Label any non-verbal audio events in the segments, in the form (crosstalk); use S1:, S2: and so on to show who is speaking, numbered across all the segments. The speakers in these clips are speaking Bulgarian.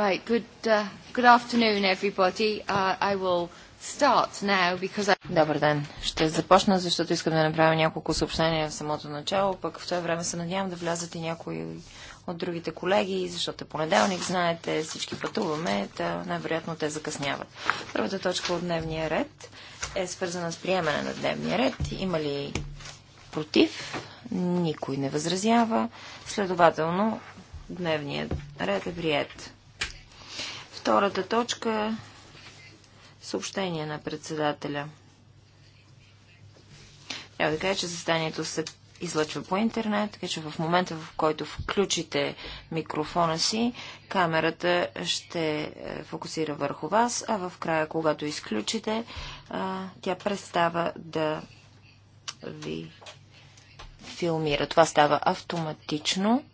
S1: Right, good, uh, good afternoon everybody. Uh, I will start now because I... Добър ден. Ще започна, защото искам да направя няколко съобщения в самото начало, пък в това време се надявам да влязат и някои от другите колеги, защото е понеделник, знаете, всички пътуваме, да най-вероятно те закъсняват. Първата точка от дневния ред е свързана с приемане на дневния ред. Има ли против? Никой не възразява. Следователно, дневният ред е прият. Втората точка е съобщение на председателя. Трябва да кажа, че застанието се излъчва по интернет, така че в момента, в който включите микрофона си, камерата ще е, фокусира върху вас, а в края, когато изключите, е, тя представа да ви филмира. Това става автоматично.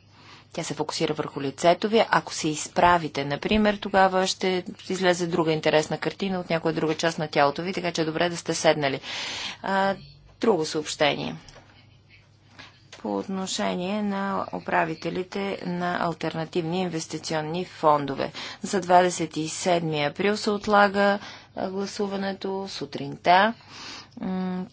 S1: Тя се фокусира върху лицето ви. Ако се изправите, например, тогава ще излезе друга интересна картина от някоя друга част на тялото ви, така че е добре да сте седнали. А, друго съобщение по отношение на управителите на альтернативни инвестиционни фондове. За 27 април се отлага гласуването сутринта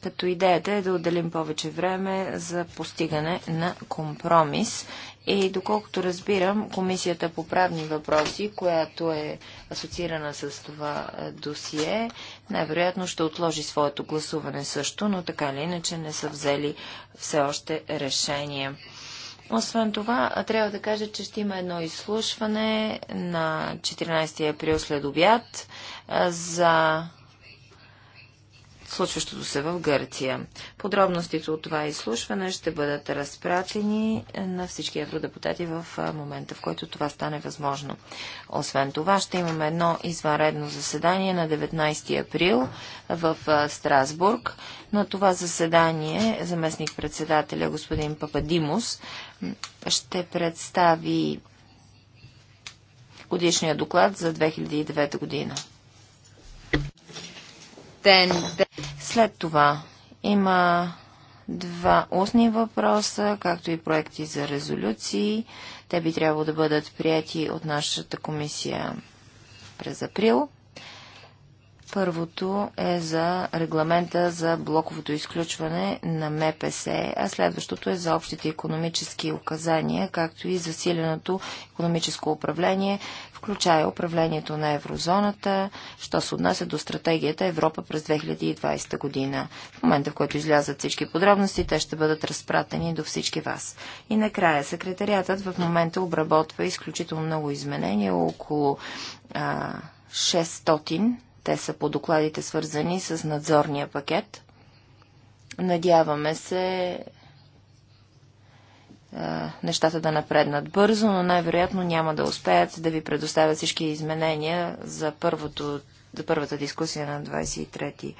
S1: като идеята е да отделим повече време за постигане на компромис. И доколкото разбирам, Комисията по правни въпроси, която е асоциирана с това е, досие, най-вероятно ще отложи своето гласуване също, но така или иначе не са взели все още решение. Освен това, трябва да кажа, че ще има едно изслушване на 14 април след обяд за случващото се в Гърция. Подробностите от това изслушване ще бъдат разпратени на всички евродепутати в момента, в който това стане възможно. Освен това, ще имаме едно извънредно заседание на 19 април в Страсбург. На това заседание заместник-председателя господин Пападимус ще представи годишния доклад за 2009 година. Then след това има два устни въпроса, както и проекти за резолюции. Те би трябвало да бъдат прияти от нашата комисия през април. Първото е за регламента за блоковото изключване на МПС, а следващото е за общите економически указания, както и засиленото економическо управление, включая управлението на еврозоната, що се отнася до стратегията Европа през 2020 година. В момента, в който излязат всички подробности, те ще бъдат разпратени до всички вас. И накрая, секретариатът в момента обработва изключително много изменения, около а, 600. Те са по докладите свързани с надзорния пакет. Надяваме се нещата да напреднат бързо, но най-вероятно няма да успеят да ви предоставят всички изменения за, първото, за първата дискусия на 23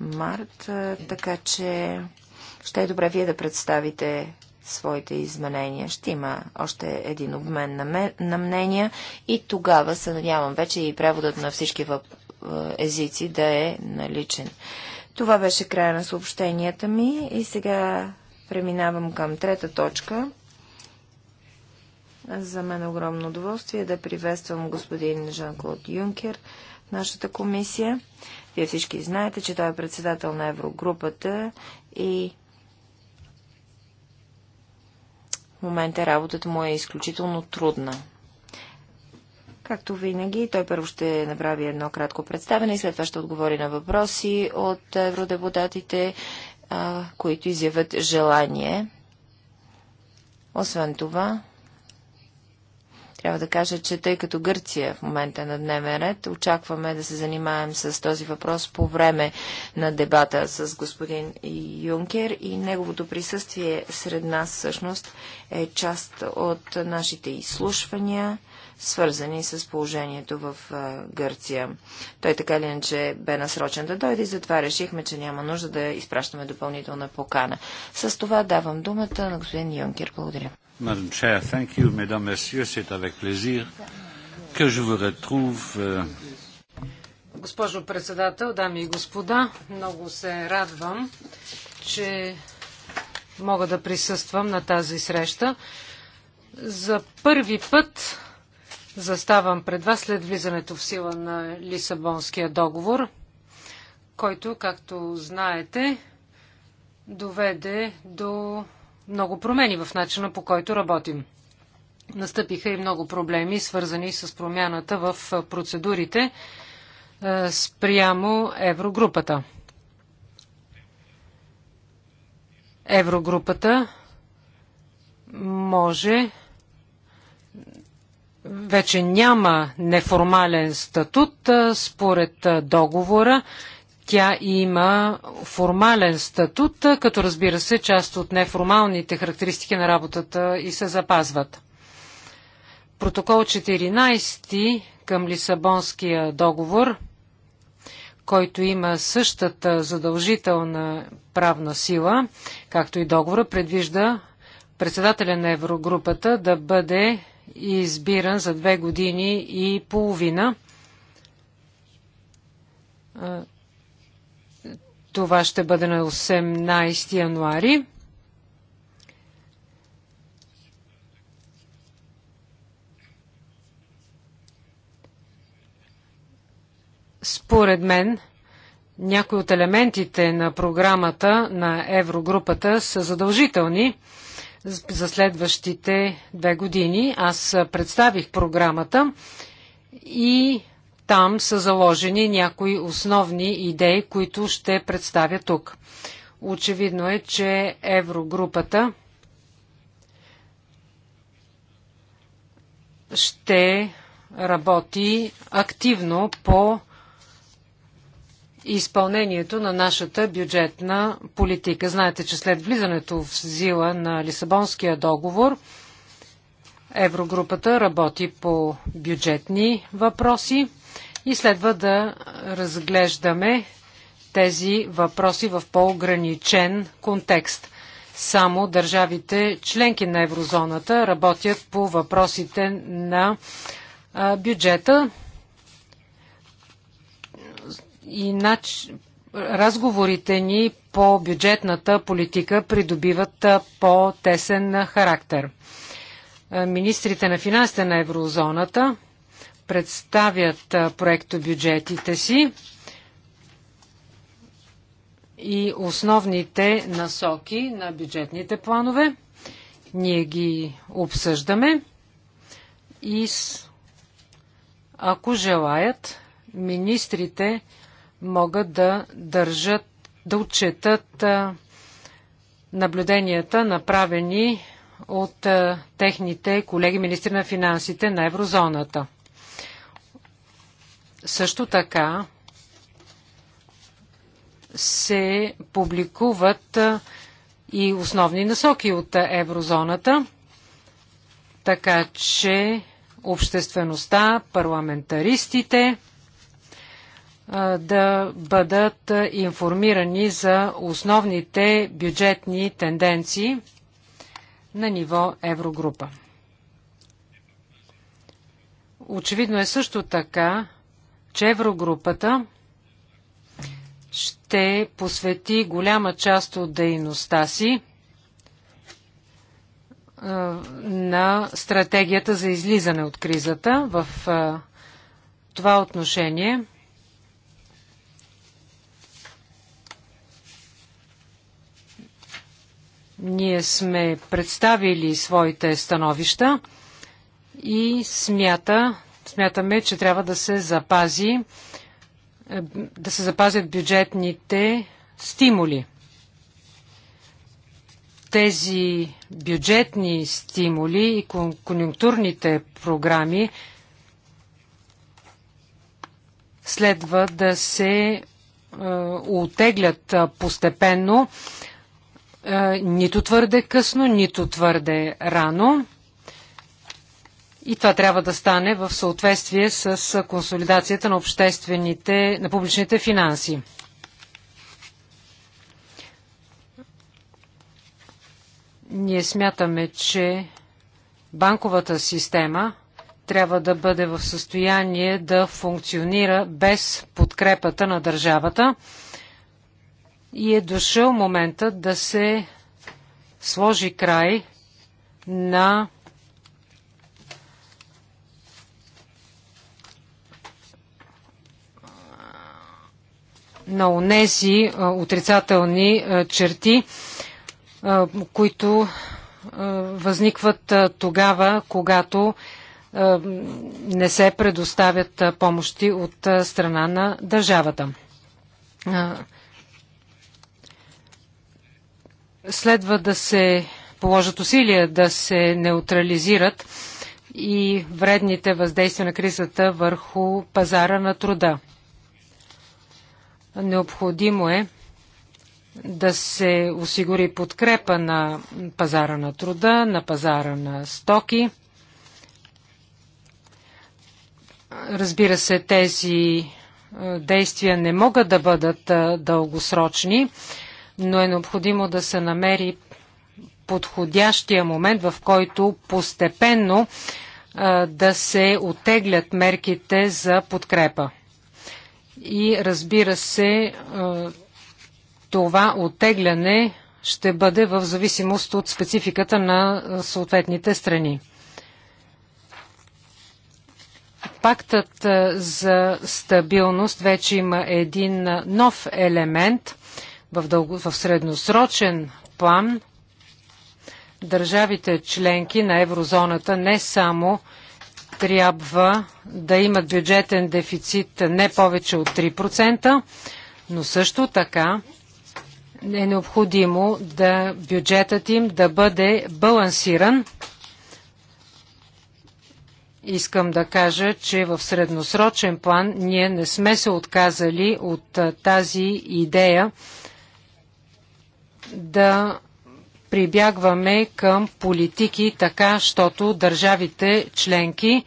S1: март, така че ще е добре вие да представите своите изменения. Ще има още един обмен на, ме, на мнения и тогава се надявам вече и преводът на всички въп, езици да е наличен. Това беше края на съобщенията ми и сега Преминавам към трета точка. За мен е огромно удоволствие е да приветствам господин Жан-Клод Юнкер в нашата комисия. Вие всички знаете, че той е председател на Еврогрупата и в момента работата му е изключително трудна. Както винаги, той първо ще направи едно кратко представене и след това ще отговори на въпроси от евродепутатите а, които изявят желание. Освен това, трябва да кажа, че тъй като Гърция в момента е на дневен ред, очакваме да се занимаем с този въпрос по време на дебата с господин Юнкер и неговото присъствие сред нас всъщност е част от нашите изслушвания свързани с положението в Гърция. Той така или иначе бе насрочен да дойде и затова решихме, че няма нужда да изпращаме допълнителна покана. С това давам думата на господин Юнкер. Благодаря.
S2: Madame Chair, thank you, mesdames, messieurs. C'est avec plaisir que je vous retrouve. Euh,
S3: Госпожо председател, дами и господа, много се радвам, че мога да присъствам на тази среща. За първи път заставам пред вас след влизането в сила на Лисабонския договор, който, както знаете, доведе до много промени в начина по който работим. Настъпиха и много проблеми, свързани с промяната в процедурите е, спрямо Еврогрупата. Еврогрупата може вече няма неформален статут според договора. Тя има формален статут, като разбира се, част от неформалните характеристики на работата и се запазват. Протокол 14 към Лисабонския договор, който има същата задължителна правна сила, както и договора, предвижда председателя на Еврогрупата да бъде избиран за две години и половина. Това ще бъде на 18 януари. Според мен, някои от елементите на програмата на Еврогрупата са задължителни за следващите две години. Аз представих програмата и там са заложени някои основни идеи, които ще представя тук. Очевидно е, че Еврогрупата ще работи активно по изпълнението на нашата бюджетна политика. Знаете, че след влизането в сила на Лисабонския договор, Еврогрупата работи по бюджетни въпроси и следва да разглеждаме тези въпроси в по-ограничен контекст. Само държавите членки на еврозоната работят по въпросите на бюджета и нач... разговорите ни по бюджетната политика придобиват по-тесен характер. Министрите на финансите на еврозоната представят проектобюджетите си и основните насоки на бюджетните планове. Ние ги обсъждаме и с... ако желаят, министрите могат да държат, да отчетат наблюденията, направени от техните колеги министри на финансите на еврозоната. Също така се публикуват и основни насоки от еврозоната, така че обществеността, парламентаристите, да бъдат информирани за основните бюджетни тенденции на ниво Еврогрупа. Очевидно е също така, че Еврогрупата ще посвети голяма част от дейността си на стратегията за излизане от кризата в това отношение – Ние сме представили своите становища и смята, смятаме, че трябва да се запази е, да се запазят бюджетните стимули. Тези бюджетни стимули и конъюнктурните програми следва да се е, отеглят постепенно е, нито твърде късно, нито твърде рано. И това трябва да стане в съответствие с консолидацията на обществените, на публичните финанси. Ние смятаме, че банковата система трябва да бъде в състояние да функционира без подкрепата на държавата и е дошъл момента да се сложи край на на унези отрицателни черти, които възникват тогава, когато не се предоставят помощи от страна на държавата. Следва да се положат усилия да се неутрализират и вредните въздействия на кризата върху пазара на труда. Необходимо е да се осигури подкрепа на пазара на труда, на пазара на стоки. Разбира се, тези действия не могат да бъдат дългосрочни но е необходимо да се намери подходящия момент, в който постепенно да се отеглят мерките за подкрепа. И разбира се, това отегляне ще бъде в зависимост от спецификата на съответните страни. Пактът за стабилност вече има един нов елемент, в, дълго, в средносрочен план държавите членки на еврозоната не само трябва да имат бюджетен дефицит не повече от 3%, но също така е необходимо да бюджетът им да бъде балансиран. Искам да кажа, че в средносрочен план ние не сме се отказали от тази идея да прибягваме към политики така, щото държавите членки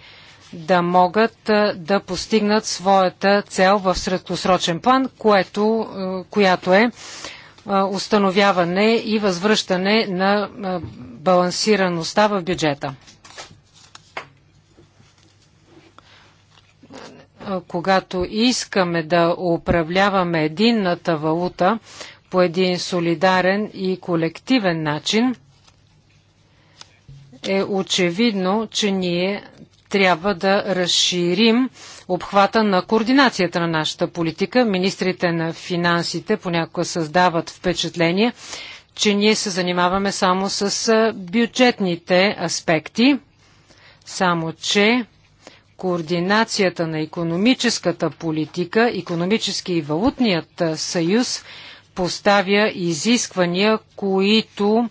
S3: да могат да постигнат своята цел в средкосрочен план, което, която е установяване и възвръщане на балансираността в бюджета. Когато искаме да управляваме единната валута, по един солидарен и колективен начин, е очевидно, че ние трябва да разширим обхвата на координацията на нашата политика. Министрите на финансите понякога създават впечатление, че ние се занимаваме само с бюджетните аспекти, само че координацията на економическата политика, економически и валутният съюз – поставя изисквания, които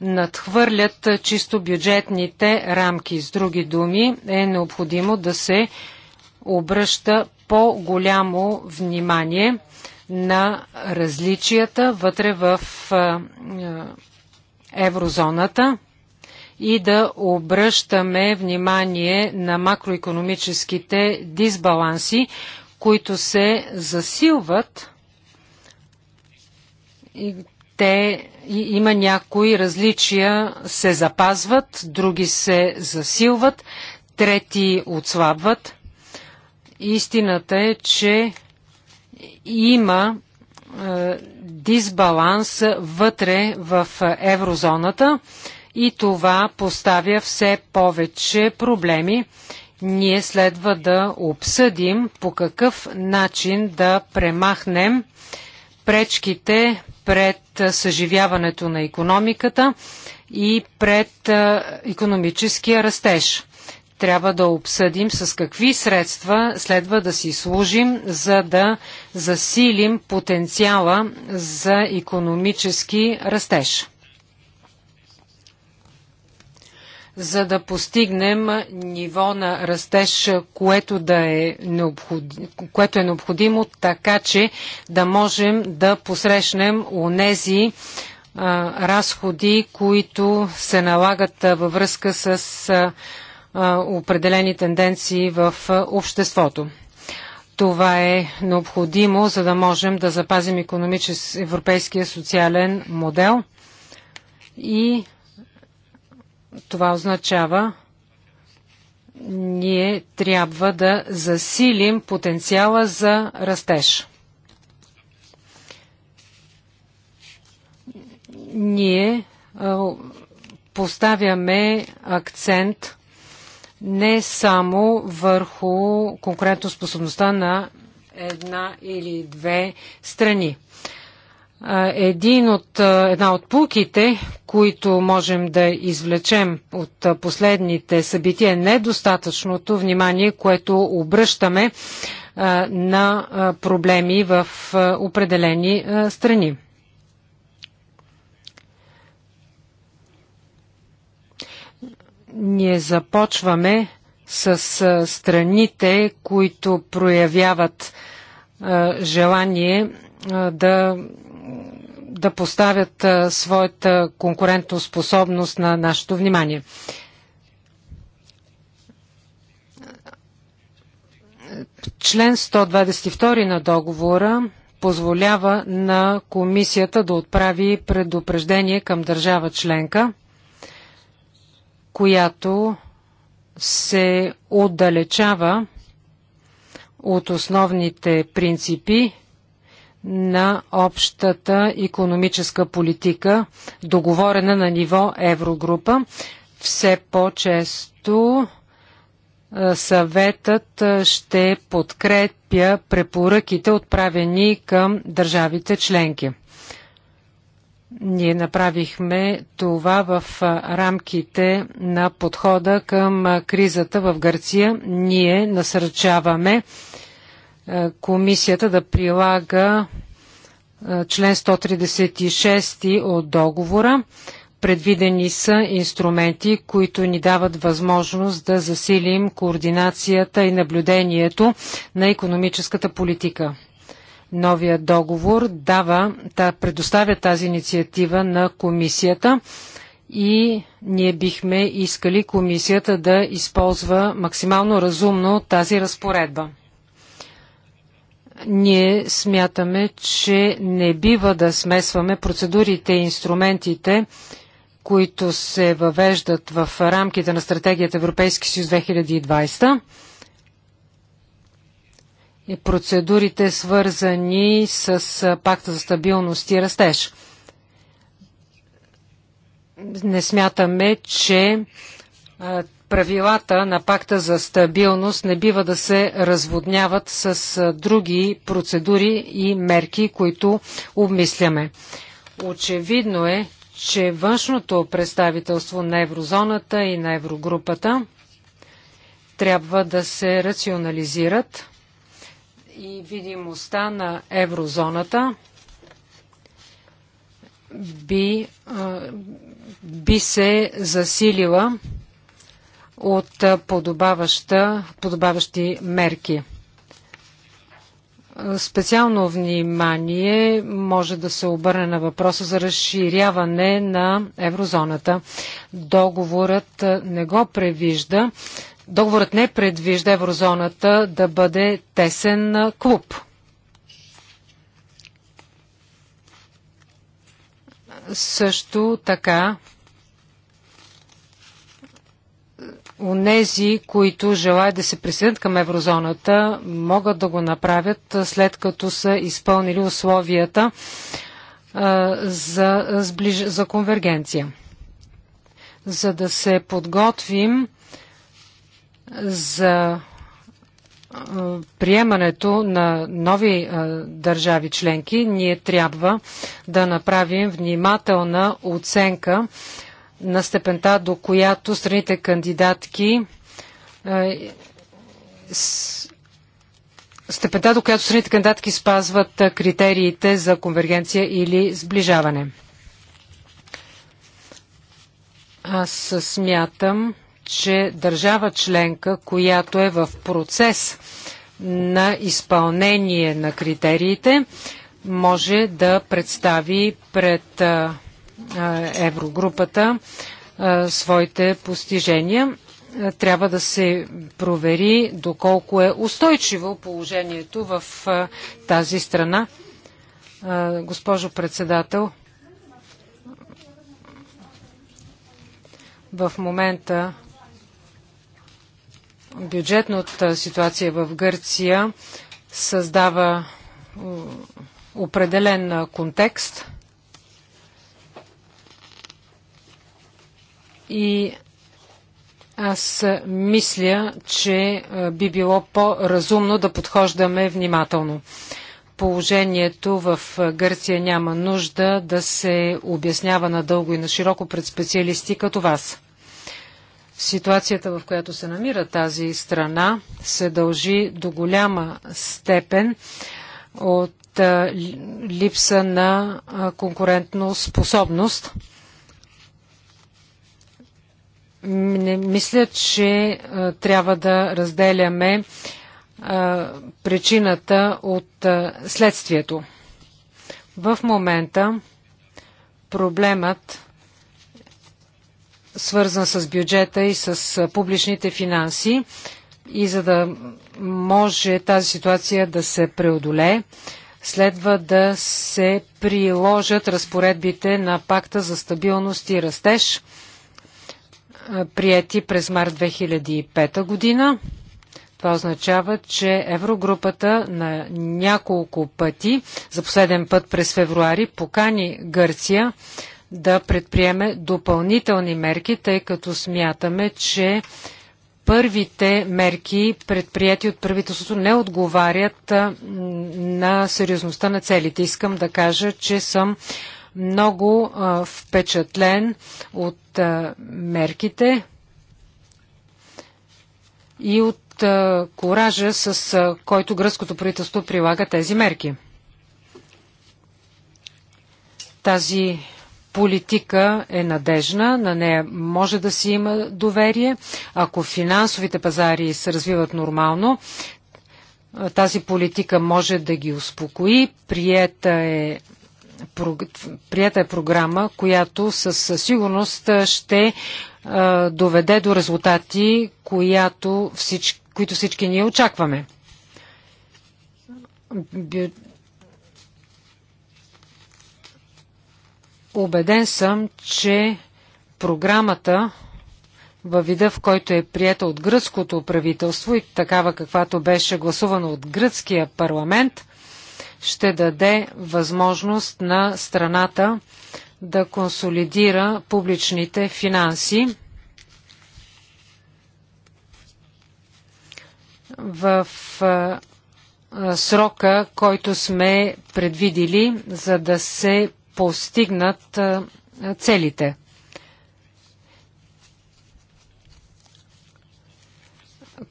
S3: надхвърлят чисто бюджетните рамки. С други думи, е необходимо да се обръща по-голямо внимание на различията вътре в еврозоната и да обръщаме внимание на макроекономическите дисбаланси, които се засилват и те и има някои различия се запазват, други се засилват, трети отслабват. Истината е, че има е, дисбаланс вътре в еврозоната и това поставя все повече проблеми. Ние следва да обсъдим по какъв начин да премахнем пречките пред съживяването на економиката и пред економическия растеж. Трябва да обсъдим с какви средства следва да си служим, за да засилим потенциала за економически растеж. за да постигнем ниво на растеж, което, да е, необходимо, което е необходимо, така че да можем да посрещнем онези разходи, които се налагат във връзка с а, определени тенденции в обществото. Това е необходимо, за да можем да запазим европейския социален модел и това означава, ние трябва да засилим потенциала за растеж. Ние поставяме акцент не само върху конкурентоспособността на една или две страни един от, една от пулките, които можем да извлечем от последните събития, е недостатъчното внимание, което обръщаме на проблеми в определени страни. Ние започваме с страните, които проявяват желание да да поставят своята конкурентоспособност на нашето внимание. Член 122 на договора позволява на комисията да отправи предупреждение към държава членка, която се отдалечава от основните принципи на общата економическа политика, договорена на ниво Еврогрупа. Все по-често съветът ще подкрепя препоръките, отправени към държавите членки. Ние направихме това в рамките на подхода към кризата в Гърция. Ние насърчаваме е, комисията да прилага е, член 136 от договора. Предвидени са инструменти, които ни дават възможност да засилим координацията и наблюдението на економическата политика. Новия договор дава, да предоставя тази инициатива на комисията и ние бихме искали комисията да използва максимално разумно тази разпоредба. Ние смятаме, че не бива да смесваме процедурите и инструментите, които се въвеждат в рамките на стратегията Европейски съюз 2020 и процедурите свързани с пакта за стабилност и растеж. Не смятаме, че правилата на пакта за стабилност не бива да се разводняват с други процедури и мерки, които обмисляме. Очевидно е, че външното представителство на еврозоната и на еврогрупата трябва да се рационализират и видимостта на еврозоната би, би се засилила от подобаващи мерки. Специално внимание може да се обърне на въпроса за разширяване на еврозоната. Договорът не го превижда. Договорът не предвижда еврозоната да бъде тесен клуб. Също така Онези, които желаят да се присъединят към еврозоната, могат да го направят след като са изпълнили условията за, сближ... за конвергенция. За да се подготвим за приемането на нови държави членки, ние трябва да направим внимателна оценка на степента, до която страните кандидатки степента, до която страните кандидатки спазват критериите за конвергенция или сближаване. Аз смятам, че държава членка, която е в процес на изпълнение на критериите, може да представи пред еврогрупата своите постижения. Трябва да се провери доколко е устойчиво положението в тази страна. Госпожо председател, в момента бюджетната ситуация в Гърция създава определен контекст. И аз мисля, че би било по-разумно да подхождаме внимателно. Положението в Гърция няма нужда да се обяснява надълго и на широко пред специалисти като вас. Ситуацията, в която се намира тази страна, се дължи до голяма степен от липса на конкурентно способност – не мисля, че трябва да разделяме причината от следствието. В момента проблемът, свързан с бюджета и с публичните финанси, и за да може тази ситуация да се преодолее, следва да се приложат разпоредбите на пакта за стабилност и растеж прияти през март 2005 година. Това означава, че Еврогрупата на няколко пъти, за последен път през февруари, покани Гърция да предприеме допълнителни мерки, тъй като смятаме, че първите мерки, предприяти от правителството, не отговарят на сериозността на целите. Искам да кажа, че съм много впечатлен от мерките и от коража, с който гръцкото правителство прилага тези мерки. Тази политика е надежна, на нея може да си има доверие. Ако финансовите пазари се развиват нормално, тази политика може да ги успокои. Приета е прията е програма, която със сигурност ще доведе до резултати, която всички, които всички ние очакваме. Обеден съм, че програмата във вида, в който е прията от гръцкото правителство и такава каквато беше гласувана от гръцкия парламент, ще даде възможност на страната да консолидира публичните финанси. в срока, който сме предвидили, за да се постигнат целите.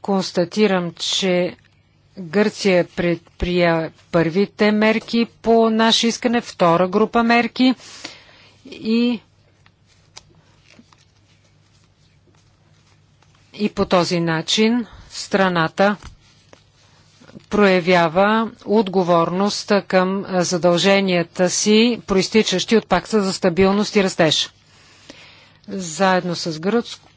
S3: Констатирам, че Гърция предприя първите мерки по наше искане, втора група мерки и и по този начин страната проявява отговорност към задълженията си, проистичащи от пакта за стабилност и растеж. Заедно с гръцко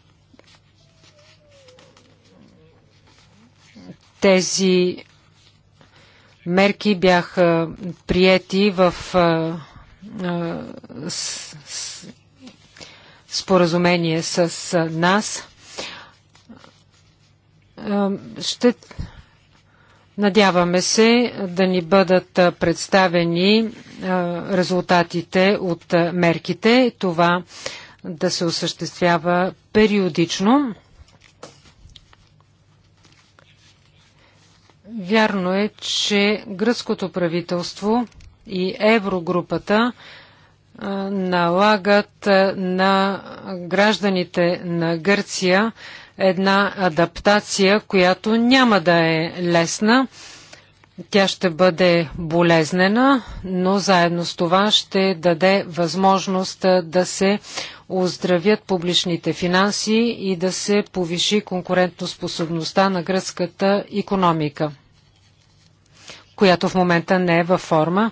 S3: Тези мерки бяха приети в споразумение с нас. Ще надяваме се да ни бъдат представени резултатите от мерките. Това да се осъществява периодично. Вярно е, че гръцкото правителство и еврогрупата налагат на гражданите на Гърция една адаптация, която няма да е лесна. Тя ще бъде болезнена, но заедно с това ще даде възможност да се оздравят публичните финанси и да се повиши конкурентоспособността на гръцката економика която в момента не е във форма.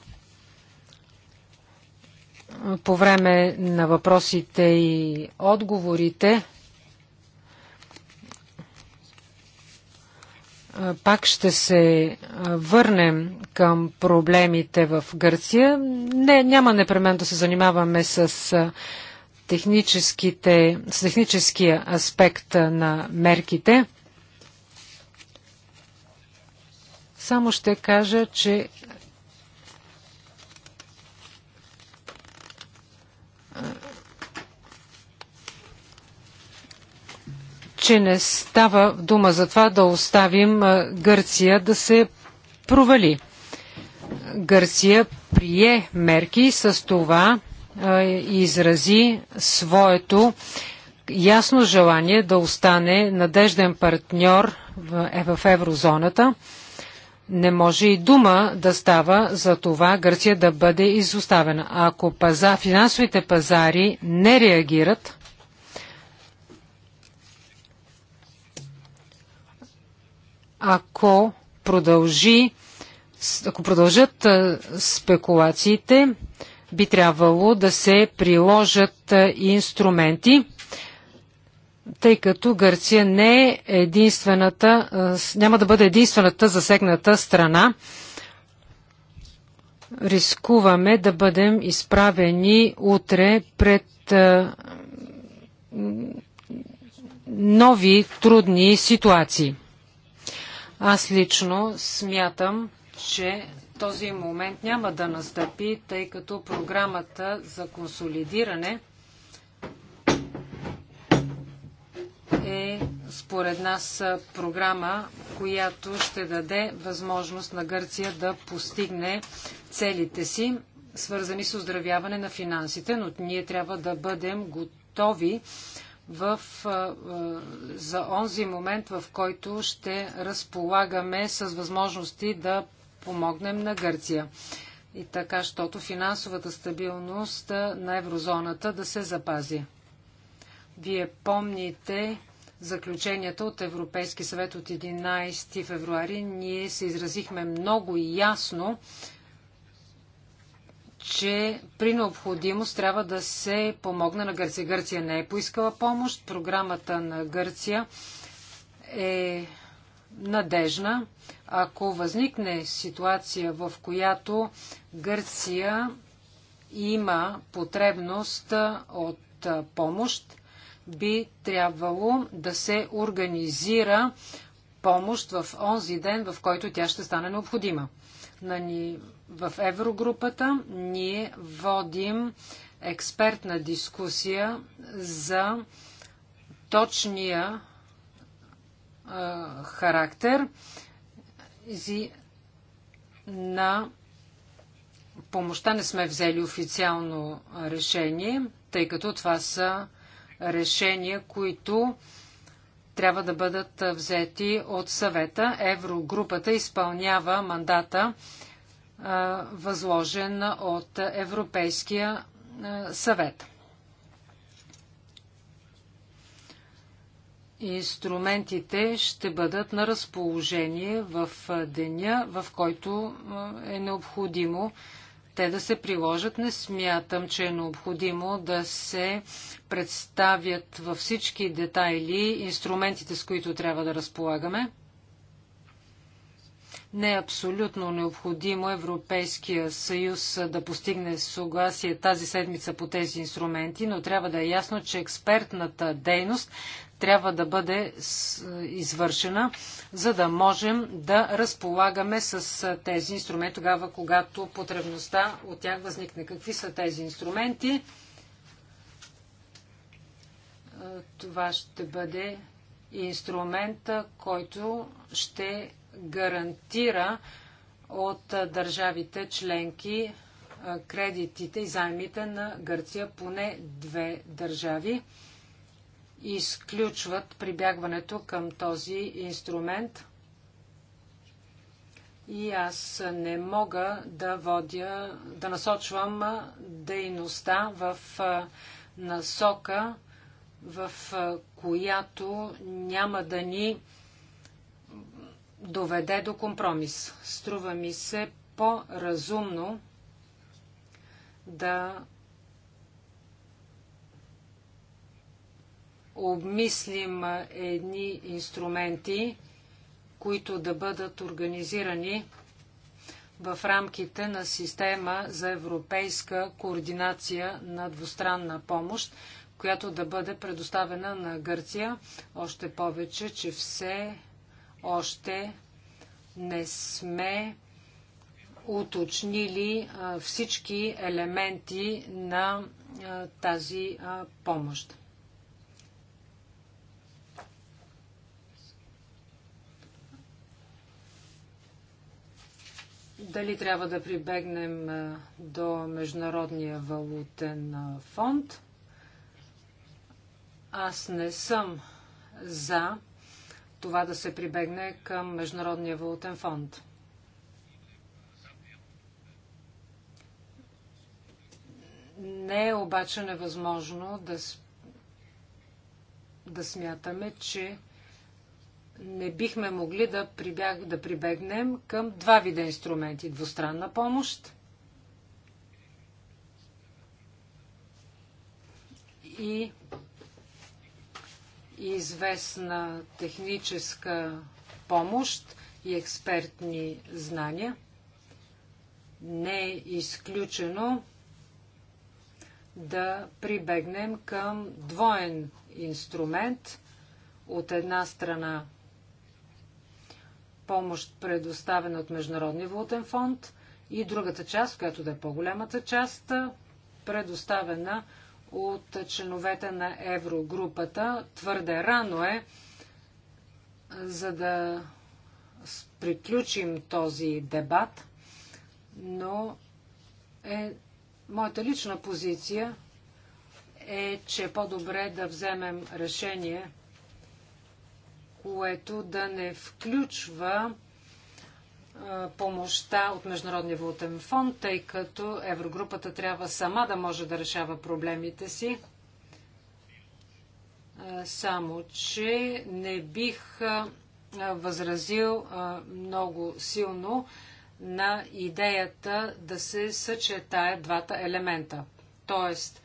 S3: По време на въпросите и отговорите пак ще се върнем към проблемите в Гърция. Не, няма непременно да се занимаваме с, техническите, с техническия аспект на мерките. Само ще кажа, че че не става дума за това да оставим Гърция да се провали. Гърция прие мерки с това и изрази своето ясно желание да остане надежден партньор в е, еврозоната. Не може и дума да става за това Гърция да бъде изоставена. Ако паза, финансовите пазари не реагират, ако продължи ако продължат спекулациите, би трябвало да се приложат инструменти, тъй като Гърция не е единствената, няма да бъде единствената засегната страна. Рискуваме да бъдем изправени утре пред нови трудни ситуации. Аз лично смятам, че този момент няма да настъпи, тъй като програмата за консолидиране – е според нас програма, която ще даде възможност на Гърция да постигне целите си, свързани с оздравяване на финансите, но ние трябва да бъдем готови в, за онзи момент, в който ще разполагаме с възможности да помогнем на Гърция. И така, щото финансовата стабилност на еврозоната да се запази. Вие помните заключенията от Европейски съвет от 11 февруари. Ние се изразихме много ясно, че при необходимост трябва да се помогне на Гърция. Гърция не е поискала помощ. Програмата на Гърция е надежна. Ако възникне ситуация, в която Гърция има потребност от помощ, би трябвало да се организира помощ в онзи ден, в който тя ще стане необходима. На ни, в Еврогрупата ние водим експертна дискусия за точния е, характер зи, на помощта. Не сме взели официално решение, тъй като това са решения, които трябва да бъдат взети от съвета. Еврогрупата изпълнява мандата възложен от Европейския съвет. Инструментите ще бъдат на разположение в деня, в който е необходимо те да се приложат. Не смятам, че е необходимо да се представят във всички детайли инструментите, с които трябва да разполагаме. Не е абсолютно необходимо Европейския съюз да постигне съгласие тази седмица по тези инструменти, но трябва да е ясно, че експертната дейност трябва да бъде извършена, за да можем да разполагаме с тези инструменти тогава, когато потребността от тях възникне. Какви са тези инструменти? Това ще бъде инструмент, който ще гарантира от държавите членки кредитите и займите на Гърция поне две държави изключват прибягването към този инструмент. И аз не мога да водя, да насочвам дейността в насока, в която няма да ни доведе до компромис. Струва ми се по-разумно да обмислим едни инструменти, които да бъдат организирани в рамките на система за европейска координация на двустранна помощ, която да бъде предоставена на Гърция, още повече, че все още не сме уточнили всички елементи на тази помощ. дали трябва да прибегнем до Международния валутен фонд. Аз не съм за това да се прибегне към Международния валутен фонд. Не е обаче невъзможно да, да смятаме, че не бихме могли да, прибег, да прибегнем към два вида инструменти. Двустранна помощ и известна техническа помощ и експертни знания. Не е изключено да прибегнем към двоен инструмент. От една страна помощ, предоставена от Международния валутен фонд, и другата част, която да е по-голямата част, предоставена от членовете на еврогрупата. Твърде рано е, за да приключим този дебат, но е, моята лична позиция е, че е по-добре да вземем решение което да не включва помощта от Международния валутен фонд, тъй като Еврогрупата трябва сама да може да решава проблемите си. Само, че не бих възразил много силно на идеята да се съчетаят двата елемента. Тоест,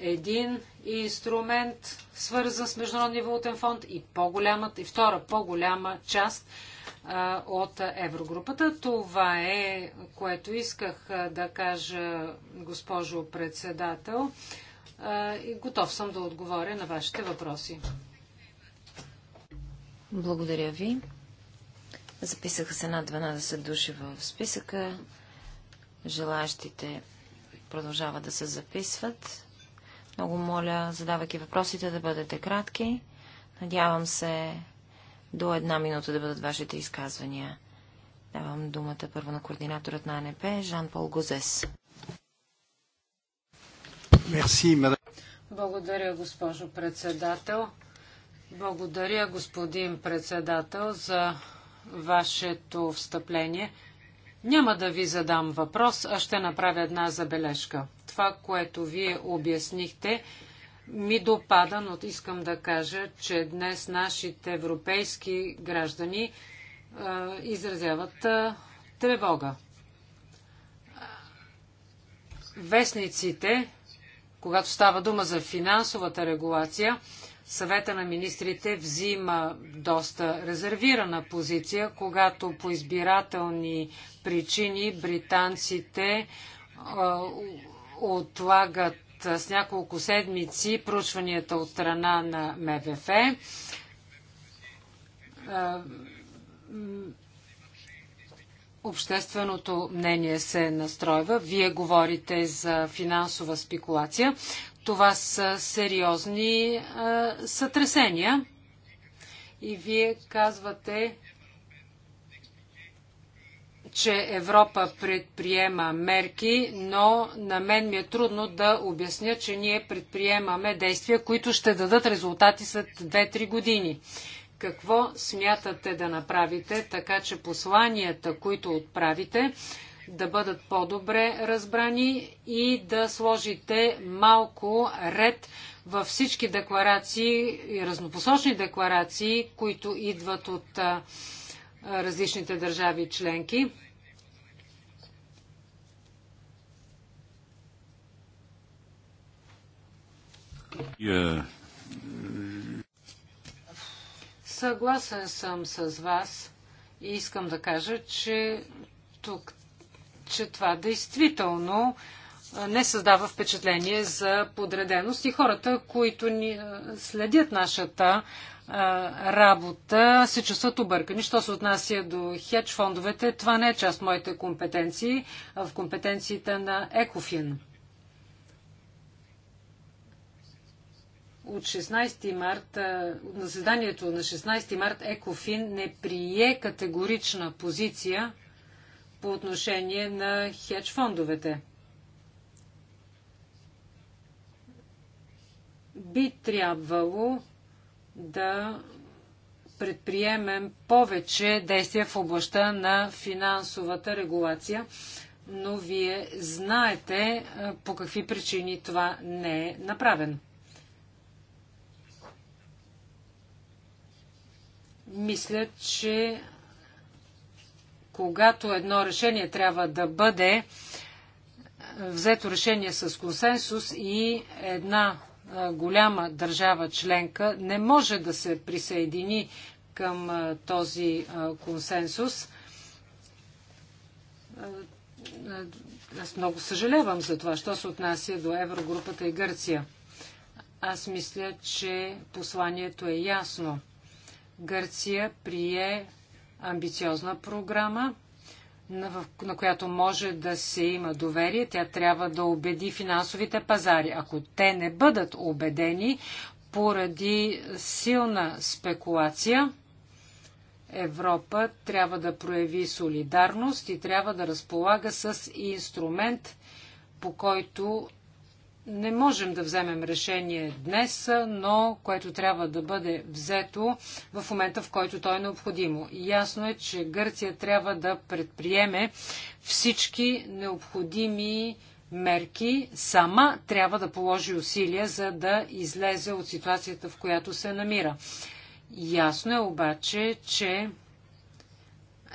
S3: един инструмент, свързан с Международния валутен фонд и, по-голямата, и втора по-голяма част а, от еврогрупата. Това е, което исках а, да кажа, госпожо председател. А, и готов съм да отговоря на вашите въпроси.
S1: Благодаря ви. Записаха се над 12 души в списъка. Желаящите продължават да се записват. Много моля, задавайки въпросите, да бъдете кратки. Надявам се до една минута да бъдат вашите изказвания. Давам думата първо на координаторът на АНП, Жан-Пол Гозес.
S3: Благодаря, госпожо председател. Благодаря, господин председател, за вашето встъпление. Няма да ви задам въпрос, а ще направя една забележка. Това, което вие обяснихте, ми допада, но искам да кажа, че днес нашите европейски граждани а, изразяват а, тревога. Вестниците, когато става дума за финансовата регулация, съвета на министрите взима доста резервирана позиция, когато по избирателни причини британците отлагат с няколко седмици проучванията от страна на МВФ. общественото мнение се настройва. Вие говорите за финансова спекулация, това са сериозни а, сътресения. И вие казвате, че Европа предприема мерки, но на мен ми е трудно да обясня, че ние предприемаме действия, които ще дадат резултати след 2-3 години. Какво смятате да направите, така че посланията, които отправите, да бъдат по-добре разбрани и да сложите малко ред във всички декларации и разнопосочни декларации, които идват от различните държави членки. Съгласен съм с вас и искам да кажа, че тук че това действително не създава впечатление за подреденост и хората, които ни следят нашата работа, се чувстват объркани. Що се отнася до хедж фондовете, това не е част от моите компетенции, а в компетенциите на Екофин. от 16 март, на заседанието на 16 март Екофин не прие категорична позиция по отношение на хедж фондовете. Би трябвало да предприемем повече действия в областта на финансовата регулация, но вие знаете е, по какви причини това не е направено. Мисля, че когато едно решение трябва да бъде е, взето решение с консенсус и една е, голяма държава членка не може да се присъедини към е, този консенсус. Аз много съжалявам за това, що се отнася до Еврогрупата и Гърция. Аз мисля, че посланието е ясно. Гърция прие амбициозна програма, на, на която може да се има доверие. Тя трябва да убеди финансовите пазари. Ако те не бъдат убедени поради силна спекулация, Европа трябва да прояви солидарност и трябва да разполага с инструмент, по който не можем да вземем решение днес, но което трябва да бъде взето в момента, в който то е необходимо. Ясно е, че Гърция трябва да предприеме всички необходими мерки, сама трябва да положи усилия, за да излезе от ситуацията, в която се намира. Ясно е обаче, че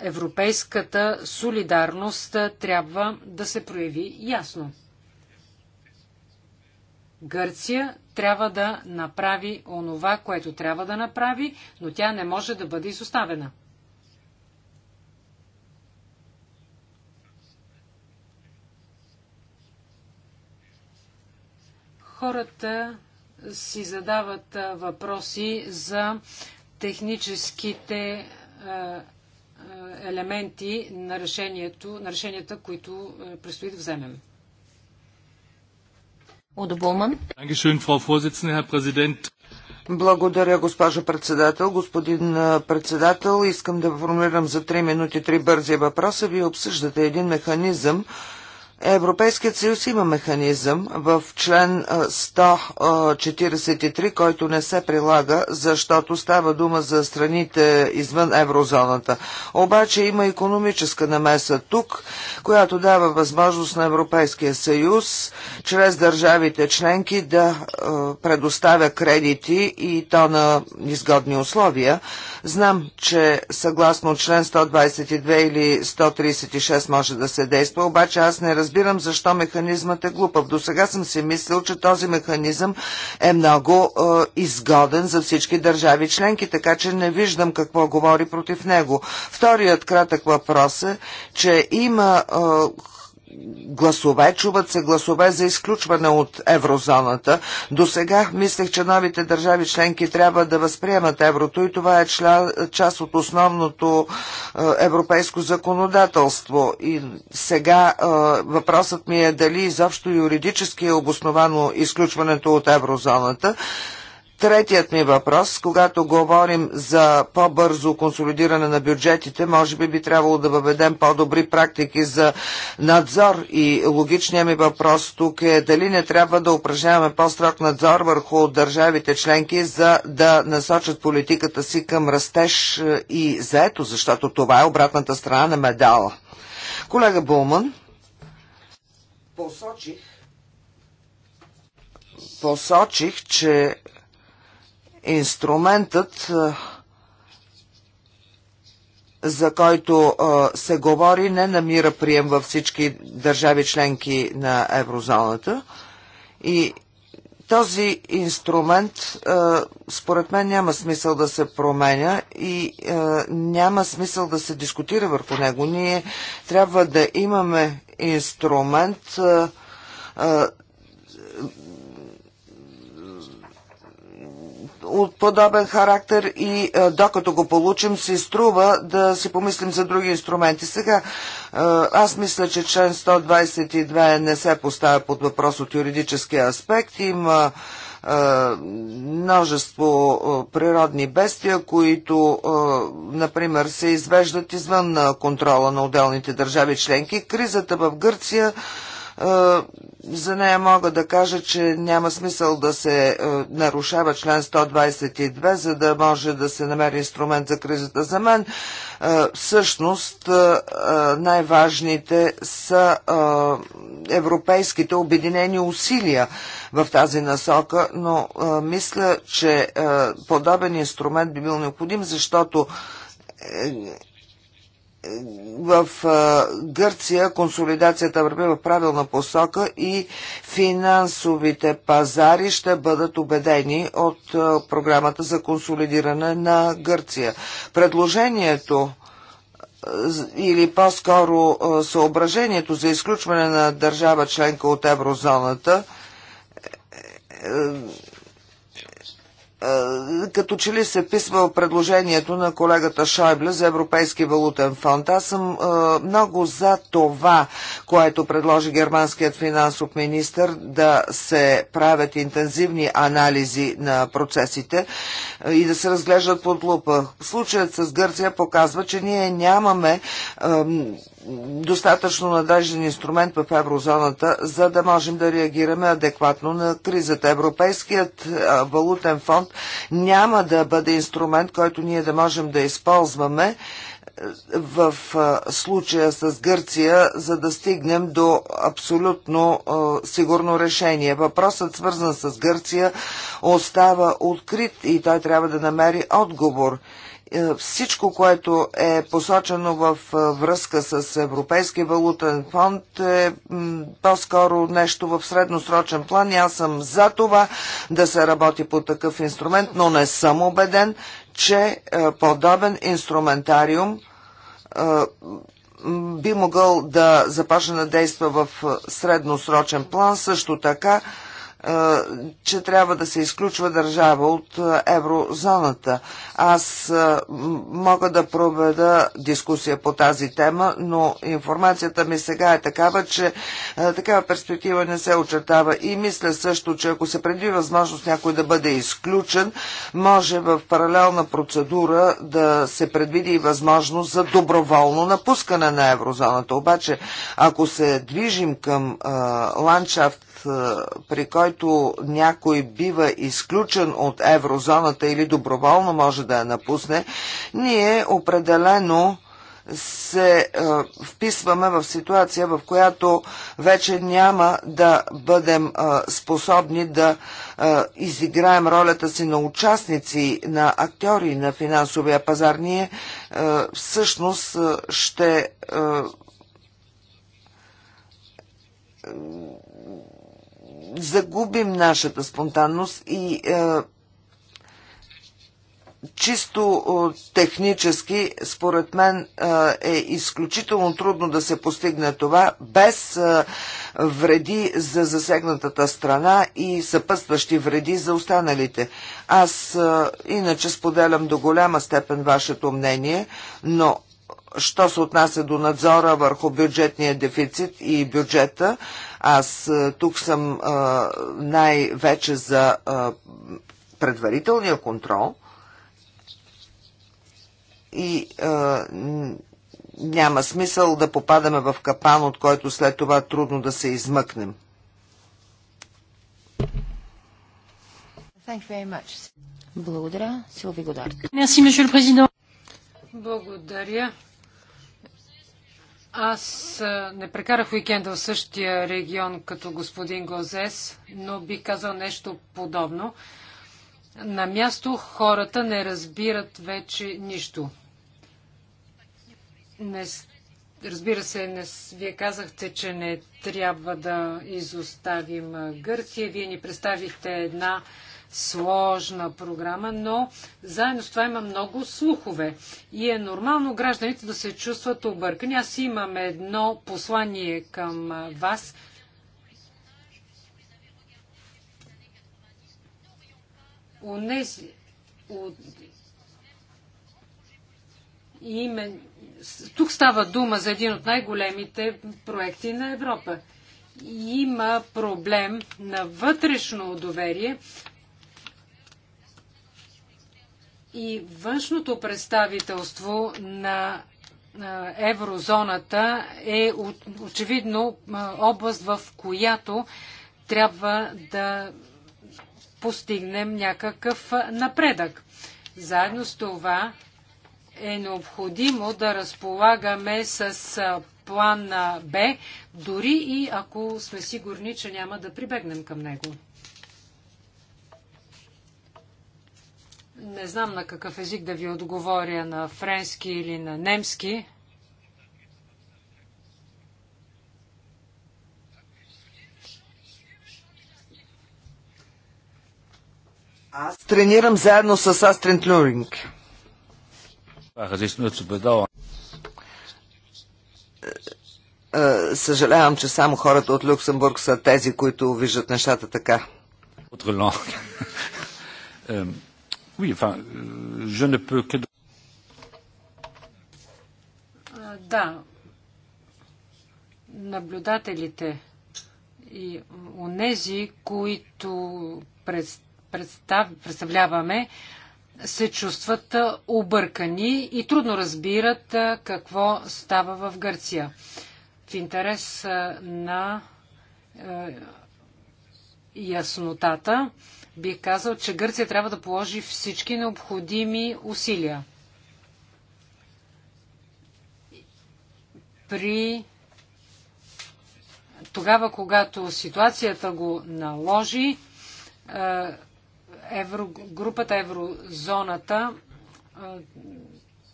S3: европейската солидарност трябва да се прояви ясно. Гърция трябва да направи онова, което трябва да направи, но тя не може да бъде изоставена. Хората си задават въпроси за техническите елементи на, решението, на решенията, които предстои да вземем.
S2: Благодаря, госпожо председател. Господин председател, искам да формулирам за 3 минути три бързи въпроса. Вие обсъждате един механизъм, Европейският съюз има механизъм в член 143, който не се прилага, защото става дума за страните извън еврозоната. Обаче има економическа намеса тук, която дава възможност на Европейския съюз чрез държавите членки да предоставя кредити и то на изгодни условия. Знам, че съгласно член 122 или 136 може да се действа, обаче аз не разбирам разбирам защо механизмът е глупав. До сега съм си мислил, че този механизъм е много е, изгоден за всички държави членки, така че не виждам какво говори против него. Вторият кратък въпрос е, че има е, гласове, чуват се гласове за изключване от еврозоната. До сега мислех, че новите държави членки трябва да възприемат еврото и това е чля, част от основното е, европейско законодателство. И сега е, въпросът ми е дали изобщо юридически е обосновано изключването от еврозоната. Третият ми въпрос, когато говорим за по-бързо консолидиране на бюджетите, може би би трябвало да въведем по-добри практики за надзор и логичният ми въпрос тук е дали не трябва да упражняваме по-строг надзор върху държавите членки, за да насочат политиката си към растеж е, и заето, защото това е обратната страна на медала. Колега Булман, посочих, посочих, че инструментът, за който се говори, не намира прием във всички държави членки на еврозоната. И този инструмент, според мен, няма смисъл да се променя и няма смисъл да се дискутира върху него. Ние трябва да имаме инструмент, от подобен характер и е, докато го получим, се струва да си помислим за други инструменти. Сега, е, аз мисля, че член 122 не се поставя под въпрос от юридическия аспект. Има е, множество природни бестия, които, например, се извеждат извън контрола на отделните държави членки. Кризата в Гърция е, за нея мога да кажа, че няма смисъл да се е, нарушава член 122, за да може да се намери инструмент за кризата. За мен е, всъщност най-важните са европейските обединени усилия в тази насока, но мисля, че подобен инструмент би бил необходим, защото в Гърция консолидацията върви в правилна посока и финансовите пазари ще бъдат убедени от програмата за консолидиране на Гърция. Предложението или по-скоро съображението за изключване на държава членка от еврозоната е, е, е, като че ли се писва в предложението на колегата Шойбле за Европейски валутен фонд. Аз съм е, много за това, което предложи германският финансов министр, да се правят интензивни анализи на процесите е, и да се разглеждат под лупа. Случаят с Гърция показва, че ние нямаме достатъчно надежден инструмент в еврозоната, за да можем да реагираме адекватно на кризата. Европейският валутен фонд няма да бъде инструмент, който ние да можем да използваме в случая с Гърция, за да стигнем до абсолютно сигурно решение. Въпросът, свързан с Гърция, остава открит и той трябва да намери отговор. Е, всичко, което е посочено в е, връзка с Европейски валутен фонд е по-скоро нещо в средносрочен план и аз съм за това да се работи по такъв инструмент, но не съм убеден, че е, подобен инструментариум би могъл да започне да действа в средносрочен план. Също така че трябва да се изключва държава от еврозоната. Аз мога да проведа дискусия по тази тема, но информацията ми сега е такава, че такава перспектива не се очертава и мисля също, че ако се преди възможност някой да бъде изключен, може в паралелна процедура да се предвиди и възможност за доброволно напускане на еврозоната. Обаче, ако се движим към ландшафт при който някой бива изключен от еврозоната или доброволно може да я напусне, ние определено се е, вписваме в ситуация, в която вече няма да бъдем е, способни да е, изиграем ролята си на участници, на актьори на финансовия пазар. Ние е, всъщност ще. Е, загубим нашата спонтанност и е, чисто технически, според мен, е, е изключително трудно да се постигне това без е, вреди за засегнатата страна и съпътстващи вреди за останалите. Аз е, иначе споделям до голяма степен вашето мнение, но що се отнася до надзора върху бюджетния дефицит и бюджета, аз е, тук съм е, най-вече за е, предварителния контрол и няма смисъл да попадаме в капан, от който след това трудно да се измъкнем.
S1: Благодаря.
S3: Благодаря. Аз не прекарах уикенда в същия регион като господин Гозес, но би казал нещо подобно. На място хората не разбират вече нищо. Не, разбира се, не, вие казахте, че не трябва да изоставим Гърция. Вие ни представихте една сложна програма, но заедно с това има много слухове. И е нормално гражданите да се чувстват объркани. Аз имам едно послание към вас. Унези, Тук става дума за един от най-големите проекти на Европа. Има проблем на вътрешно доверие и външното представителство на еврозоната е очевидно област, в която трябва да постигнем някакъв напредък. Заедно с това е необходимо да разполагаме с план Б, дори и ако сме сигурни, че няма да прибегнем към него. Не знам на какъв език да ви отговоря, на френски или на немски.
S2: Аз тренирам заедно с Астрин Тлюринг. Е, е, съжалявам, че само хората от Люксембург са тези, които виждат нещата така. (laughs) Oui, enfin, je ne peux que...
S3: Да, наблюдателите и онези, които представляваме, се чувстват объркани и трудно разбират какво става в Гърция. В интерес на е, яснотата, Бих казал, че Гърция трябва да положи всички необходими усилия. При тогава, когато ситуацията го наложи, е, групата еврозоната е,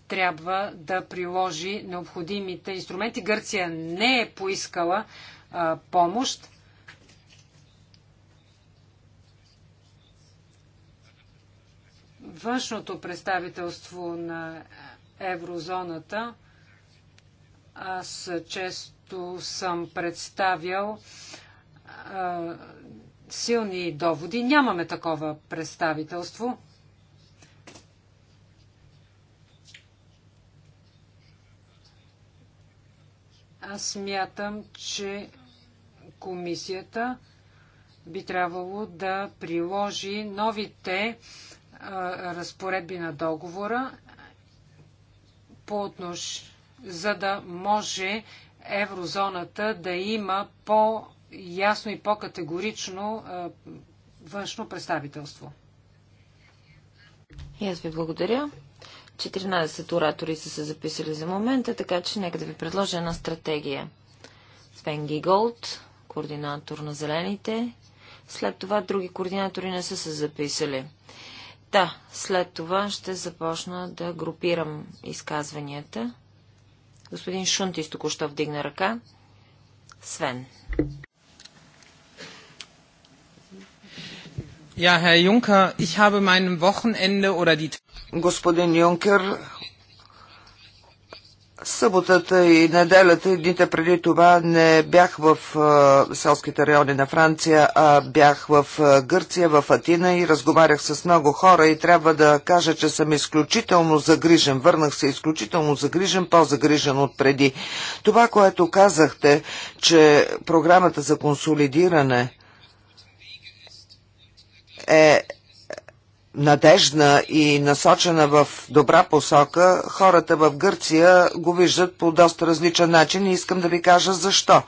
S3: трябва да приложи необходимите инструменти. Гърция не е поискала е, помощ външното представителство на еврозоната. Аз често съм представял а, силни доводи. Нямаме такова представителство. Аз смятам, че комисията би трябвало да приложи новите разпоредби на договора, по отнош... за да може еврозоната да има по-ясно и по-категорично външно представителство.
S1: И аз ви благодаря. 14 оратори са се записали за момента, така че нека да ви предложа една стратегия. Свен Гиголд, координатор на Зелените. След това други координатори не са се записали. Та, да, след това ще започна да групирам изказванията. Господин Шунтис току-що вдигна ръка. Свен.
S2: Ja, Herr Juncker, ich habe meinem Wochenende oder die... Господин Юнкер, съботата и неделята и дните преди това не бях в селските райони на Франция, а бях в Гърция, в Атина и разговарях с много хора и трябва да кажа, че съм изключително загрижен. Върнах се изключително загрижен, по-загрижен от преди. Това, което казахте, че програмата за консолидиране е надежна и насочена в добра посока, хората в Гърция го виждат по доста различен начин и искам да ви кажа защо.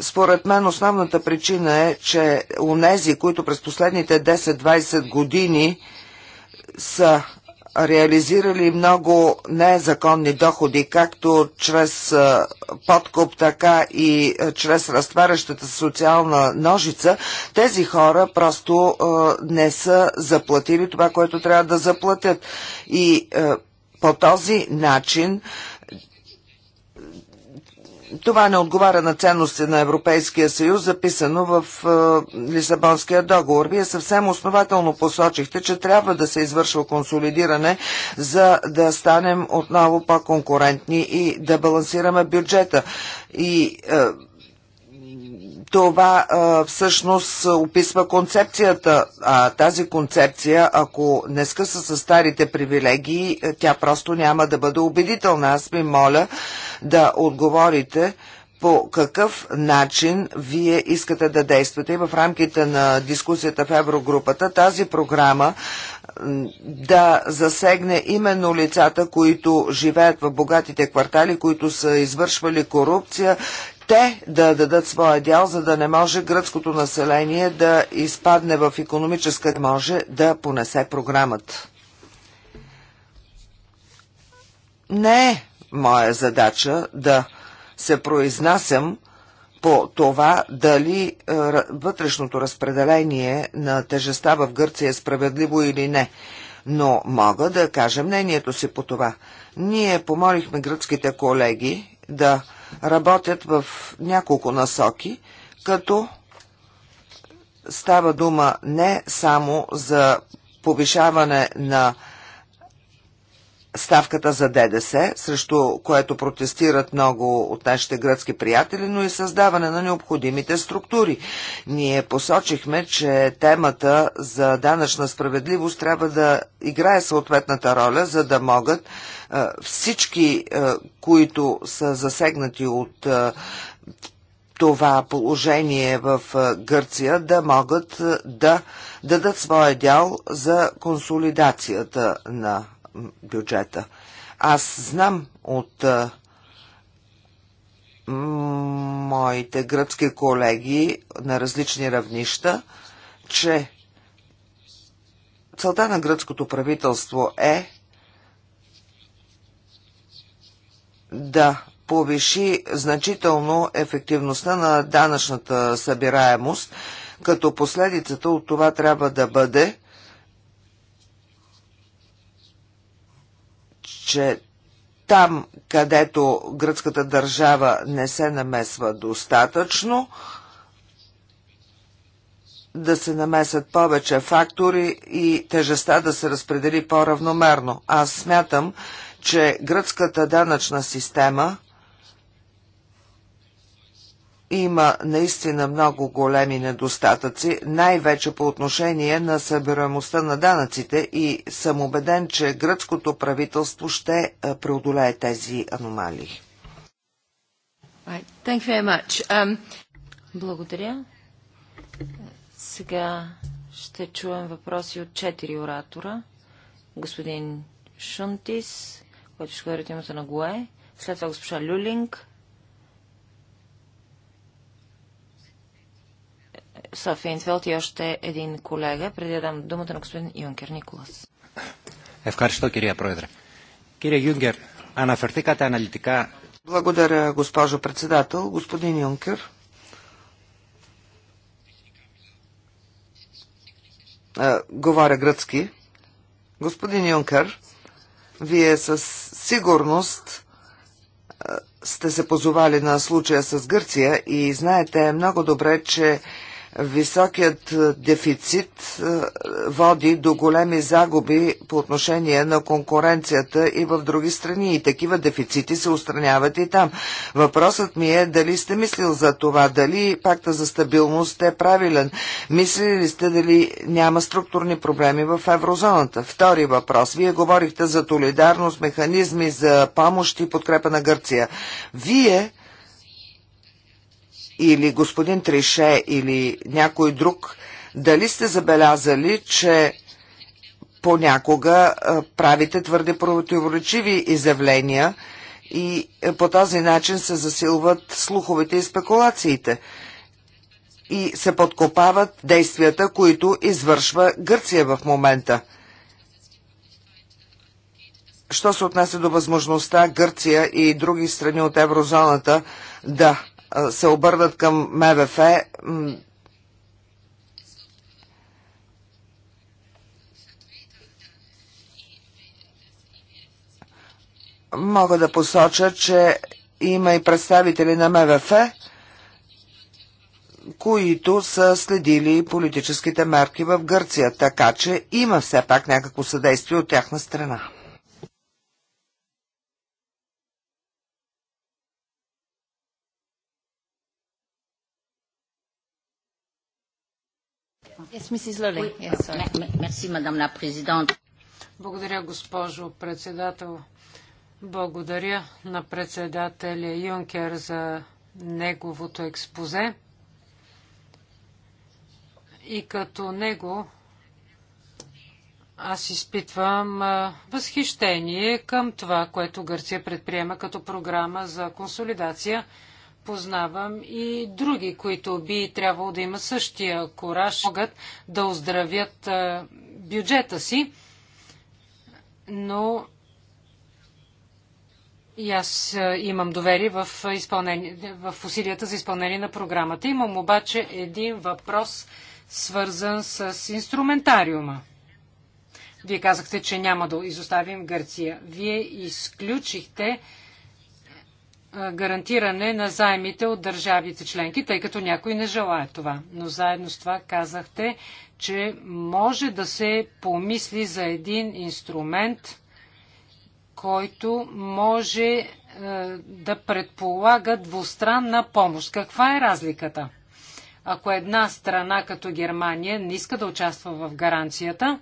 S2: Според мен основната причина е, че онези, които през последните 10-20 години са реализирали много незаконни доходи, както чрез подкуп, така и чрез разтварящата социална ножица, тези хора просто не са заплатили това, което трябва да заплатят. И по този начин това не отговаря на ценности на Европейския съюз, записано в е, Лисабонския договор. Вие съвсем основателно посочихте, че трябва да се извършва консолидиране, за да станем отново по-конкурентни и да балансираме бюджета. И е, това а, всъщност описва концепцията. А тази концепция, ако не скъса с старите привилегии, тя просто няма да бъде убедителна. Аз ви моля да отговорите по какъв начин вие искате да действате и в рамките на дискусията в Еврогрупата тази програма да засегне именно лицата, които живеят в богатите квартали, които са извършвали корупция те да дадат своя дял, за да не може гръцкото население да изпадне в економическа, не може да понесе програмата. Не е моя задача да се произнасям по това дали е, вътрешното разпределение на тежеста в Гърция е справедливо или не, но мога да кажа мнението си по това. Ние помолихме гръцките колеги да работят в няколко насоки, като става дума не само за повишаване на ставката за ДДС, срещу което протестират много от нашите гръцки приятели, но и създаване на необходимите структури. Ние посочихме, че темата за данъчна справедливост трябва да играе съответната роля, за да могат е, всички, е, които са засегнати от е, това положение в Гърция да могат да дадат своя дял за консолидацията на бюджета. Аз знам от а, моите гръцки колеги на различни равнища, че целта на гръцкото правителство е да повиши значително ефективността на данъчната събираемост, като последицата от това трябва да бъде че там, където гръцката държава не се намесва достатъчно, да се намесят повече фактори и тежестта да се разпредели по-равномерно. Аз смятам, че гръцката данъчна система има наистина много големи недостатъци, най-вече по отношение на събираемостта на данъците и съм убеден, че гръцкото правителство ще преодолее тези аномалии.
S1: Um... Благодаря. Сега ще чуем въпроси от четири оратора. Господин Шунтис, който ще говори от името на ГОЕ, след това госпожа Люлинг, София Инфелд и още един колега, преди да дам думата на господин Юнкер
S2: Николас. Евкаршто, кирия Πρόεδρε. Кирия Юнкер, αναφερθήκατε аналитика. Благодаря, госпожо председател. Господин Юнкер, а, говоря гръцки. Господин Юнкер, вие със сигурност сте се позовали на случая с Гърция и знаете много добре, че Високият е, дефицит е, води до големи загуби по отношение на конкуренцията и в други страни и такива дефицити се устраняват и там. Въпросът ми е дали сте мислил за това, дали пакта за стабилност е правилен. Мислили ли сте дали няма структурни проблеми в еврозоната? Втори въпрос. Вие говорихте за солидарност, механизми за помощ и подкрепа на Гърция. Вие или господин Трише или някой друг, дали сте забелязали, че понякога правите твърде противоречиви изявления и по този начин се засилват слуховете и спекулациите и се подкопават действията, които извършва Гърция в момента. Що се отнася до възможността Гърция и други страни от еврозоната да се обърнат към МВФ, мога да посоча, че има и представители на МВФ, които са следили политическите мерки в Гърция, така че има все пак някакво съдействие от тяхна страна.
S3: Благодаря, госпожо председател. Благодаря на председателя Юнкер за неговото експозе. И като него аз изпитвам възхищение към това, което Гърция предприема като програма за консолидация – познавам и други, които би трябвало да има същия кораж, могат да оздравят бюджета си, но и аз имам доверие в, в усилията за изпълнение на програмата. Имам обаче един въпрос, свързан с инструментариума. Вие казахте, че няма да изоставим Гърция. Вие изключихте гарантиране на заемите от държавите членки, тъй като някой не желая това. Но заедно с това казахте, че може да се помисли за един инструмент, който може е, да предполага двустранна помощ. Каква е разликата? Ако една страна като Германия не иска да участва в гаранцията,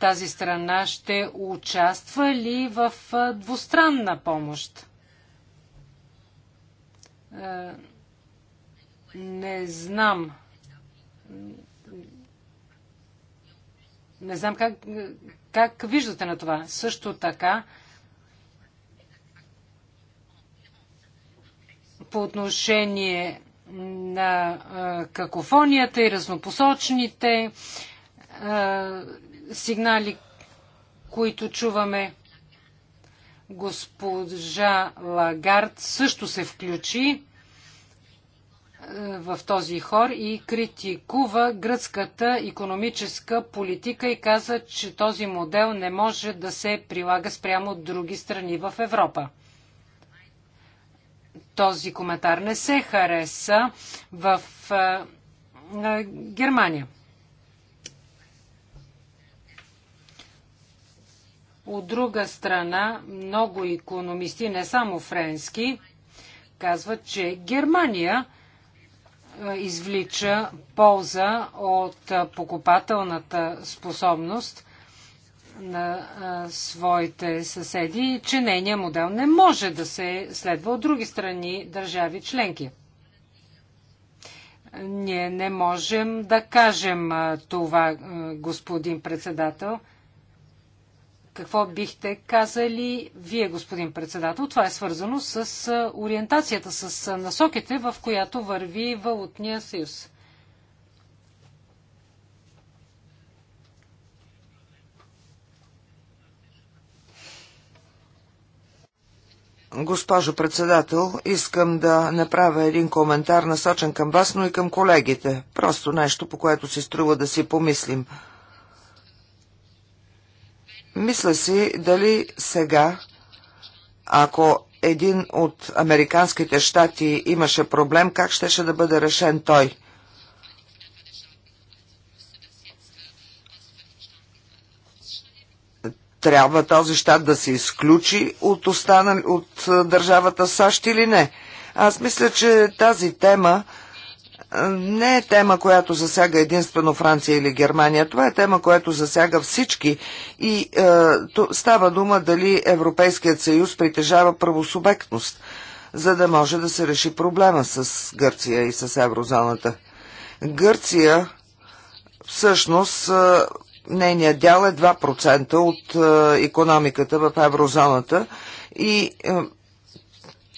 S3: тази страна ще участва ли в двустранна помощ? Не знам. Не знам как, как виждате на това. Също така, по отношение на какофонията и разнопосочните сигнали, които чуваме. Госпожа Лагард също се включи е, в този хор и критикува гръцката економическа политика и каза, че този модел не може да се прилага спрямо от други страни в Европа. Този коментар не се хареса в е, Германия. От друга страна, много економисти, не само френски, казват, че Германия извлича полза от покупателната способност на своите съседи и че нейният модел не може да се следва от други страни държави членки. Ние не можем да кажем това, господин председател. Какво бихте казали вие, господин председател? Това е свързано с ориентацията, с насоките, в която върви валутния съюз.
S2: Госпожо председател, искам да направя един коментар насочен към вас, но и към колегите. Просто нещо, по което си струва да си помислим – мисля си дали сега, ако един от американските щати имаше проблем, как щеше да бъде решен той? Трябва този щат да се изключи от, останали, от държавата САЩ или не? Аз мисля, че тази тема не е тема, която засяга единствено Франция или Германия. Това е тема, която засяга всички. И е, то, става дума дали Европейският съюз притежава правосубектност, за да може да се реши проблема с Гърция и с еврозоната. Гърция всъщност е, нейният дял е 2% от е, економиката в еврозоната и е,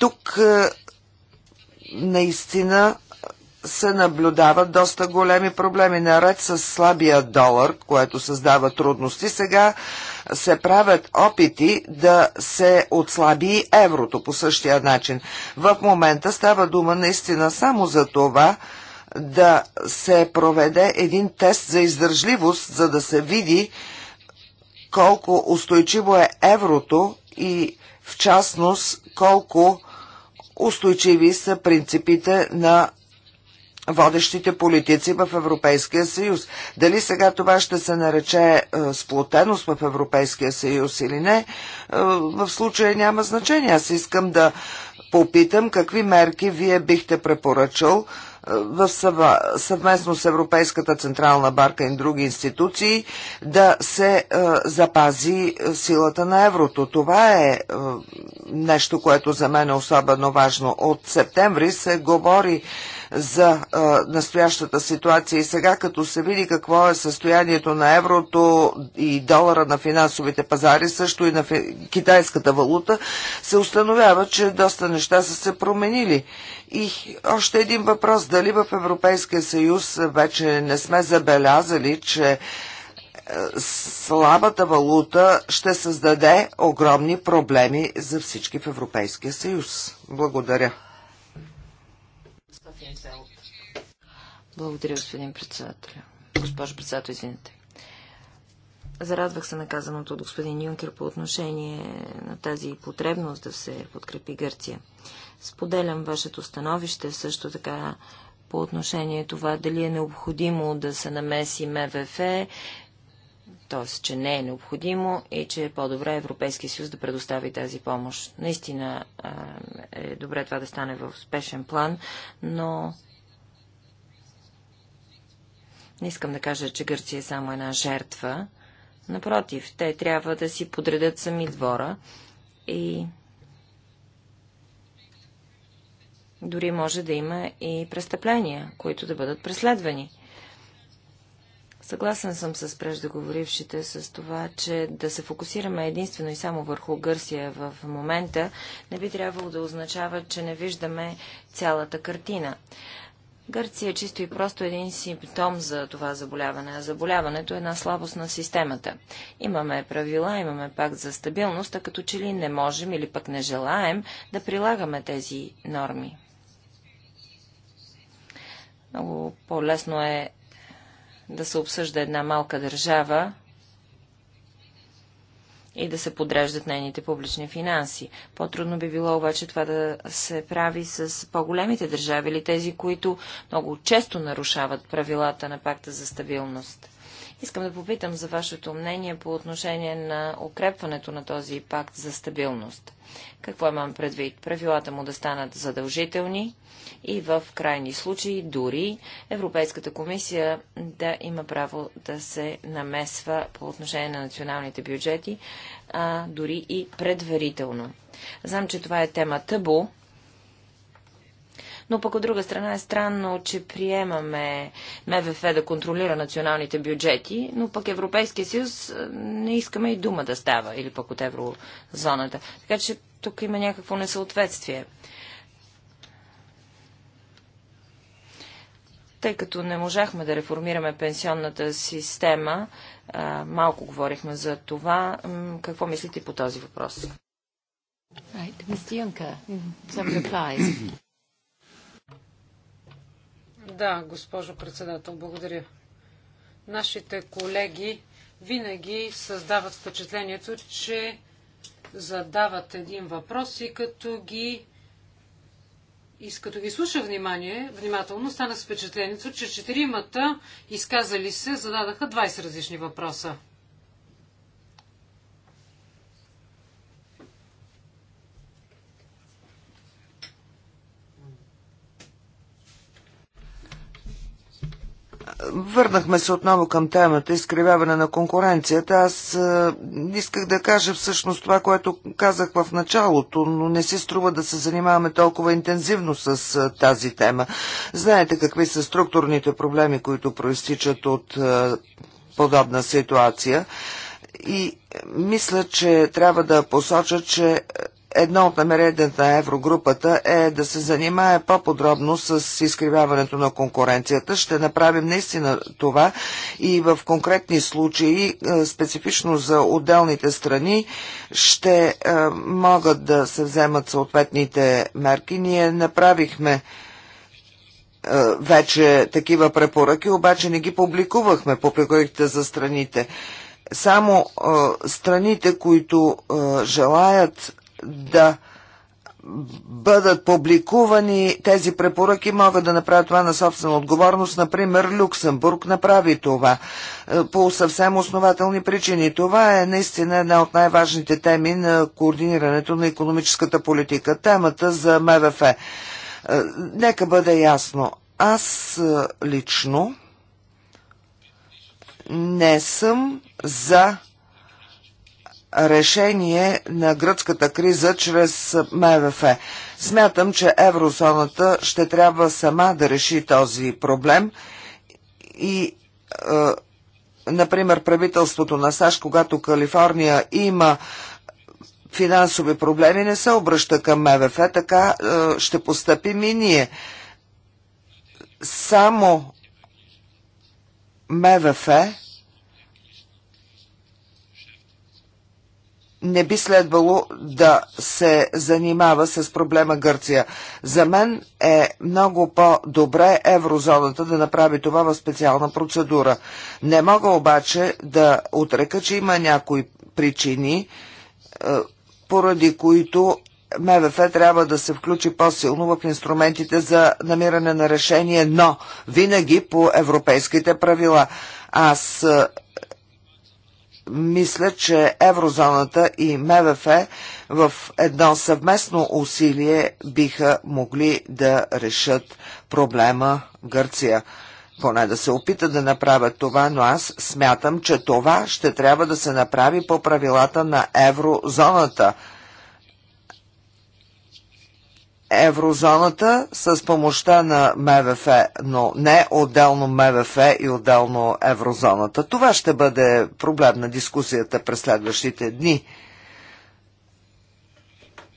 S2: тук е, наистина се наблюдават доста големи проблеми. Наред с слабия долар, което създава трудности, сега се правят опити да се отслаби и еврото по същия начин. В момента става дума наистина само за това да се проведе един тест за издържливост, за да се види колко устойчиво е еврото и в частност колко устойчиви са принципите на водещите политици в Европейския съюз. Дали сега това ще се нарече е, сплотеност в Европейския съюз или не, е, в случая няма значение. Аз искам да попитам какви мерки вие бихте препоръчал е, в съвместно с Европейската централна барка и други институции да се е, запази е, силата на еврото. Това е, е нещо, което за мен е особено важно. От септември се говори за а, настоящата ситуация и сега като се види какво е състоянието на еврото и долара на финансовите пазари, също и на фи... китайската валута, се установява, че доста неща са се променили. И още един въпрос, дали в Европейския съюз вече не сме забелязали, че е, слабата валута ще създаде огромни проблеми за всички в Европейския съюз. Благодаря.
S1: Благодаря, господин председател. Госпожо председател, извинете. Зарадвах се наказаното от господин Юнкер по отношение на тази потребност да се подкрепи Гърция. Споделям вашето становище също така по отношение това дали е необходимо да се намеси МВФ, т.е. че не е необходимо и че е по-добре Европейския съюз да предостави тази помощ. Наистина е добре това да стане в успешен план, но не искам да кажа, че Гърция е само една жертва. Напротив, те трябва да си подредят сами двора и дори може да има и престъпления, които да бъдат преследвани. Съгласен съм с преждеговорившите с това, че да се фокусираме единствено и само върху Гърсия в момента не би трябвало да означава, че не виждаме цялата картина. Гърция е чисто и просто един симптом за това заболяване, а заболяването е една слабост на системата. Имаме правила, имаме пакт за стабилност, а като че ли не можем или пък не желаем да прилагаме тези норми. Много по-лесно е да се обсъжда една малка държава, и да се подреждат нейните публични финанси. По-трудно би било обаче това да се прави с по-големите държави или тези, които много често нарушават правилата на пакта за стабилност. Искам да попитам за вашето мнение по отношение на укрепването на този пакт за стабилност. Какво имам предвид? Правилата му да станат задължителни и в крайни случаи дори Европейската комисия да има право да се намесва по отношение на националните бюджети, а дори и предварително. Знам, че това е тема табу, но пък от друга страна е странно, че приемаме МВФ да контролира националните бюджети, но пък Европейския съюз е, не искаме и дума да става, или пък от еврозоната. Така че тук има някакво несъответствие. Тъй като не можахме да реформираме пенсионната система, е, малко говорихме за това. Какво мислите по този въпрос? Right. Mr. Juncker, some replies.
S3: Да, госпожо председател, благодаря. Нашите колеги винаги създават впечатлението, че задават един въпрос и като ги и като ги слуша внимание, внимателно, стана с впечатлението, че четиримата изказали се зададаха 20 различни въпроса.
S2: Върнахме се отново към темата изкривяване на конкуренцията. Аз а, е, исках да кажа всъщност това, което казах в началото, но не си струва да се занимаваме толкова интензивно с а, е, тази тема. Знаете какви са структурните проблеми, които проистичат от а, е, подобна ситуация. И мисля, че трябва да посоча, че Едно от намеренията на Еврогрупата е да се занимае по-подробно с изкривяването на конкуренцията. Ще направим наистина това и в конкретни случаи, е, специфично за отделните страни, ще е, могат да се вземат съответните мерки. Ние направихме е, вече такива препоръки, обаче не ги публикувахме по препоръките за страните. Само страните, които желаят да бъдат публикувани тези препоръки, могат да направят това на собствена отговорност. Например, Люксембург направи това е, по съвсем основателни причини. Това е наистина една от най-важните теми на координирането на економическата политика. Темата за МВФ. Е, нека бъде ясно. Аз е, лично не съм за решение на гръцката криза чрез МВФ. Смятам, че еврозоната ще трябва сама да реши този проблем и е, например правителството на САЩ, когато Калифорния има финансови проблеми, не се обръща към МВФ, така е, ще постъпим и ние. Само МВФ не би следвало да се занимава с проблема Гърция. За мен е много по-добре еврозоната да направи това в специална процедура. Не мога обаче да отрека, че има някои причини, е, поради които МВФ трябва да се включи по-силно в инструментите за намиране на решение, но винаги по европейските правила. Аз е, мисля, че еврозоната и МВФ в едно съвместно усилие биха могли да решат проблема Гърция. Поне да се опита да направят това, но аз смятам, че това ще трябва да се направи по правилата на еврозоната – еврозоната с помощта на МВФ, но не отделно МВФ и отделно еврозоната. Това ще бъде проблем на дискусията през следващите дни.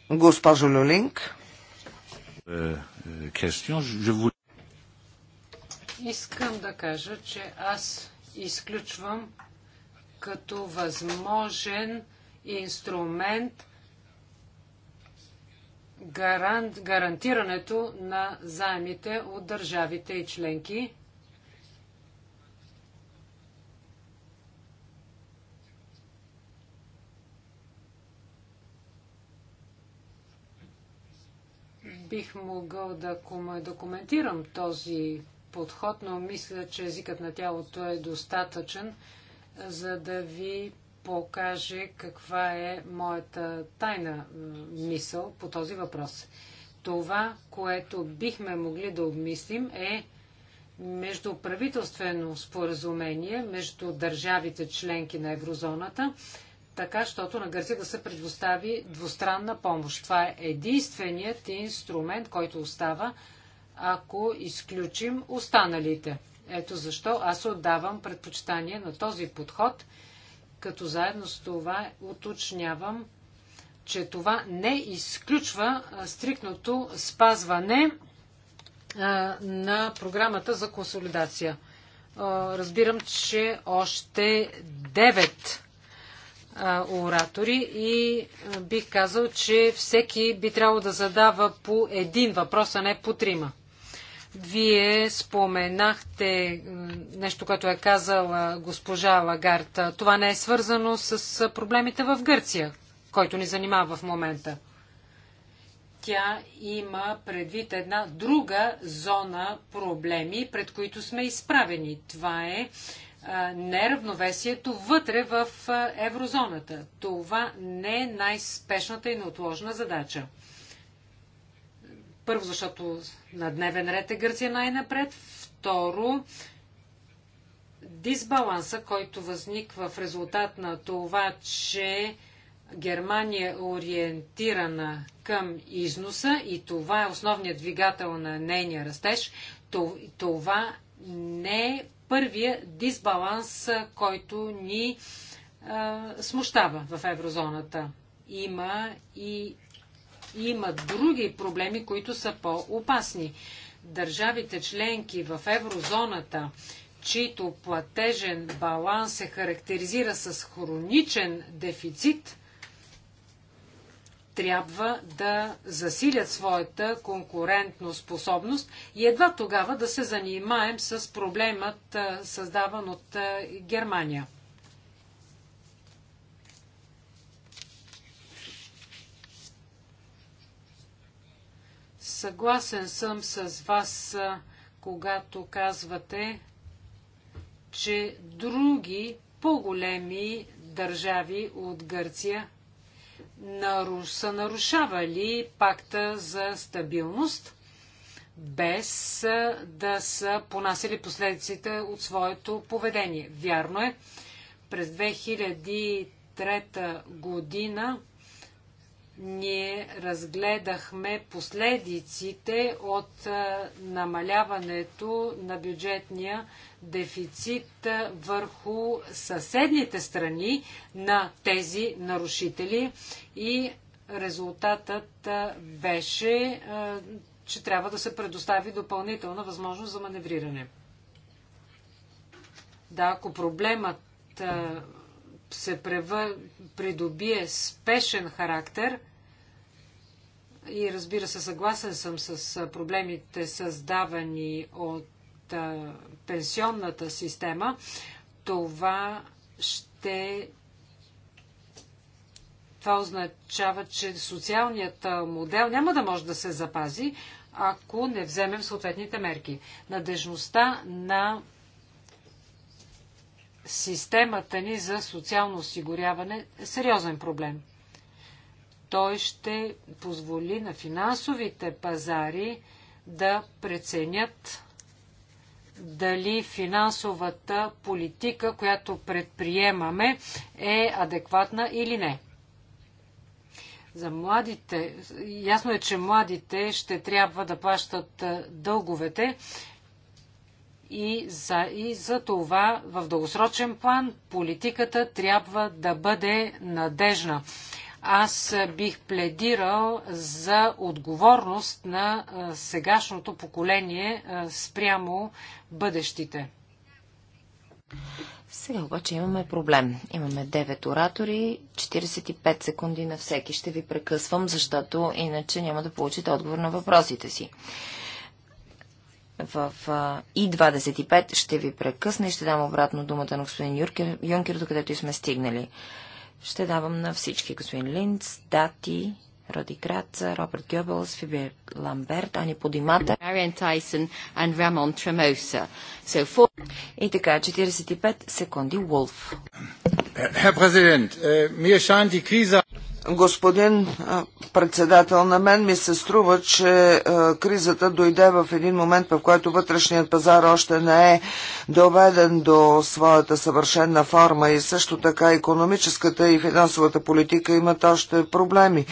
S2: Госпожо Люлинг. Е, е,
S3: Искам да кажа, че аз изключвам като възможен инструмент – гарант, гарантирането на заемите от държавите и членки. Бих могъл да, документирам този подход, но мисля, че езикът на тялото е достатъчен, за да ви покаже каква е моята тайна мисъл по този въпрос. Това, което бихме могли да обмислим е междуправителствено споразумение между държавите членки на еврозоната, така, щото на Гърция да се предостави двустранна помощ. Това е единственият инструмент, който остава, ако изключим останалите. Ето защо аз отдавам предпочитание на този подход – като заедно с това уточнявам, че това не изключва стрикното спазване на програмата за консолидация. Разбирам, че още девет оратори и бих казал, че всеки би трябвало да задава по един въпрос, а не по трима. Вие споменахте нещо, което е казала госпожа Лагард. Това не е свързано с проблемите в Гърция, който ни занимава в момента. Тя има предвид една друга зона проблеми, пред които сме изправени. Това е неравновесието вътре в еврозоната. Това не е най-спешната и неотложна задача. Първо, защото на дневен ред е Гърция най-напред. Второ, дисбаланса, който възниква в резултат на това, че Германия е ориентирана към износа и това е основният двигател на нейния растеж, това не е първия дисбаланс, който ни смущава в еврозоната. Има и има други проблеми, които са по-опасни. Държавите членки в еврозоната, чийто платежен баланс се характеризира с хроничен дефицит, трябва да засилят своята конкурентно способност и едва тогава да се занимаем с проблемът, създаван от Германия. Съгласен съм с вас, когато казвате, че други по-големи държави от Гърция са нарушавали пакта за стабилност, без да са понасили последиците от своето поведение. Вярно е, през 2003 година ние разгледахме последиците от намаляването на бюджетния дефицит върху съседните страни на тези нарушители и резултатът беше, че трябва да се предостави допълнителна възможност за маневриране. Да, ако проблемът се превър... придобие спешен характер и разбира се, съгласен съм с проблемите създавани от а, пенсионната система, това ще това означава, че социалният модел няма да може да се запази, ако не вземем съответните мерки. Надежността на системата ни за социално осигуряване е сериозен проблем. Той ще позволи на финансовите пазари да преценят дали финансовата политика, която предприемаме, е адекватна или не. За младите, ясно е, че младите ще трябва да плащат дълговете, и за, и за това в дългосрочен план политиката трябва да бъде надежна. Аз бих пледирал за отговорност на сегашното поколение спрямо бъдещите.
S1: Сега обаче имаме проблем. Имаме 9 оратори, 45 секунди на всеки. Ще ви прекъсвам, защото иначе няма да получите отговор на въпросите си в И-25 ще ви прекъсна и ще дам обратно думата на господин Юркер, Юнкер, докъдето сме стигнали. Ще давам на всички. Господин Линц, Дати, Роди Краца, Роберт Гьобелс, Фиби Ламберт, Ани Подимата, Мариан Тайсън и Рамон Тремоса. И така, 45 секунди, Wolf.
S2: президент, ми е scheint die Krise... Господин председател, на мен ми се струва, че кризата дойде в един момент, в който вътрешният пазар още не е доведен до своята съвършенна форма и също така економическата и финансовата политика имат още проблеми.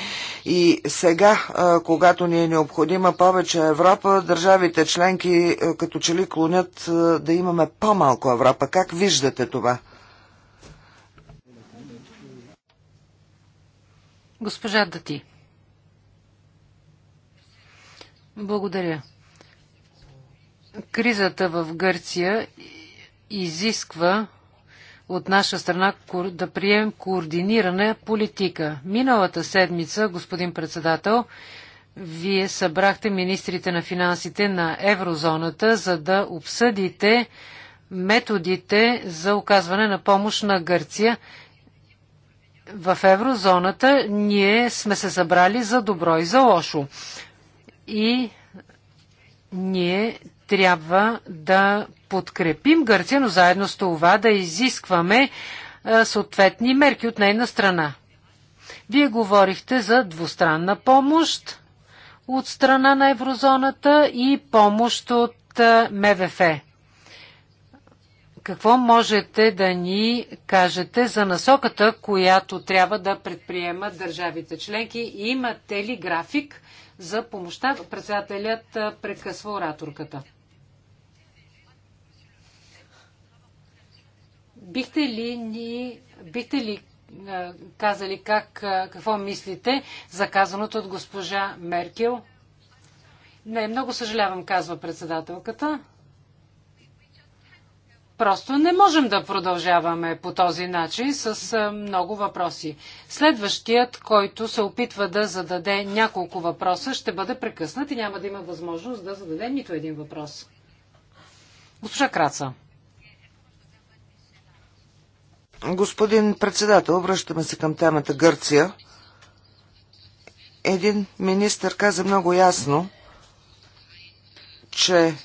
S2: И сега, когато ни е необходима повече Европа, държавите членки като че ли клонят да имаме по-малко Европа. Как виждате това?
S3: Госпожа Дати. Благодаря. Кризата в Гърция изисква от наша страна да приемем координирана политика. Миналата седмица, господин председател, вие събрахте министрите на финансите на еврозоната, за да обсъдите методите за оказване на помощ на Гърция в еврозоната ние сме се събрали за добро и за лошо. И ние трябва да подкрепим Гърция, но заедно с това да изискваме е, съответни мерки от нейна страна. Вие говорихте за двустранна помощ от страна на еврозоната и помощ от е, МВФ какво можете да ни кажете за насоката, която трябва да предприемат държавите членки? Имате ли график за помощта? Председателят прекъсва ораторката. Бихте ли, ни, бихте ли казали как, какво мислите за казаното от госпожа Меркел? Не, много съжалявам, казва председателката. Просто не можем да продължаваме по този начин с много въпроси. Следващият, който се опитва да зададе няколко въпроса, ще бъде прекъснат и няма да има възможност да зададе нито един въпрос. Госпожа Краца.
S2: Господин председател, връщаме се към темата Гърция. Един министр каза много ясно, че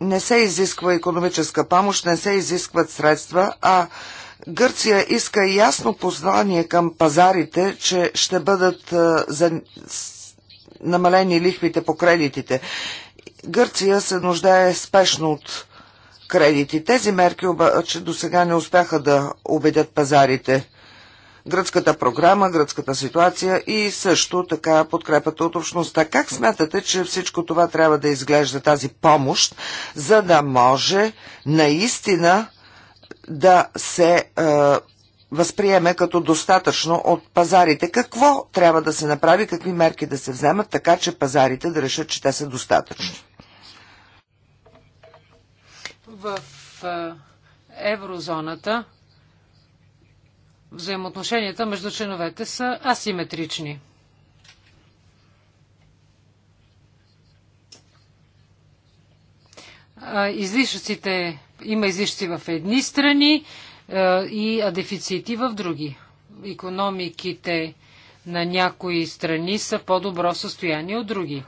S2: не се изисква економическа помощ, не се изискват средства, а Гърция иска ясно познание към пазарите, че ще бъдат за... намалени лихвите по кредитите. Гърция се нуждае спешно от кредити. Тези мерки обаче до сега не успяха да убедят пазарите гръцката програма, гръцката ситуация и също така подкрепата от общността. Как смятате, че всичко това трябва да изглежда тази помощ, за да може наистина да се е, възприеме като достатъчно от пазарите. Какво трябва да се направи, какви мерки да се вземат, така че пазарите да решат, че те са достатъчни? В
S3: еврозоната взаимоотношенията между членовете са асиметрични. Излишъците, има излишъци в едни страни и дефицити в други. Економиките на някои страни са по-добро състояние от други.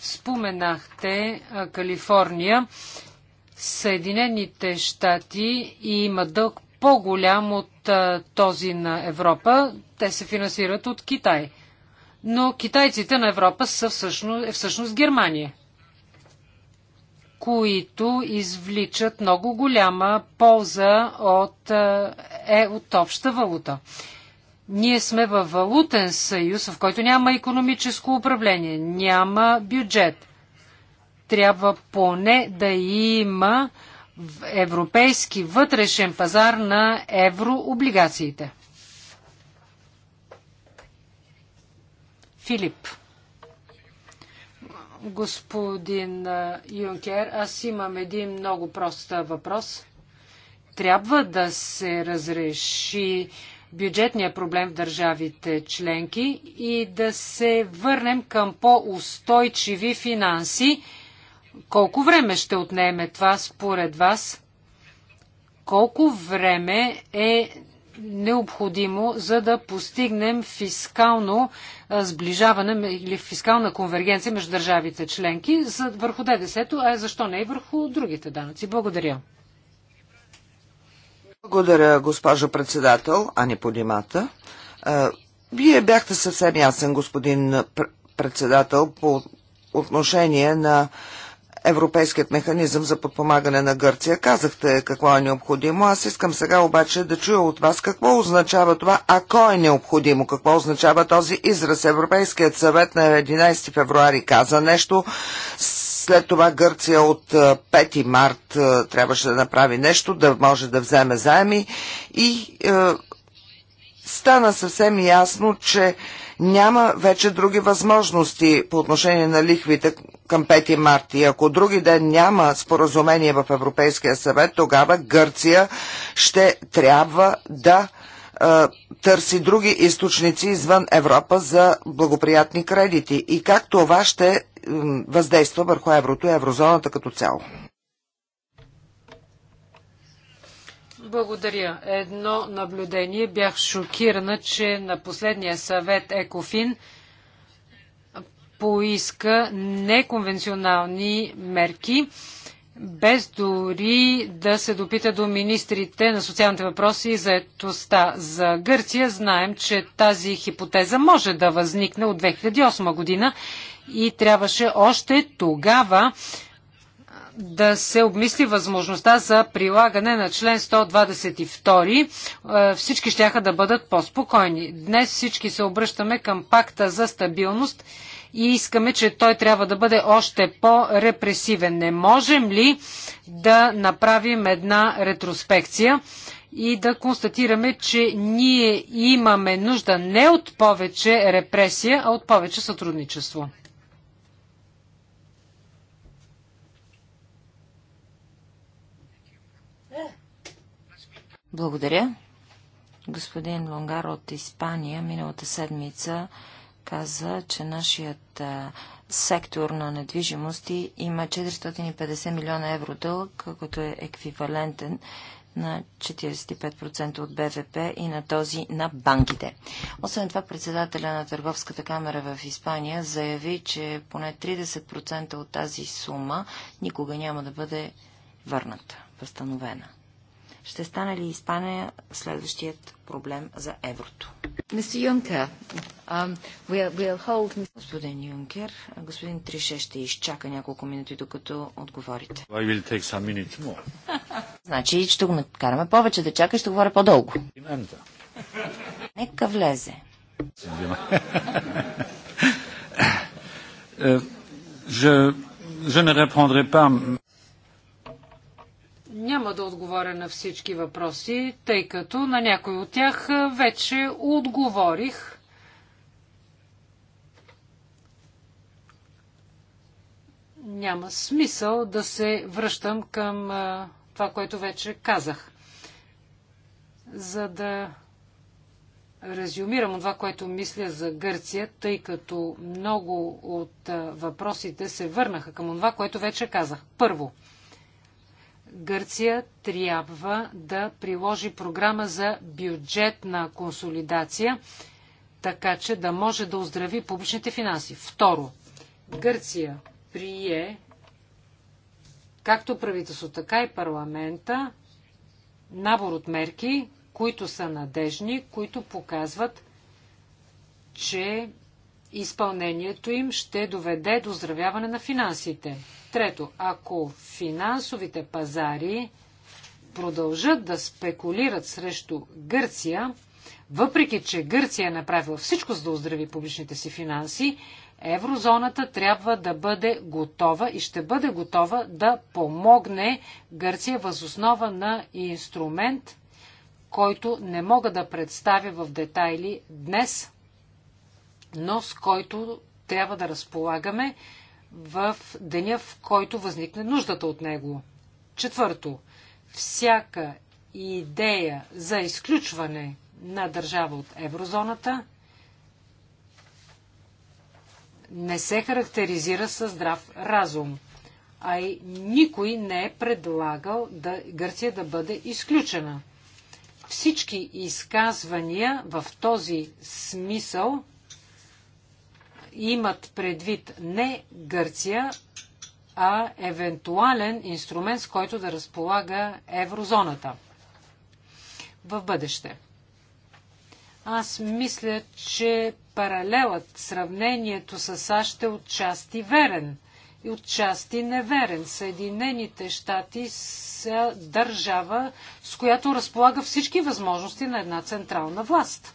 S3: Споменахте Калифорния. Съединените щати имат дълг по-голям от този на Европа. Те се финансират от Китай. Но китайците на Европа са всъщност, е всъщност Германия, които извличат много голяма полза от, е, от обща валута. Ние сме във валутен съюз, в който няма економическо управление, няма бюджет. Трябва поне да има европейски вътрешен пазар на еврооблигациите. Филип. Господин Юнкер, аз имам един много прост въпрос. Трябва да се разреши бюджетния проблем в държавите членки и да се върнем към по-устойчиви финанси колко време ще отнеме това според вас? Колко време е необходимо, за да постигнем фискално сближаване или фискална конвергенция между държавите членки за, върху ддс а защо не и върху другите данъци? Благодаря.
S2: Благодаря, госпожо председател, а не подимата. Вие бяхте съвсем ясен, господин председател, по отношение на Европейският механизъм за подпомагане на Гърция. Казахте какво е необходимо. Аз искам сега обаче да чуя от вас какво означава това, ако е необходимо. Какво означава този израз? Европейският съвет на 11 февруари каза нещо. След това Гърция от 5 март трябваше да направи нещо, да може да вземе заеми и е, стана съвсем ясно, че няма вече други възможности по отношение на лихвите към 5 марта. И ако други ден няма споразумение в Европейския съвет, тогава Гърция ще трябва да търси други източници извън Европа за благоприятни кредити и как това ще въздейства върху еврото и еврозоната като цяло.
S3: Благодаря. Едно наблюдение. Бях шокирана, че на последния съвет Екофин поиска неконвенционални мерки, без дори да се допита до министрите на социалните въпроси и заедостта. За Гърция знаем, че тази хипотеза може да възникне от 2008 година и трябваше още тогава да се обмисли възможността за прилагане на член 122, е, всички ще да бъдат по-спокойни. Днес всички се обръщаме към пакта за стабилност и искаме, че той трябва да бъде още по-репресивен. Не можем ли да направим една ретроспекция и да констатираме, че ние имаме нужда не от повече репресия, а от повече сътрудничество?
S1: Благодаря. Господин Лонгар от Испания миналата седмица каза, че нашият а, сектор на недвижимости има 450 милиона евро дълг, който е еквивалентен на 45% от БВП и на този на банките. Освен това, председателя на Търговската камера в Испания заяви, че поне 30% от тази сума никога няма да бъде върната, възстановена ще стане ли Испания следващият проблем за еврото? Um, господин Юнкер, господин Трише ще изчака няколко минути, докато отговорите. (laughs) значи ще го накараме повече да чака и ще говоря по-дълго. Нека влезе. (laughs)
S3: Е, е, je, je ne répondrai pas. Няма да отговоря на всички въпроси, тъй като на някой от тях вече отговорих. Няма смисъл да се връщам към това, което вече казах. За да резюмирам това, което мисля за Гърция, тъй като много от въпросите се върнаха към това, което вече казах. Първо – Гърция трябва да приложи програма за бюджетна консолидация, така че да може да оздрави публичните финанси. Второ, Гърция прие както правителство, така и парламента набор от мерки, които са надежни, които показват, че изпълнението им ще доведе до здравяване на финансите. Трето, ако финансовите пазари продължат да спекулират срещу Гърция, въпреки че Гърция е направила всичко за да оздрави публичните си финанси, еврозоната трябва да бъде готова и ще бъде готова да помогне Гърция възоснова на инструмент, който не мога да представя в детайли днес – но с който трябва да разполагаме в деня, в който възникне нуждата от него. Четвърто, всяка идея за изключване на държава от еврозоната не се характеризира със здрав разум, а и никой не е предлагал да Гърция да бъде изключена. Всички изказвания в този смисъл имат предвид не Гърция, а евентуален инструмент, с който да разполага еврозоната в бъдеще. Аз мисля, че паралелът, сравнението с САЩ е отчасти верен и отчасти неверен. Съединените щати са държава, с която разполага всички възможности на една централна власт.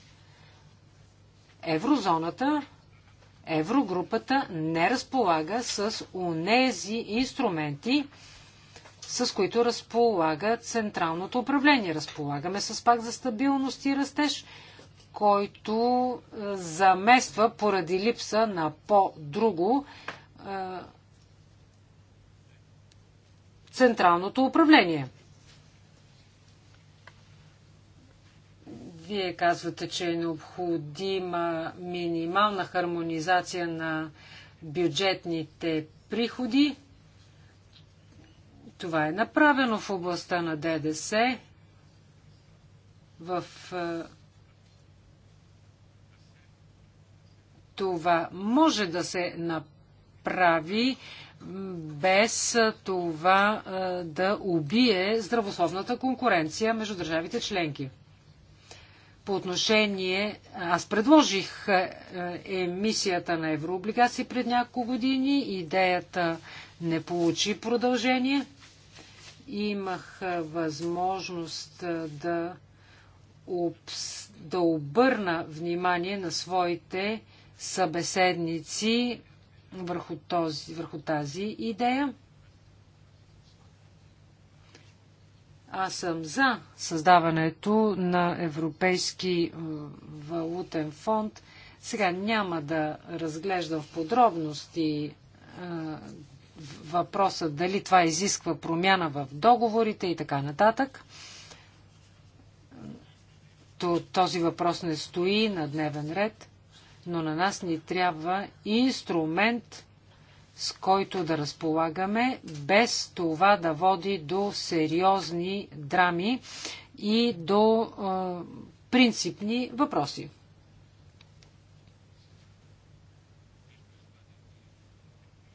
S3: Еврозоната Еврогрупата не разполага с унези инструменти, с които разполага Централното управление. Разполагаме с пак за стабилност и растеж, който е, замества поради липса на по-друго е, Централното управление. Вие казвате, че е необходима минимална хармонизация на бюджетните приходи. Това е направено в областта на ДДС. В е, това може да се направи без това е, да убие здравословната конкуренция между държавите членки по отношение, аз предложих е, е, емисията на еврооблигации пред няколко години, идеята не получи продължение. Имах е, възможност да, обс... да обърна внимание на своите събеседници върху, този, върху тази идея. Аз съм за създаването на Европейски е, валутен фонд. Сега няма да разглеждам в подробности е, въпроса дали това изисква промяна в договорите и така нататък. този въпрос не стои на дневен ред, но на нас ни трябва инструмент, с който да разполагаме, без това да води до сериозни драми и до е, принципни въпроси.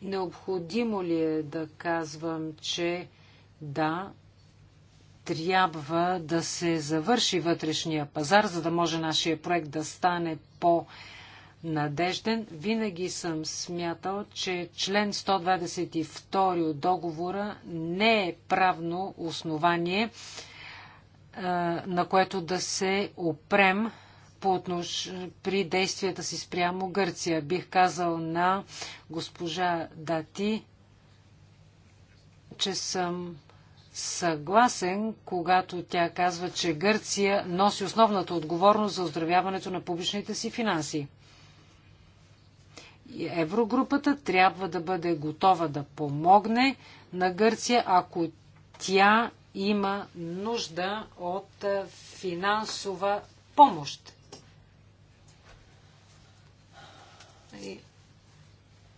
S3: Необходимо ли е да казвам, че да, трябва да се завърши вътрешния пазар, за да може нашия проект да стане по- надежден. Винаги съм смятал, че член 122 от договора не е правно основание, на което да се опрем при действията си спрямо Гърция. Бих казал на госпожа Дати, че съм съгласен, когато тя казва, че Гърция носи основната отговорност за оздравяването на публичните си финанси. Еврогрупата трябва да бъде готова да помогне на Гърция, ако тя има нужда от е, финансова помощ. И,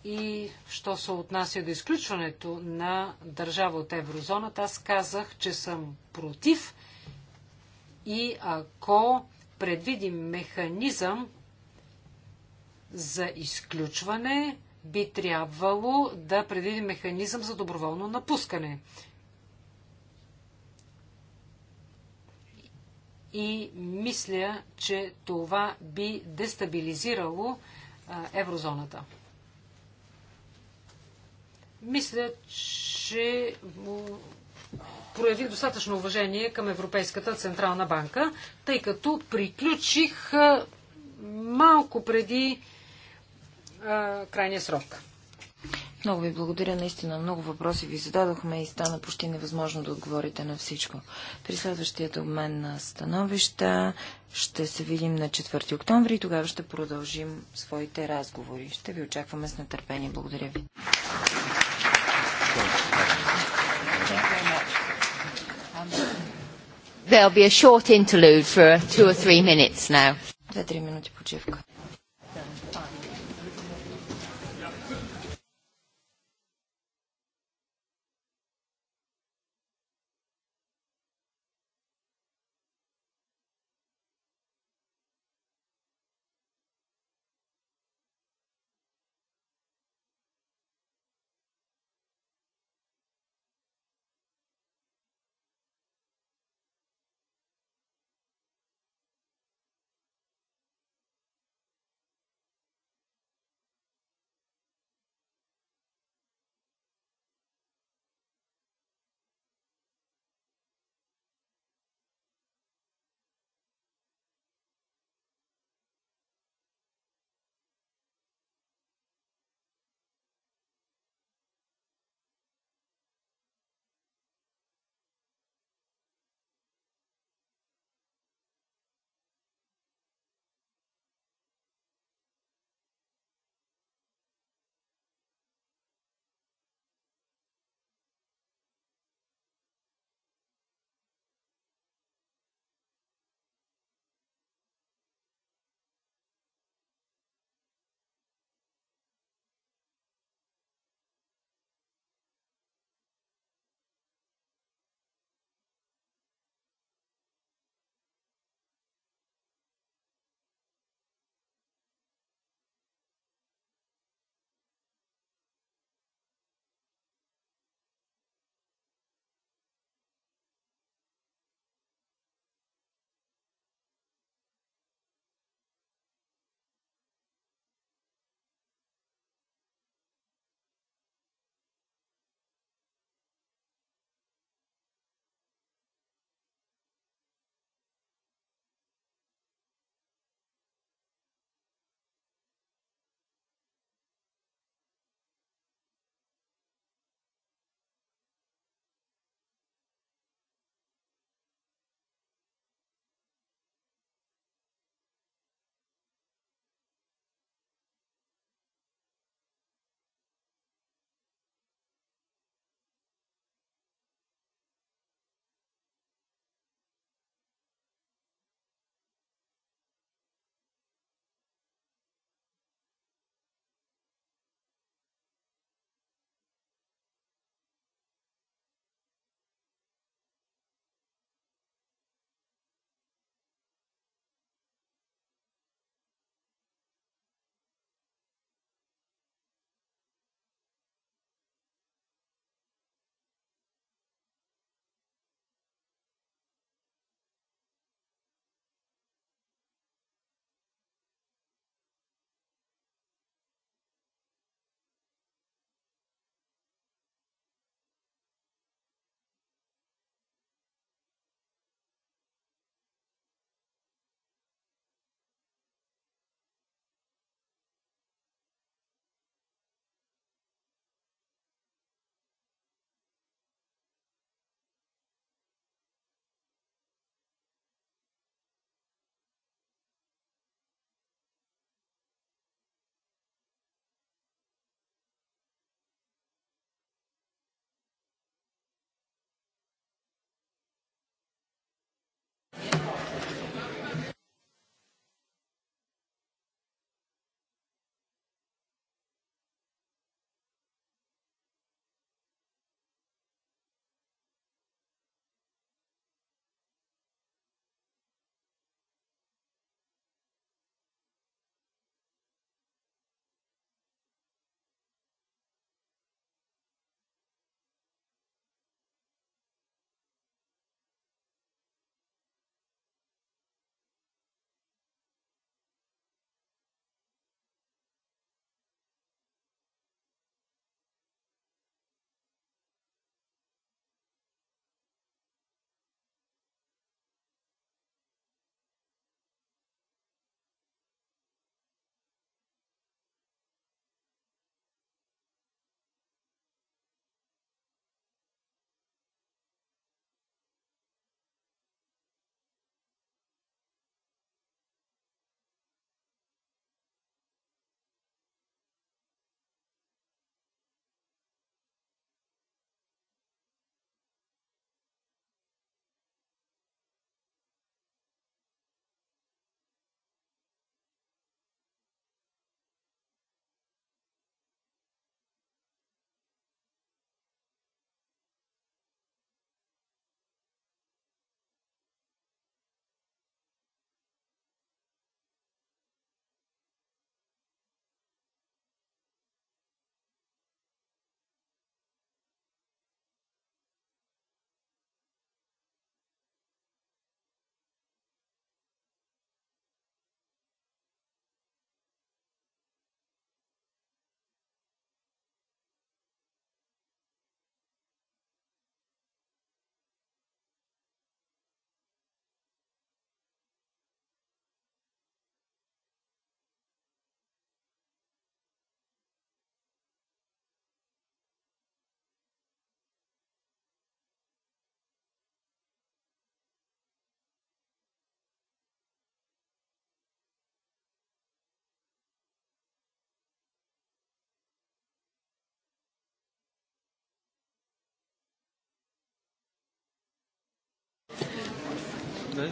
S3: и що се отнася до изключването на държава от еврозоната, аз казах, че съм против и ако предвидим механизъм, за изключване, би трябвало да предвиди механизъм за доброволно напускане. И мисля, че това би дестабилизирало еврозоната. Мисля, че проявих достатъчно уважение към Европейската Централна банка, тъй като приключих
S1: малко преди крайния срок. Много ви благодаря. Наистина много въпроси ви зададохме и стана почти невъзможно да отговорите на всичко. При следващият обмен на становища ще се видим на 4 октомври и тогава ще продължим своите разговори. Ще ви очакваме с нетърпение. Благодаря ви. There'll be a short interlude for two or three minutes now. Две-три минути почивка.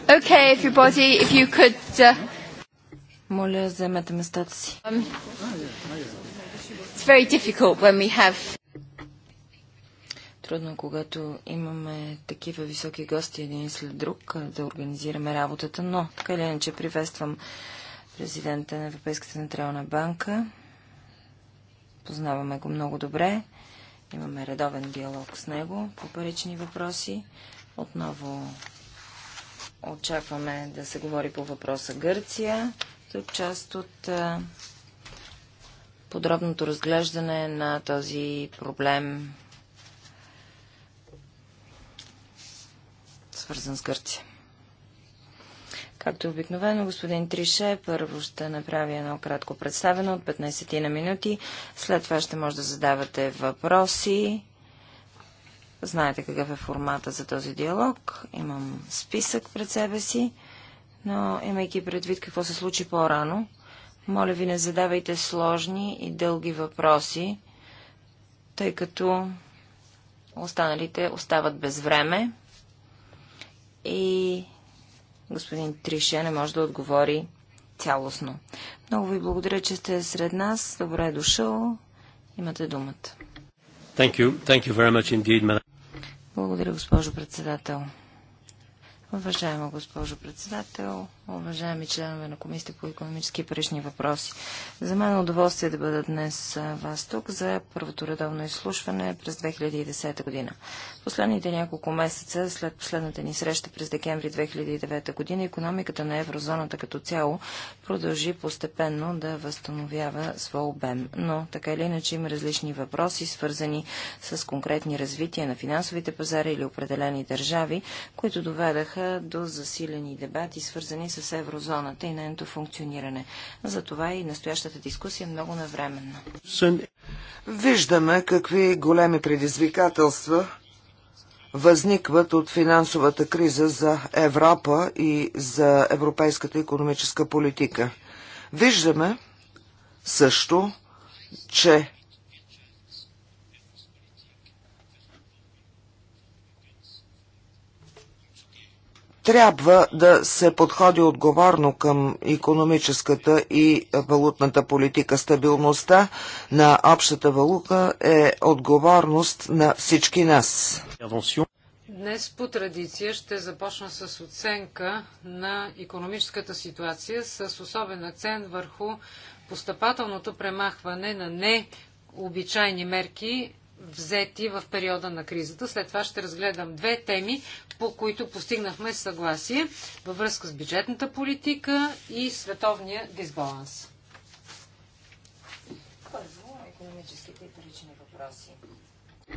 S1: Okay, everybody, if you could... Uh, Моля, вземете местата си. Um, it's very difficult when we have... Трудно, когато имаме такива високи гости един след друг, да организираме работата, но така или иначе приветствам президента на Европейската централна банка. Познаваме го много добре. Имаме редовен диалог с него по парични въпроси. Отново Очакваме да се говори по въпроса Гърция. Тук част от подробното разглеждане на този проблем, свързан с Гърция. Както е обикновено, господин Трише първо ще направи едно кратко представено от 15 ти на минути. След това ще може да задавате въпроси Знаете какъв е формата за този диалог. Имам списък пред себе си, но имайки предвид какво се случи по-рано, моля ви не задавайте сложни и дълги въпроси, тъй като останалите остават без време и господин Трише не може да отговори цялостно. Много ви благодаря, че сте сред нас. Добре е дошъл. Имате думата.
S3: Thank you. Thank you very much indeed, благодаря, госпожо
S1: председател. Уважаема госпожо председател, уважаеми членове на Комисията по економически и парични въпроси. За мен е удоволствие да бъда днес вас тук за първото редовно изслушване през 2010 година. Последните няколко месеца, след последната ни среща през декември 2009 година, економиката на еврозоната като цяло продължи постепенно да възстановява своя обем. Но така или иначе има различни въпроси, свързани с конкретни развития на финансовите пазари или определени държави, които доведаха до засилени дебати, свързани с еврозоната и нейното функциониране. Затова и настоящата дискусия е много навременна.
S2: Виждаме какви големи предизвикателства възникват от финансовата криза за Европа и за европейската економическа политика. Виждаме също, че трябва да се подходи отговорно към економическата и валутната политика. Стабилността на общата валута е отговорност на всички нас.
S3: Днес по традиция ще започна с оценка на економическата ситуация с особен акцент върху постъпателното премахване на необичайни мерки взети в периода на кризата. След това ще разгледам две теми, по които постигнахме съгласие във връзка с бюджетната политика и световния дисбаланс.
S1: Първо, економическите и парични въпроси.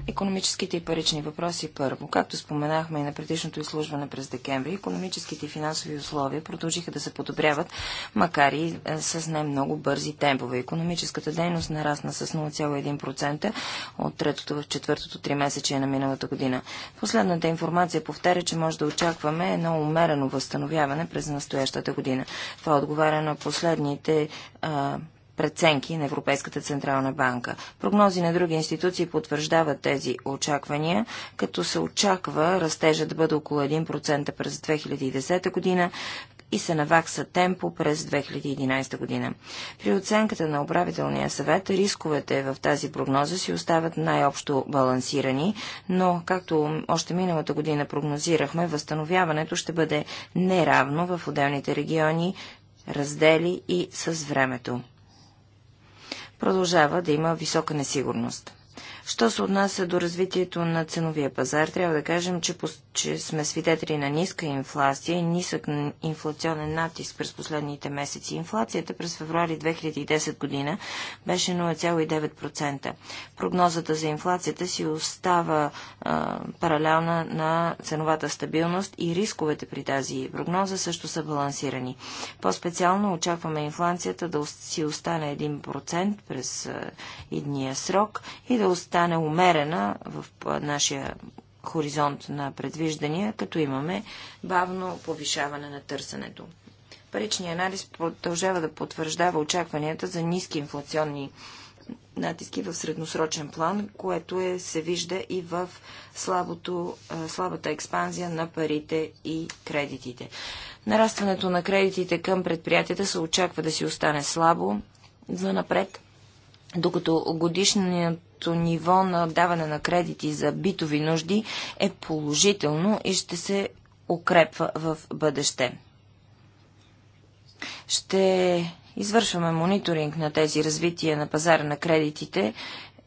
S1: Економическите и парични въпроси първо. Както споменахме и на предишното изслужване през декември, економическите и финансови условия продължиха да се подобряват, макар и е, с не много бързи темпове. Економическата дейност нарасна с 0,1% от третото в четвъртото три месече на миналата година. Последната информация повтаря, че може да очакваме едно умерено възстановяване през настоящата година. Това отговаря на последните а, преценки на Европейската Централна банка. Прогнози на други институции потвърждават тези очаквания, като се очаква растежа да бъде около 1% през 2010 година и се навакса темпо през 2011 година. При оценката на управителния съвет рисковете в тази прогноза си остават най-общо балансирани, но както още миналата година прогнозирахме, възстановяването ще бъде неравно в отделните региони, раздели и с времето продължава да има висока несигурност. Що се отнася до развитието на ценовия пазар, трябва да кажем, че, че сме свидетели на ниска инфлация и нисък инфлационен натиск през последните месеци. Инфлацията през февруари 2010 година беше 0,9%. Прогнозата за инфлацията си остава а, паралелна на ценовата стабилност и рисковете при тази прогноза също са балансирани. По-специално очакваме инфлацията да си остане 1% през а, едния срок и да остане Стане умерена в нашия хоризонт на предвиждания, като имаме бавно повишаване на търсенето. Паричният анализ продължава да потвърждава очакванията за ниски инфлационни натиски в средносрочен план, което е, се вижда и в слабото, слабата експанзия на парите и кредитите. Нарастването на кредитите към предприятията се очаква да си остане слабо за напред докато годишното ниво на даване на кредити за битови нужди е положително и ще се укрепва в бъдеще. Ще извършваме мониторинг на тези развития на пазара на кредитите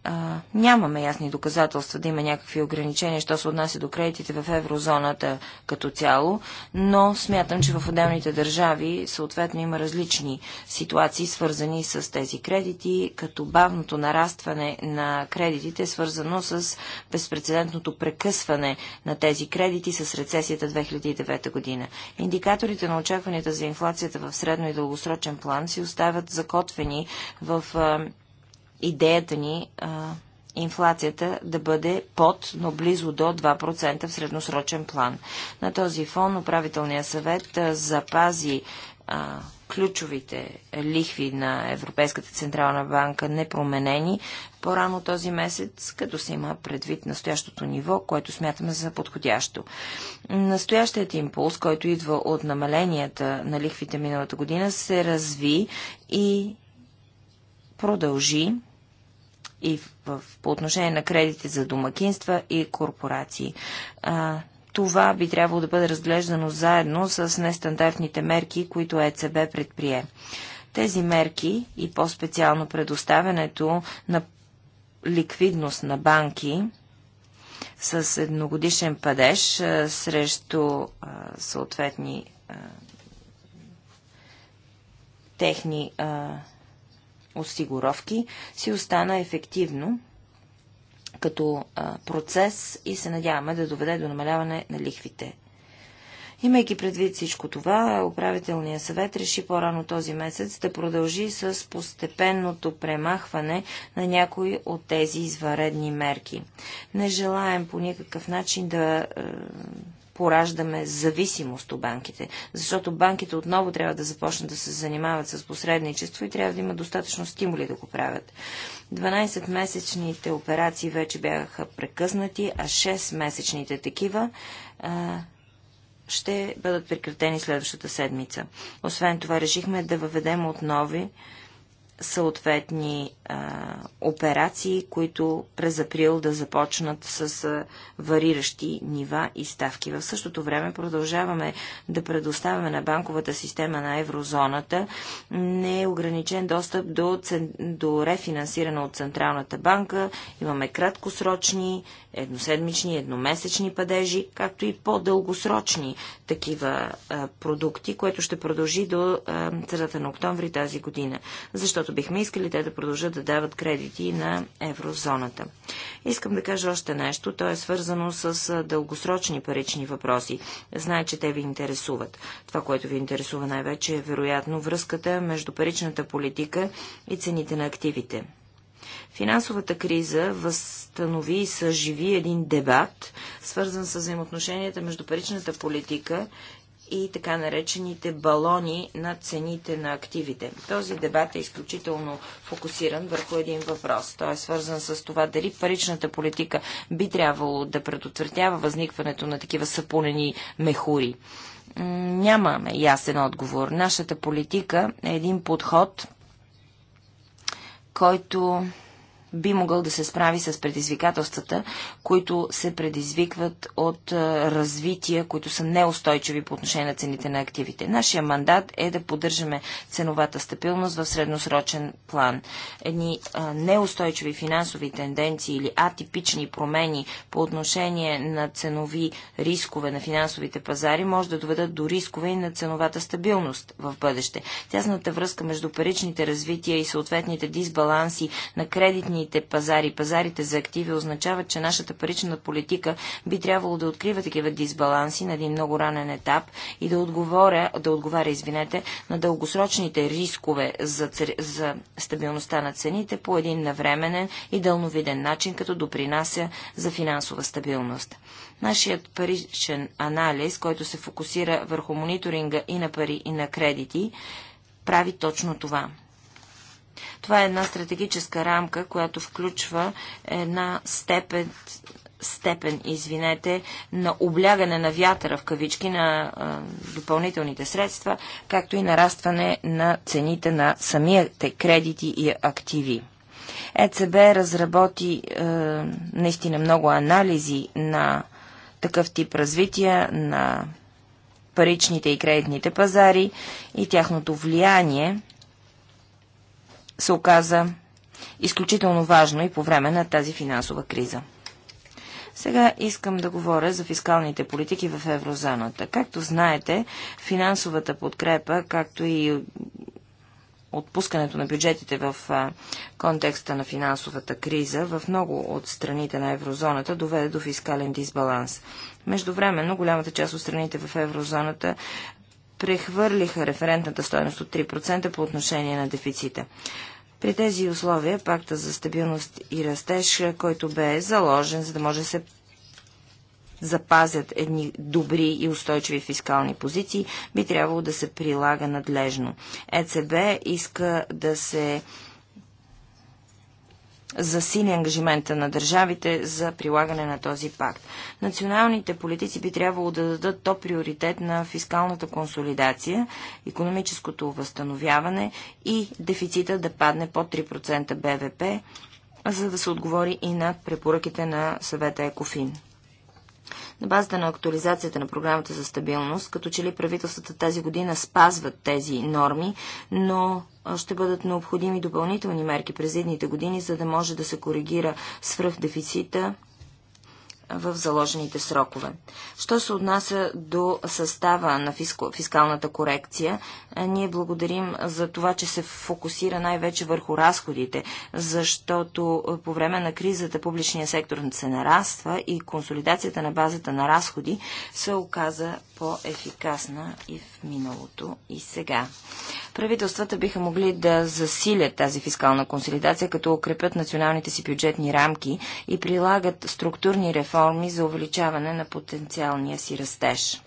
S1: а, нямаме ясни доказателства да има някакви ограничения, що се отнася до кредитите в еврозоната като цяло, но смятам, че в отделните държави съответно има различни ситуации, свързани с тези кредити, като бавното нарастване на кредитите, свързано с безпредседентното прекъсване на тези кредити с рецесията 2009 година. Индикаторите на очакванията за инфлацията в средно и дългосрочен план си оставят закотвени в а, идеята ни а, инфлацията да бъде под, но близо до 2% в средносрочен план. На този фон управителният съвет а, запази а, ключовите лихви на Европейската централна банка непроменени по-рано този месец, като се има предвид настоящото ниво, което смятаме за подходящо. Настоящият импулс, който идва от намаленията на лихвите миналата година, се разви и продължи и в, по отношение на кредити за домакинства и корпорации. А, това би трябвало да бъде разглеждано заедно с нестандартните мерки, които ЕЦБ предприе. Тези мерки и по-специално предоставянето на ликвидност на банки с едногодишен падеж а, срещу а, съответни а, техни а, осигуровки си остана ефективно като процес и се надяваме да доведе до намаляване на лихвите. Имайки предвид всичко това, управителният съвет реши по-рано този месец да продължи с постепенното премахване на някои от тези изваредни мерки. Не желаем по никакъв начин да пораждаме зависимост от банките. Защото банките отново трябва да започнат да се занимават с посредничество и трябва да има достатъчно стимули да го правят. 12-месечните операции вече бяха прекъснати, а 6-месечните такива а, ще бъдат прекратени следващата седмица. Освен това, решихме да въведем отнови съответни а, операции, които през април да започнат с а, вариращи нива и ставки. В същото време продължаваме да предоставяме на банковата система на еврозоната неограничен достъп до, до рефинансиране от Централната банка. Имаме краткосрочни едноседмични, едномесечни падежи, както и по-дългосрочни такива а, продукти, което ще продължи до средата на октомври тази година, защото бихме искали те да продължат да дават кредити на еврозоната. Искам да кажа още нещо, то е свързано с а, дългосрочни парични въпроси. Знае, че те ви интересуват. Това, което ви интересува най-вече е вероятно връзката между паричната политика и цените на активите. Финансовата криза възстанови и съживи един дебат, свързан с взаимоотношенията между паричната политика и така наречените балони на цените на активите. Този дебат е изключително фокусиран върху един въпрос. Той е свързан с това дали паричната политика би трябвало да предотвратява възникването на такива сапунени мехури. Нямаме ясен отговор. Нашата политика е един подход, който би могъл да се справи с предизвикателствата, които се предизвикват от развития, които са неустойчиви по отношение на цените на активите. Нашия мандат е да поддържаме ценовата стабилност в средносрочен план. Едни неустойчиви финансови тенденции или атипични промени по отношение на ценови рискове на финансовите пазари може да доведат до рискове и на ценовата стабилност в бъдеще. Тясната връзка между паричните развития и съответните дисбаланси на кредитни финансовите пазари, пазарите за активи означават, че нашата парична политика би трябвало да открива такива дисбаланси на един много ранен етап и да, отговоря, да отговаря извинете, на дългосрочните рискове за, за стабилността на цените по един навременен и дълновиден начин, като допринася за финансова стабилност. Нашият паричен анализ, който се фокусира върху мониторинга и на пари, и на кредити, прави точно това. Това е една стратегическа рамка, която включва една степен степен, извинете, на облягане на вятъра в кавички на а, допълнителните средства, както и нарастване на цените на самите кредити и активи. ЕЦБ разработи а, наистина много анализи на такъв тип развитие на паричните и кредитните пазари и тяхното влияние се оказа изключително важно и по време на тази финансова криза. Сега искам да говоря за фискалните политики в еврозоната. Както знаете, финансовата подкрепа, както и отпускането на бюджетите в контекста на финансовата криза в много от страните на еврозоната доведе до фискален дисбаланс. Междувременно голямата част от страните в еврозоната прехвърлиха референтната стоеност от 3% по отношение на дефицита. При тези условия пакта за стабилност и растеж, който бе заложен, за да може да се запазят едни добри и устойчиви фискални позиции, би трябвало да се прилага надлежно. ЕЦБ иска да се засили ангажимента на държавите за прилагане на този пакт. Националните политици би трябвало да дадат то приоритет на фискалната консолидация, економическото възстановяване и дефицита да падне под 3% БВП, за да се отговори и на препоръките на съвета ЕКОФИН. На базата на актуализацията на програмата за стабилност, като че ли правителствата тази година спазват тези норми, но ще бъдат необходими допълнителни мерки през едните години, за да може да се коригира свръхдефицита в заложените срокове. Що се отнася до състава на фискалната корекция, е, ние благодарим за това, че се фокусира най-вече върху разходите, защото е, по време на кризата публичния сектор се нараства и консолидацията на базата на разходи се оказа по-ефикасна и в миналото, и сега. Правителствата биха могли да засилят тази фискална консолидация, като укрепят националните си бюджетни рамки и прилагат структурни реформи за увеличаване на потенциалния си растеж.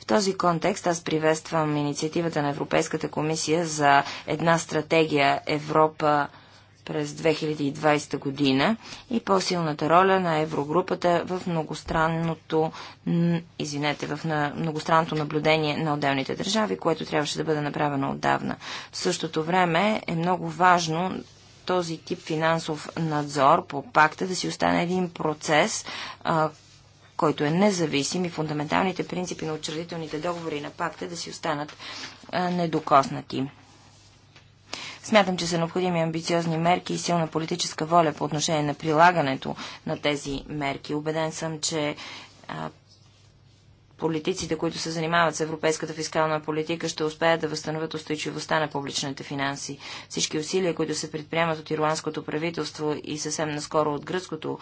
S1: В този контекст аз приветствам инициативата на Европейската комисия за една стратегия Европа през 2020 година и по-силната роля на еврогрупата в многостранното, извинете, в на, многостранното наблюдение на отделните държави, което трябваше да бъде направено отдавна. В същото време е много важно този тип финансов надзор по пакта да си остане един процес, а, който е независим и фундаменталните принципи на учредителните договори на пакта да си останат а, недокоснати. Смятам, че са необходими амбициозни мерки и силна политическа воля по отношение на прилагането на тези мерки. Обеден съм, че политиците, които се занимават с европейската фискална политика, ще успеят да възстановят устойчивостта на публичните финанси. Всички усилия, които се предприемат от ирландското правителство и съвсем наскоро от гръцкото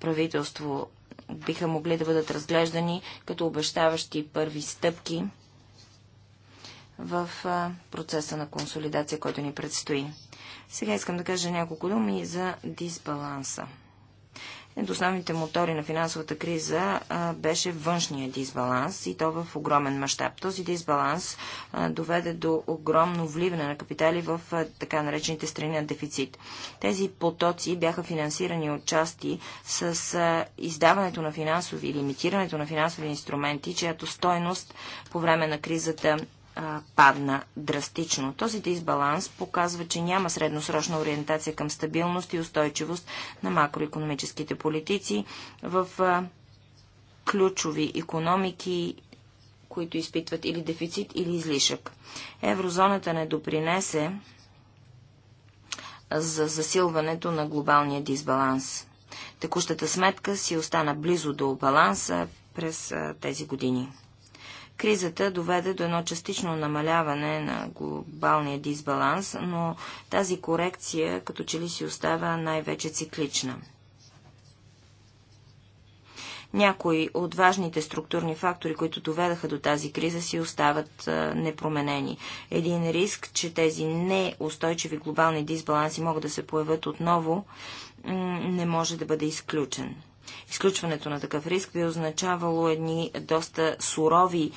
S1: правителство, биха могли да бъдат разглеждани като обещаващи първи стъпки в процеса на консолидация, който ни предстои. Сега искам да кажа няколко думи за дисбаланса. Ето основните мотори на финансовата криза беше външния дисбаланс и то в огромен мащаб. Този дисбаланс доведе до огромно вливане на капитали в така наречените страни на дефицит. Тези потоци бяха финансирани от части с издаването на финансови или имитирането на финансови инструменти, чиято стойност по време на кризата а, падна драстично. Този дисбаланс показва, че няма средносрочна ориентация към стабилност и устойчивост на макроекономическите политици в а, ключови економики, които изпитват или дефицит, или излишък. Еврозоната не допринесе за засилването на глобалния дисбаланс. Текущата сметка си остана близо до баланса през а, тези години. Кризата доведе до едно частично намаляване на глобалния дисбаланс, но тази корекция като че ли си остава най-вече циклична. Някои от важните структурни фактори, които доведаха до тази криза, си остават непроменени. Един риск, че тези неустойчиви глобални дисбаланси могат да се появят отново, не може да бъде изключен. Изключването на такъв риск би означавало едни доста сурови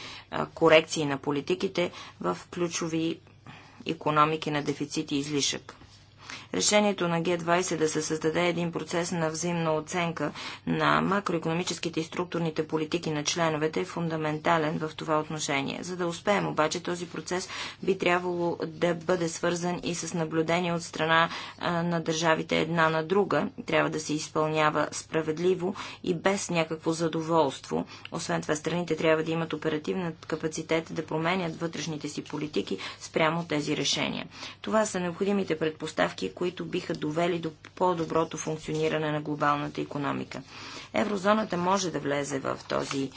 S1: корекции на политиките в ключови економики на дефицит и излишък. Решението на Г-20 да се създаде един процес на взаимна оценка на макроекономическите и структурните политики на членовете е фундаментален в това отношение. За да успеем обаче този процес би трябвало да бъде свързан и с наблюдение от страна на държавите една на друга. Трябва да се изпълнява справедливо и без някакво задоволство. Освен това, страните трябва да имат оперативна капацитет да променят вътрешните си политики спрямо тези решения. Това са необходимите предпоставки, които биха довели до по-доброто функциониране на глобалната економика. Еврозоната може да влезе в този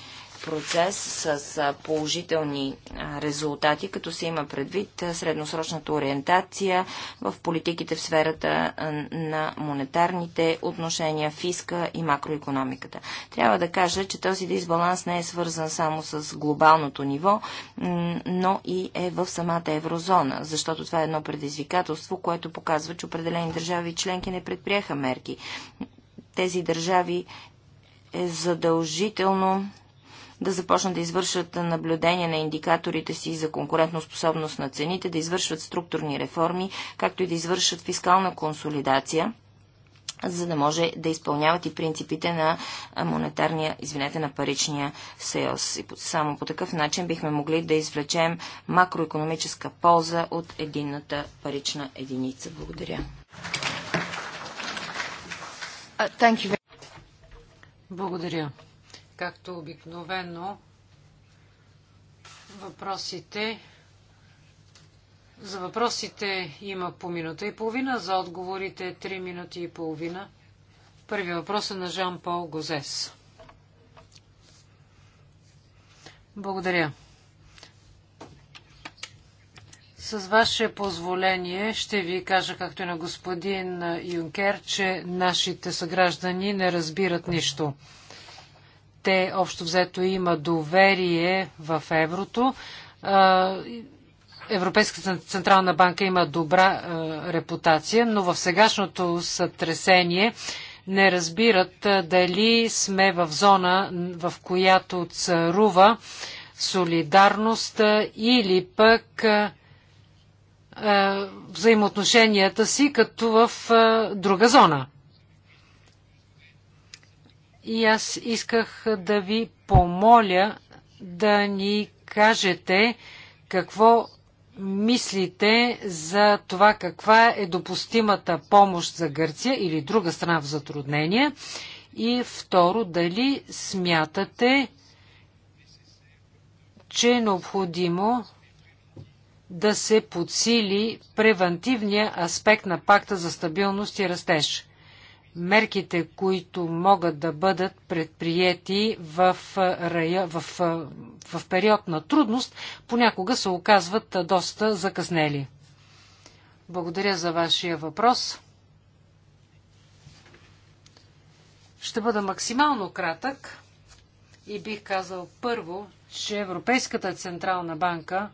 S1: процес с положителни резултати, като се има предвид средносрочната ориентация в политиките в сферата на монетарните отношения, фиска и макроекономиката. Трябва да кажа, че този дисбаланс не е свързан само с глобалното ниво, но и е в самата еврозона, защото това е едно предизвикателство, което показва, че определени държави и членки не предприеха мерки. Тези държави е задължително да започнат да извършат наблюдение на индикаторите си за конкурентоспособност на цените, да извършват структурни реформи, както и да извършат фискална консолидация за да може да изпълняват и принципите на монетарния, извинете, на паричния съюз. И само по такъв начин бихме могли да извлечем макроекономическа полза от единната парична единица. Благодаря. Uh, Благодаря
S3: както обикновено, въпросите за въпросите има по минута и половина, за отговорите 3 минути и половина. Първи въпрос е на Жан-Пол Гозес. Благодаря. С ваше позволение ще ви кажа, както и на господин Юнкер, че нашите съграждани не разбират нищо те общо взето има доверие в еврото. Европейската централна банка има добра репутация, но в сегашното сътресение не разбират дали сме в зона, в която царува солидарност или пък взаимоотношенията си като в друга зона. И аз исках да ви помоля да ни кажете какво мислите за това каква е допустимата помощ за Гърция или друга страна в затруднение? И второ, дали смятате, че е необходимо да се подсили превентивния аспект на пакта за стабилност и растеж? мерките, които могат да бъдат предприяти в, рая, в, в период на трудност, понякога се оказват доста закъснели. Благодаря за вашия въпрос. Ще бъда максимално кратък и бих казал първо, че Европейската Централна банка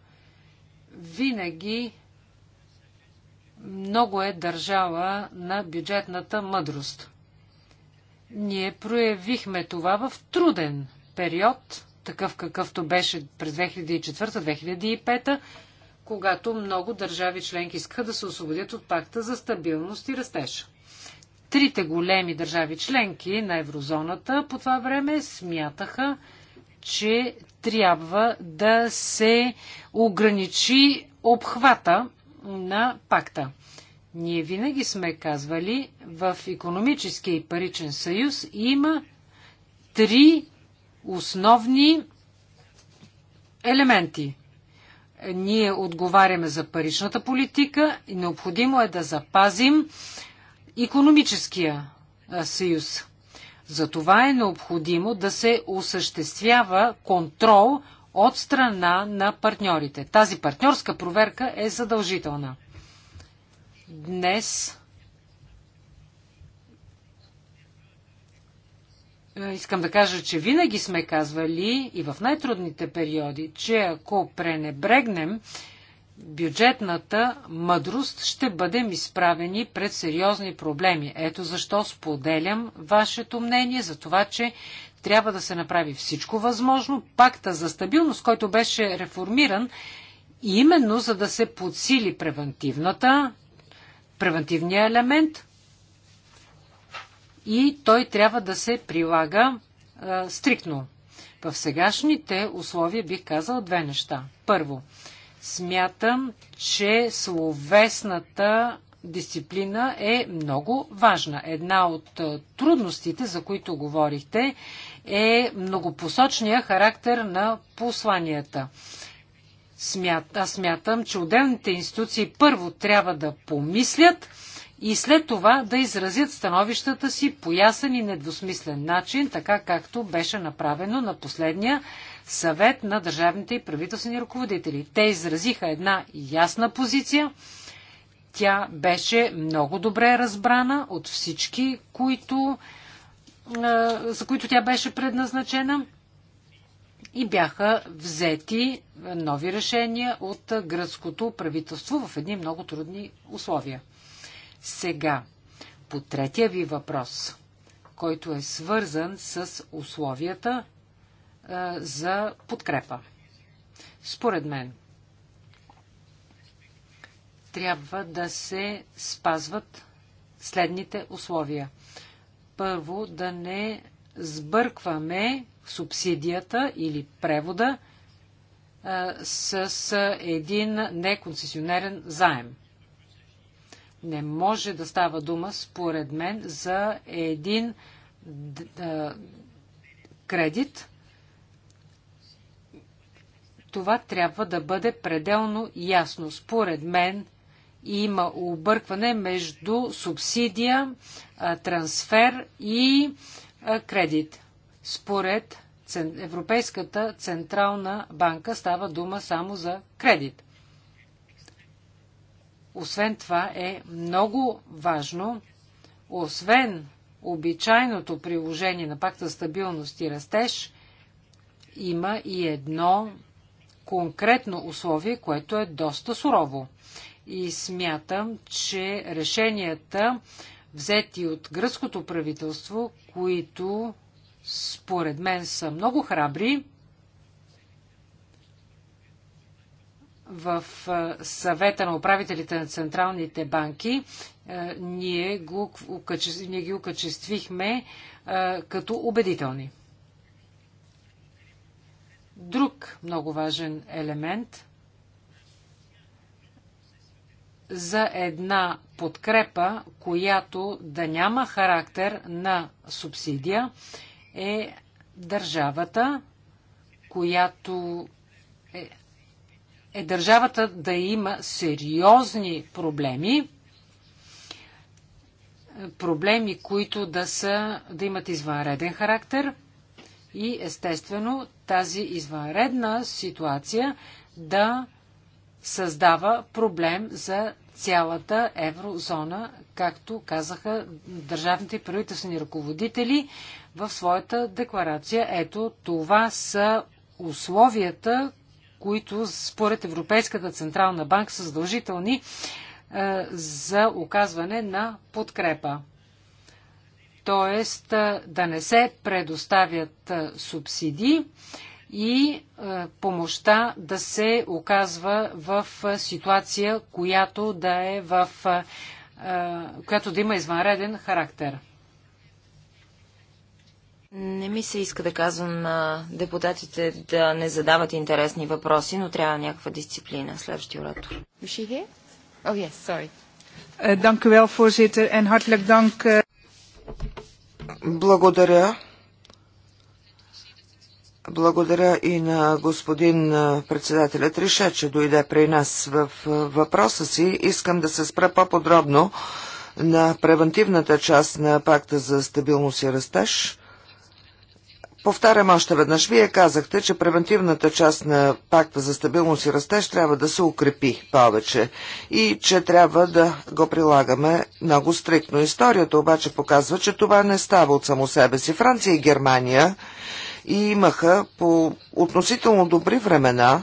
S3: винаги много е държава на бюджетната мъдрост. Ние проявихме това в труден период, такъв какъвто беше през 2004-2005, когато много държави членки искаха да се освободят от пакта за стабилност и растеж. Трите големи държави членки на еврозоната по това време смятаха, че трябва да се ограничи обхвата на пакта. Ние винаги сме казвали, в економически и паричен съюз има три основни елементи. Ние отговаряме за паричната политика и необходимо е да запазим економическия съюз. За това е необходимо да се осъществява контрол от страна на партньорите. Тази партньорска проверка е задължителна. Днес е, искам да кажа, че винаги сме казвали и в най-трудните периоди, че ако пренебрегнем бюджетната мъдрост, ще бъдем изправени пред сериозни проблеми. Ето защо споделям вашето мнение за това, че трябва да се направи всичко възможно. Пакта за стабилност, който беше реформиран, именно за да се подсили превентивната, превентивния елемент и той трябва да се прилага а, стрикно. В сегашните условия бих казал две неща. Първо, смятам, че словесната дисциплина е много важна. Една от трудностите, за които говорихте, е многопосочния характер на посланията. Смят, аз смятам, че отделните институции първо трябва да помислят и след това да изразят становищата си по ясен и недвусмислен начин, така както беше направено на последния съвет на държавните и правителствени ръководители. Те изразиха една ясна позиция. Тя беше много добре разбрана от всички, които за които тя беше предназначена и бяха взети нови решения от гръцкото правителство в едни много трудни условия. Сега, по третия ви въпрос, който е свързан с условията за подкрепа. Според мен, трябва да се спазват следните условия – първо да не сбъркваме субсидията или превода а, с един неконцесионерен заем. Не може да става дума, според мен, за един кредит. Това трябва да бъде пределно ясно. Според мен има объркване между субсидия, трансфер и кредит. Според Европейската централна банка става дума само за кредит. Освен това е много важно, освен обичайното приложение на пакта за стабилност и растеж, има и едно конкретно условие, което е доста сурово и смятам, че решенията, взети от гръцкото правителство, които според мен са много храбри, в съвета на управителите на централните банки, ние, го, ние ги окачествихме като убедителни. Друг много важен елемент за една подкрепа, която да няма характер на субсидия, е държавата, която е, е държавата да има сериозни проблеми, проблеми, които да, са, да имат извънреден характер и естествено тази извънредна ситуация да създава проблем за цялата еврозона, както казаха държавните правителствени ръководители в своята декларация. Ето, това са условията, които според Европейската Централна банка са задължителни е, за оказване на подкрепа. Тоест е, да не се предоставят е, субсидии, и е, помощта да се оказва в е, ситуация, която да е в е,
S1: която да има извънреден характер. Не ми се иска да казвам на депутатите да не задават интересни въпроси, но
S2: трябва някаква
S1: дисциплина. Следващия оратор.
S2: Oh, yes, Благодаря, благодаря и на господин председателя Триша, че дойде при нас в въпроса си. Искам да се спра по-подробно на превентивната част на пакта за стабилност и растеж. Повтарям още веднъж. Вие казахте, че превентивната част на пакта за стабилност и растеж трябва да се укрепи повече и че трябва да го прилагаме много стриктно. Историята обаче показва, че това не става от само себе си. Франция и Германия и имаха по относително добри времена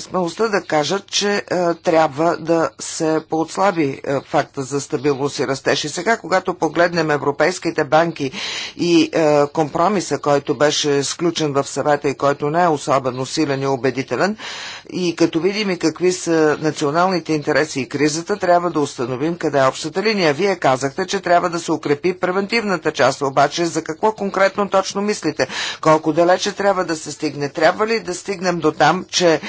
S2: смелостта да кажат, че е, трябва да се поотслаби е, факта за стабилност и растеж. И сега, когато погледнем европейските банки и е, компромиса, който беше сключен в съвета и който не е особено силен и убедителен, и като видим и какви са националните интереси и кризата, трябва да установим къде е общата линия. Вие казахте, че трябва да се укрепи превентивната част, обаче за какво конкретно точно мислите? Колко далече трябва да се стигне? Трябва ли да стигнем до там, че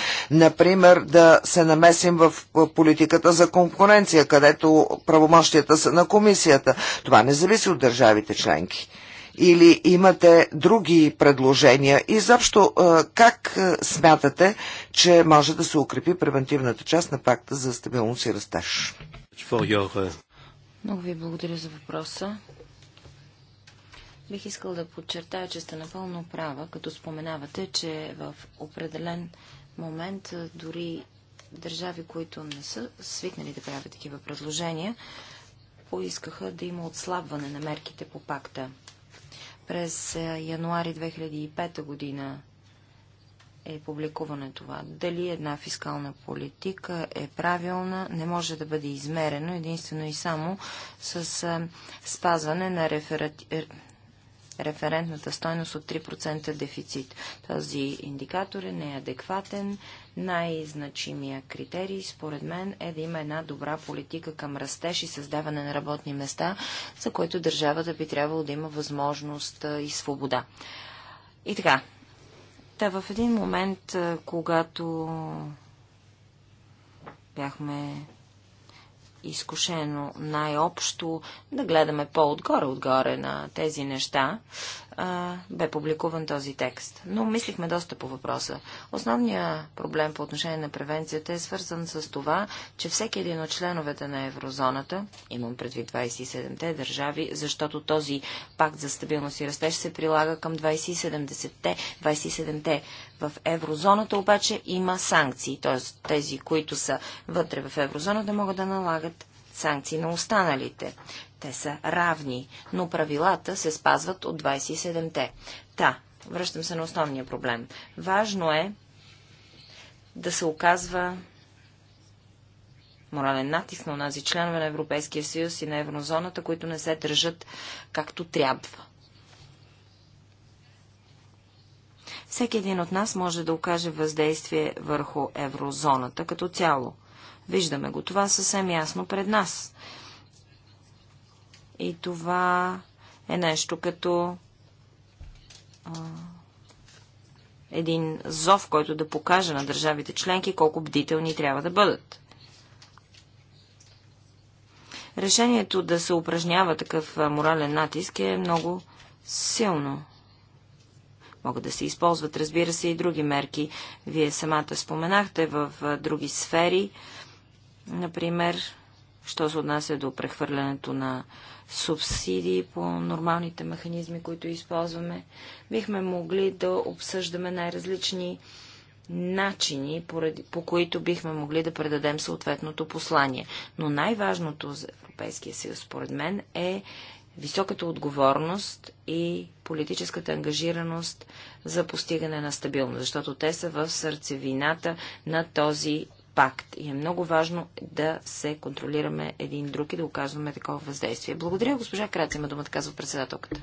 S2: например, да се намесим в политиката за конкуренция, където правомощията са на комисията. Това не зависи от държавите членки. Или имате други предложения? Изобщо, е, как е, смятате, че може да се укрепи превентивната част на пакта за стабилност и растеж? Е,
S1: Много ви благодаря за въпроса. Бих искал да подчертая, че сте напълно права, като споменавате, че в определен момент дори държави, които не са свикнали да правят такива предложения, поискаха да има отслабване на мерките по пакта. През януари 2005 година е публикувано това. Дали една фискална политика е правилна, не може да бъде измерено единствено и само с спазване на реферати... Е, референтната стойност от 3% дефицит. Този индикатор е неадекватен. Най-значимия критерий, според мен, е да има една добра политика към растеж и създаване на работни места, за което държавата би трябвало да има възможност и свобода. И така, Та в един момент, когато бяхме изкушено най-общо да гледаме по-отгоре-отгоре на тези неща, а, бе публикуван този текст. Но мислихме доста по въпроса. Основният проблем по отношение на превенцията е свързан с това, че всеки един от членовете на еврозоната, имам предвид 27-те държави, защото този пакт за стабилност и растеж се прилага към 27-те, 27-те в еврозоната обаче има санкции, т.е. тези, които са вътре в еврозоната, могат да налагат санкции на останалите. Те са равни, но правилата се спазват от 27-те. Та, връщам се на основния проблем. Важно е да се оказва морален натиск на онази членове на Европейския съюз и на еврозоната, които не се държат както трябва. Всеки един от нас може да окаже въздействие върху еврозоната като цяло. Виждаме го това съвсем ясно пред нас. И това е нещо като а, един зов, който да покаже на държавите членки колко бдителни трябва да бъдат. Решението да се упражнява такъв морален натиск е много силно. Могат да се използват, разбира се, и други мерки. Вие самата споменахте в други сфери, например, що се отнася до прехвърлянето на субсидии по нормалните механизми, които използваме, бихме могли да обсъждаме най-различни начини, по които бихме могли да предадем съответното послание. Но най-важното за Европейския съюз, според мен, е високата отговорност и политическата ангажираност за постигане на стабилност, защото те са в сърцевината на този пакт. И е много важно да се контролираме един друг и да оказваме такова въздействие. Благодаря, госпожа Крац, има думата, казва председателката.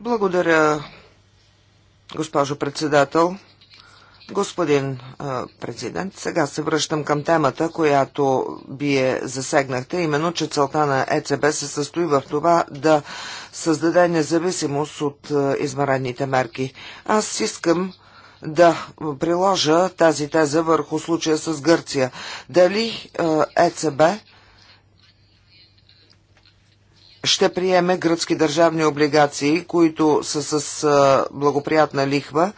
S2: Благодаря, госпожо председател. Господин президент, сега се връщам към темата, която вие засегнахте, именно, че целта на ЕЦБ се състои в това да създаде независимост от измарените мерки. Аз искам да приложа тази теза върху случая с Гърция. Дали е, ЕЦБ ще приеме гръцки държавни облигации, които са с е, благоприятна лихва,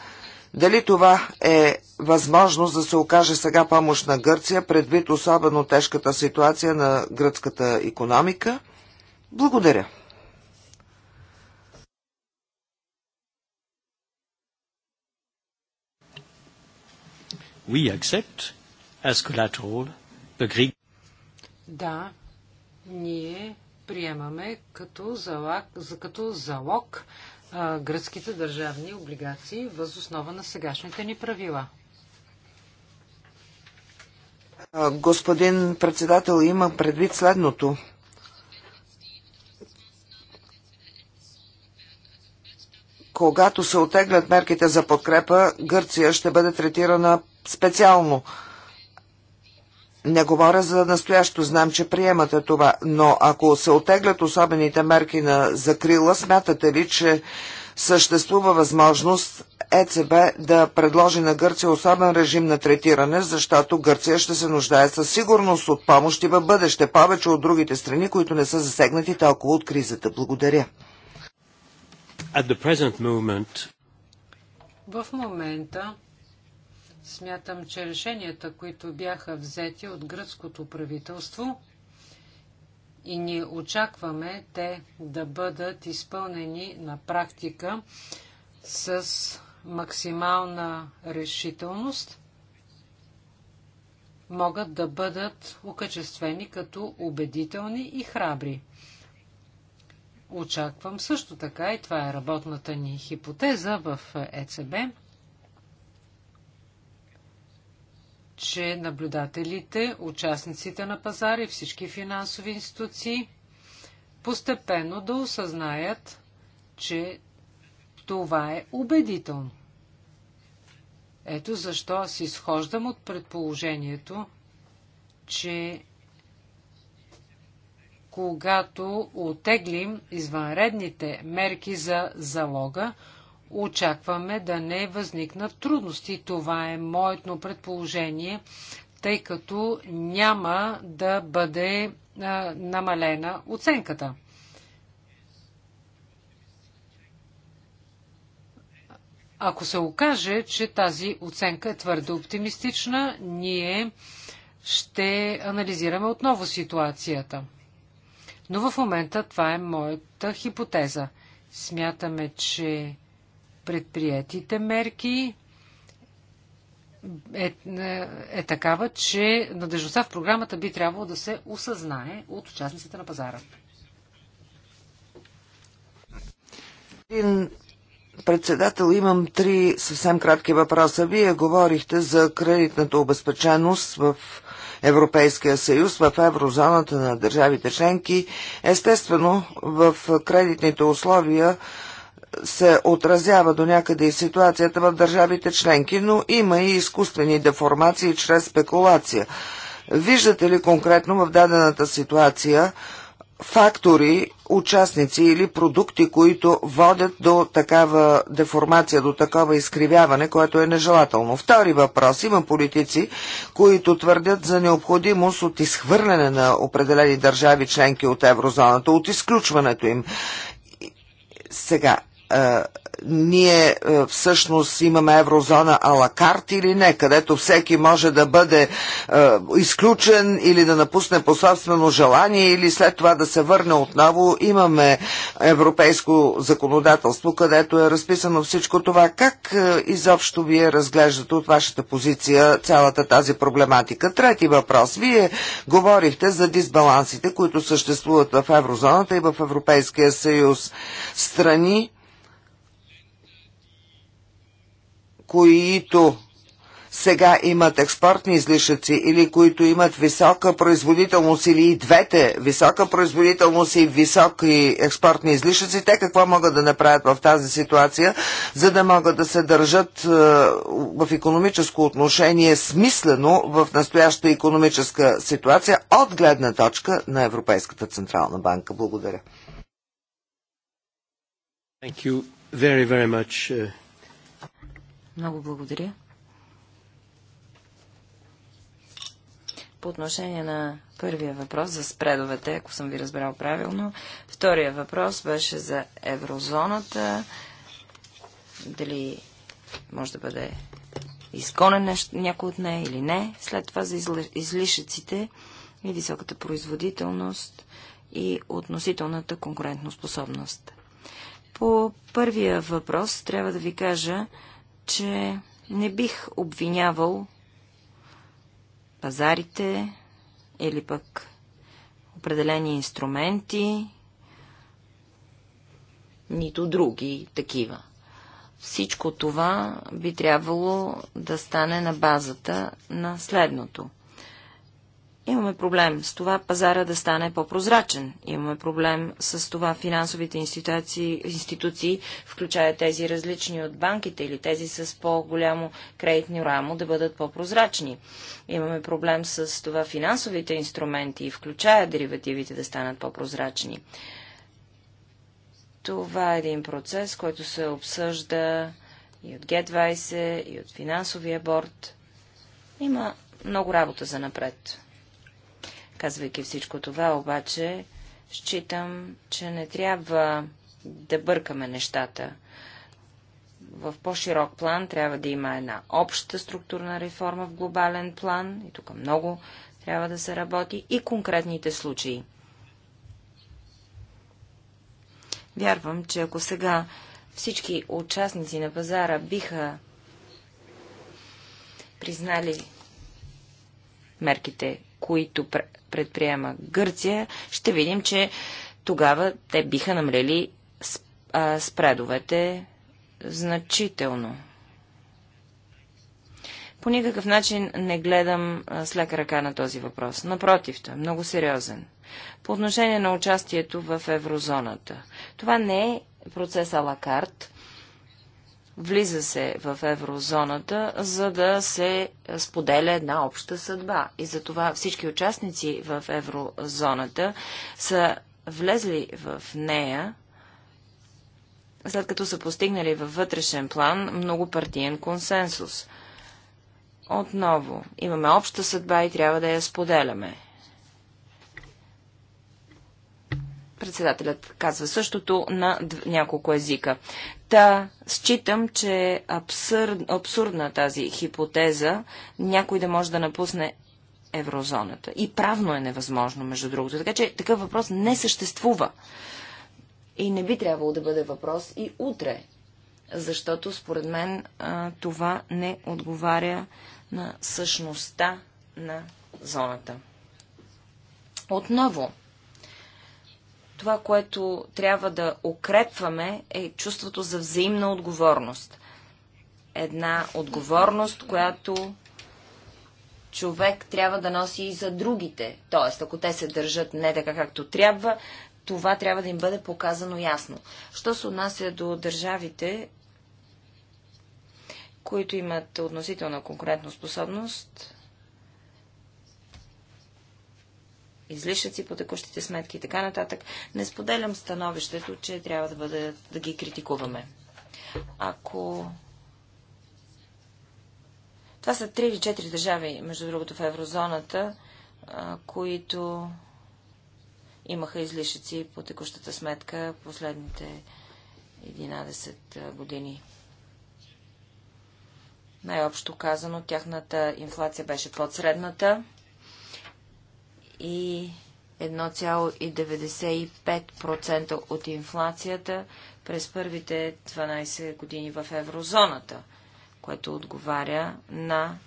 S2: дали това е възможност да се окаже сега помощ на Гърция, предвид особено тежката ситуация на гръцката економика? Благодаря. we accept as collateral the Greek.
S3: Да, ние приемаме като залог, за като залог а, гръцките държавни облигации въз основа на сегашните ни правила.
S2: Господин председател, има предвид следното. Когато се отеглят мерките за подкрепа, Гърция ще бъде третирана специално. Не говоря за настоящо, знам, че приемате това, но ако се отеглят особените мерки на закрила, смятате ли, че съществува възможност ЕЦБ да предложи на Гърция особен режим на третиране, защото Гърция ще се нуждае със сигурност от помощи в бъдеще, повече от другите страни, които не са засегнати толкова от кризата. Благодаря. Moment...
S3: В момента Смятам, че решенията, които бяха взети от гръцкото правителство, и ние очакваме те да бъдат изпълнени на практика с максимална решителност, могат да бъдат окачествени като убедителни и храбри. Очаквам също така, и това е работната ни хипотеза в ЕЦБ, че наблюдателите, участниците на пазара и всички финансови институции постепенно да осъзнаят, че това е убедително. Ето защо аз изхождам от предположението, че когато отеглим извънредните мерки за залога, очакваме да не възникнат трудности. Това е моето предположение, тъй като няма да бъде а, намалена оценката. Ако се окаже, че тази оценка е твърде оптимистична, ние ще анализираме отново ситуацията. Но в момента това е моята хипотеза. Смятаме, че предприятите мерки е, е, е такава, че надежността в програмата би трябвало да се осъзнае от участниците на пазара.
S2: Председател, имам три съвсем кратки въпроса. Вие говорихте за кредитната обезпеченост в Европейския съюз, в еврозоната на държавите членки. Естествено, в кредитните условия се отразява до някъде и ситуацията в държавите членки, но има и изкуствени деформации чрез спекулация. Виждате ли конкретно в дадената ситуация фактори, участници или продукти, които водят до такава деформация, до такова изкривяване, което е нежелателно. Втори въпрос. Има политици, които твърдят за необходимост от изхвърляне на определени държави членки от еврозоната, от изключването им. Сега, ние всъщност имаме еврозона алакарт или не, където всеки може да бъде изключен или да напусне по собствено желание или след това да се върне отново. Имаме европейско законодателство, където е разписано всичко това. Как изобщо вие разглеждате от вашата позиция цялата тази проблематика? Трети въпрос. Вие говорихте за дисбалансите, които съществуват в еврозоната и в Европейския съюз. Страни, които сега имат експортни излишъци или които имат висока производителност или и двете висока производителност и високи експортни излишъци, те какво могат да направят в тази ситуация, за да могат да се държат е, в економическо отношение смислено в настояща економическа ситуация от гледна точка на Европейската Централна банка. Благодаря.
S1: Thank you very, very much, uh... Много благодаря. По отношение на първия въпрос за спредовете, ако съм ви разбрал правилно, втория въпрос беше за еврозоната. Дали може да бъде изгонен някой от нея или не. След това за излишъците и високата производителност и относителната конкурентоспособност. По първия въпрос трябва да ви кажа, че не бих обвинявал пазарите или пък определени инструменти, нито други такива. Всичко това би трябвало да стане на базата на следното – Имаме проблем с това пазара да стане по-прозрачен. Имаме проблем с това финансовите институции, институции, включая тези различни от банките или тези с по-голямо кредитно рамо, да бъдат по-прозрачни. Имаме проблем с това финансовите инструменти, включая деривативите, да станат по-прозрачни. Това е един процес, който се обсъжда и от G20, и от финансовия борт. Има много работа за напред. Казвайки всичко това, обаче, считам, че не трябва да бъркаме нещата. В по-широк план трябва да има една обща структурна реформа в глобален план, и тук много трябва да се работи, и конкретните случаи. Вярвам, че ако сега всички участници на пазара биха признали мерките, които предприема Гърция, ще видим, че тогава те биха намалили спредовете значително. По никакъв начин не гледам с лека ръка на този въпрос. Напротив, той е много сериозен. По отношение на участието в еврозоната. Това не е процес алакарт, Влиза се в еврозоната, за да се споделя една обща съдба. И затова всички участници в еврозоната са влезли в нея, след като са постигнали във вътрешен план многопартиен консенсус. Отново, имаме обща съдба и трябва да я споделяме. Председателят казва същото на няколко езика. Та, считам, че е абсурд, абсурдна тази хипотеза някой да може да напусне еврозоната. И правно е невъзможно, между другото. Така че такъв въпрос не съществува. И не би трябвало да бъде въпрос и утре, защото според мен това не отговаря на същността на зоната. Отново, това, което трябва да укрепваме е чувството за взаимна отговорност. Една отговорност, която човек трябва да носи и за другите. Тоест, ако те се държат не така както трябва, това трябва да им бъде показано ясно. Що се отнася до държавите, които имат относителна способност, излишъци по текущите сметки и така нататък, не споделям становището, че трябва да, бъде, да ги критикуваме. Ако това са три или четири държави, между другото, в еврозоната, които имаха излишъци по текущата сметка последните 11 години. Най-общо казано, тяхната инфлация беше под средната и 1,95% от инфлацията през първите 12 години в еврозоната, което отговаря на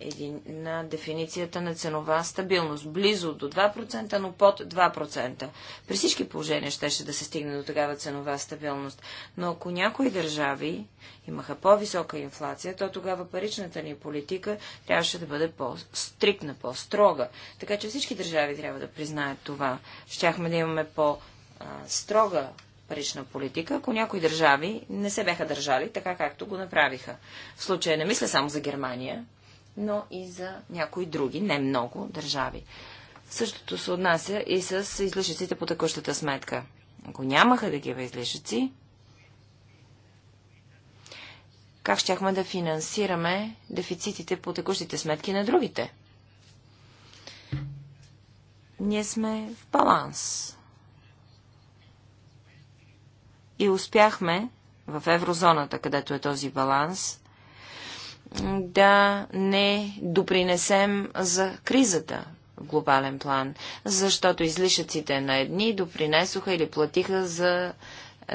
S1: един, на дефиницията на ценова стабилност. Близо до 2%, но под 2%. При всички положения щеше да се стигне до такава ценова стабилност. Но ако някои държави имаха по-висока инфлация, то тогава паричната ни политика трябваше да бъде по-стрикна, по-строга. Така че всички държави трябва да признаят това. Щяхме да имаме по-строга парична политика, ако някои държави не се бяха държали така, както го направиха. В случая не мисля само за Германия, но и за някои други, не много, държави. Същото се отнася и с излишъците по текущата сметка. Ако нямаха такива излишъци, как щяхме да финансираме дефицитите по текущите сметки на другите? Ние сме в баланс. И успяхме в еврозоната, където е този баланс, да не допринесем за кризата в глобален план, защото излишъците на едни допринесоха или платиха за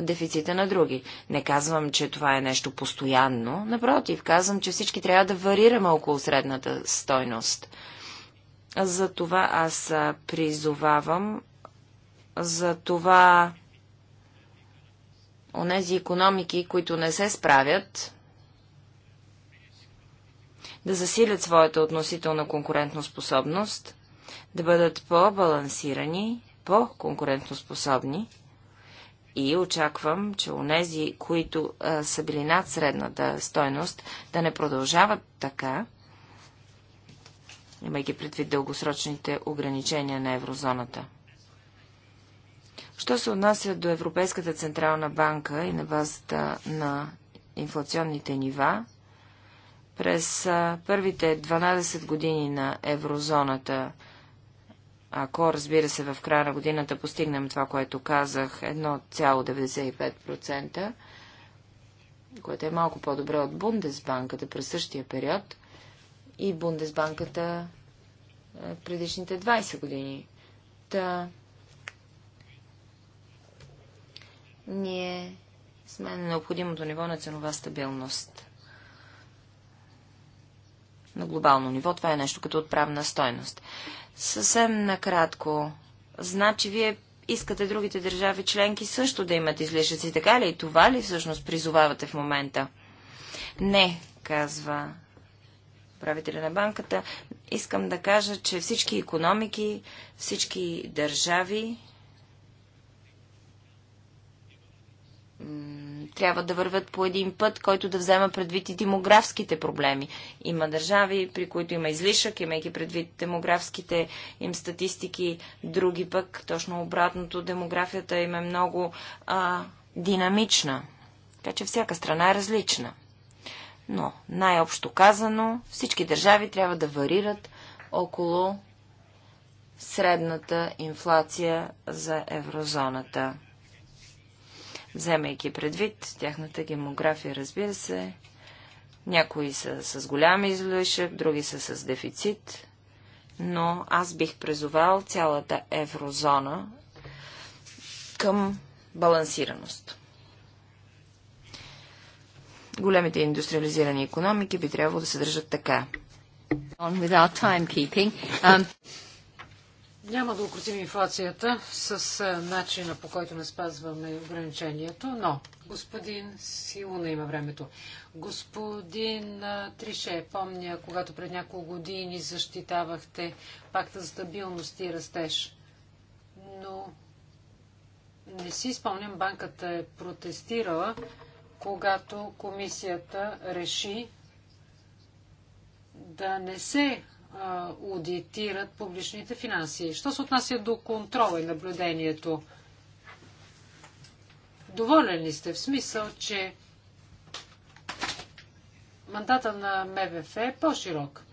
S1: дефицита на други. Не казвам, че това е нещо постоянно. Напротив, казвам, че всички трябва да варираме около средната стойност. За това аз призовавам за това онези економики, които не се справят, да засилят своята относителна конкурентоспособност, да бъдат по-балансирани, по-конкурентоспособни и очаквам, че онези, които а, са били над средната стойност, да не продължават така, имайки предвид дългосрочните ограничения на еврозоната. Що се отнася до Европейската Централна банка и на базата на инфлационните нива, през първите 12 години на еврозоната, ако, разбира се, в края на годината постигнем това, което казах, 1,95%, което е малко по-добре от Бундесбанката през същия период и Бундесбанката предишните 20 години. Та ние сме на необходимото ниво на ценова стабилност на глобално ниво. Това е нещо като отправна стойност. Съвсем накратко. Значи вие искате другите държави членки също да имат излишъци, така ли? И това ли всъщност призовавате в момента? Не, казва правителя на банката. Искам да кажа, че всички економики, всички държави трябва да вървят по един път, който да взема предвид и демографските проблеми. Има държави, при които има излишък, имайки предвид демографските им статистики, други пък, точно обратното, демографията им е много а, динамична. Така че всяка страна е различна. Но, най-общо казано, всички държави трябва да варират около средната инфлация за еврозоната вземайки предвид тяхната гемография, разбира се. Някои са с голям излишък, други са с дефицит, но аз бих призовал цялата еврозона към балансираност. Големите индустриализирани економики би трябвало да се държат така. Um...
S3: Няма да укротим инфлацията с начина по който не спазваме ограничението, но господин Силуна има времето. Господин Трише, помня, когато пред няколко години защитавахте пакта за стабилност и растеж, но не си спомням, банката е протестирала, когато комисията реши да не се аудитират публичните финанси. Що се отнася до контрола и наблюдението? Доволен ли сте в смисъл, че мандата на МВФ е по-широк?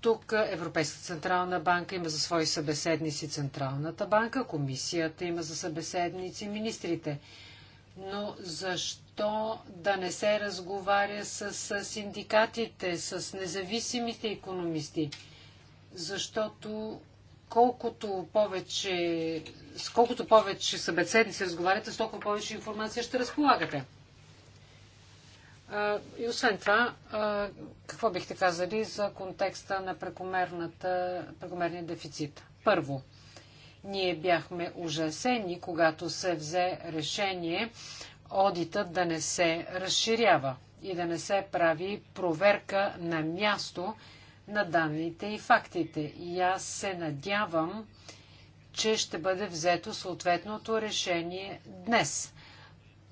S3: Тук Европейска централна банка има за свои събеседници Централната банка, комисията има за събеседници министрите. Но защо? то да не се разговаря с, синдикатите, с независимите економисти, защото колкото повече, с колкото повече събеседници разговаряте, с толкова повече информация ще разполагате. И освен това, какво бихте казали за контекста на прекомерния дефицит? Първо, ние бяхме ужасени, когато се взе решение одитът да не се разширява и да не се прави проверка на място на данните и фактите. И аз се надявам, че ще бъде взето съответното решение днес.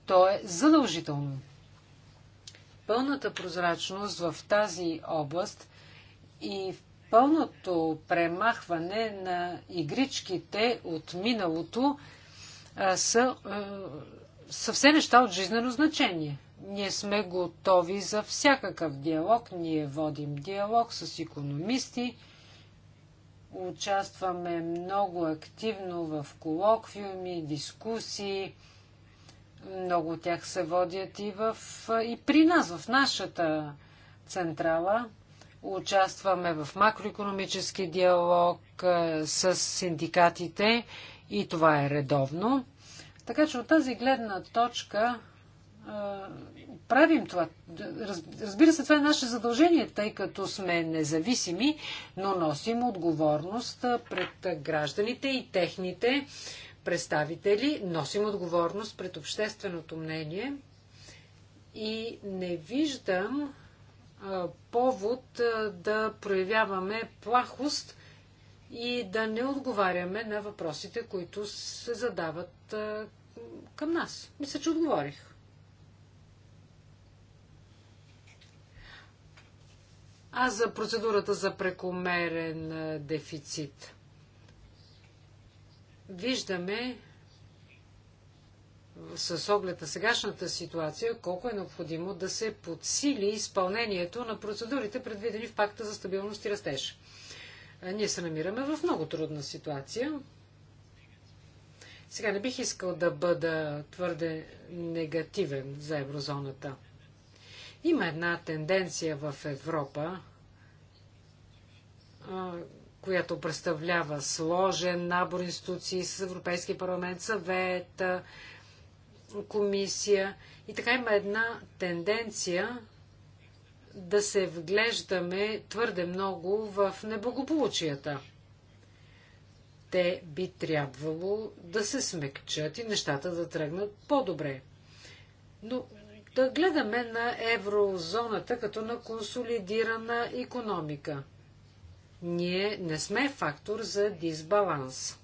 S3: То е задължително. Пълната прозрачност в тази област и пълното премахване на игричките от миналото а, са е, са все неща от жизнено значение. Ние сме готови за всякакъв диалог. Ние водим диалог с економисти, участваме много активно в колоквиуми, дискусии. Много от тях се водят и, в, и при нас, в нашата централа. Участваме в макроекономически диалог с синдикатите и това е редовно. Така че от тази гледна точка правим това. Разбира се, това е наше задължение, тъй като сме независими, но носим отговорност пред гражданите и техните представители, носим отговорност пред общественото мнение и не виждам повод да проявяваме плахост и да не отговаряме на въпросите, които се задават а, към нас. Мисля, че отговорих. А за процедурата за прекомерен дефицит. Виждаме с оглед на сегашната ситуация, колко е необходимо да се подсили изпълнението на процедурите, предвидени в пакта за стабилност и растеж. Ние се намираме в много трудна ситуация. Сега не бих искал да бъда твърде негативен за еврозоната. Има една тенденция в Европа, която представлява сложен набор институции с Европейски парламент, съвет, комисия. И така има една тенденция да се вглеждаме твърде много в неблагополучията. Те би трябвало да се смекчат и нещата да тръгнат по-добре. Но да гледаме на еврозоната като на консолидирана економика. Ние не сме фактор за дисбаланс.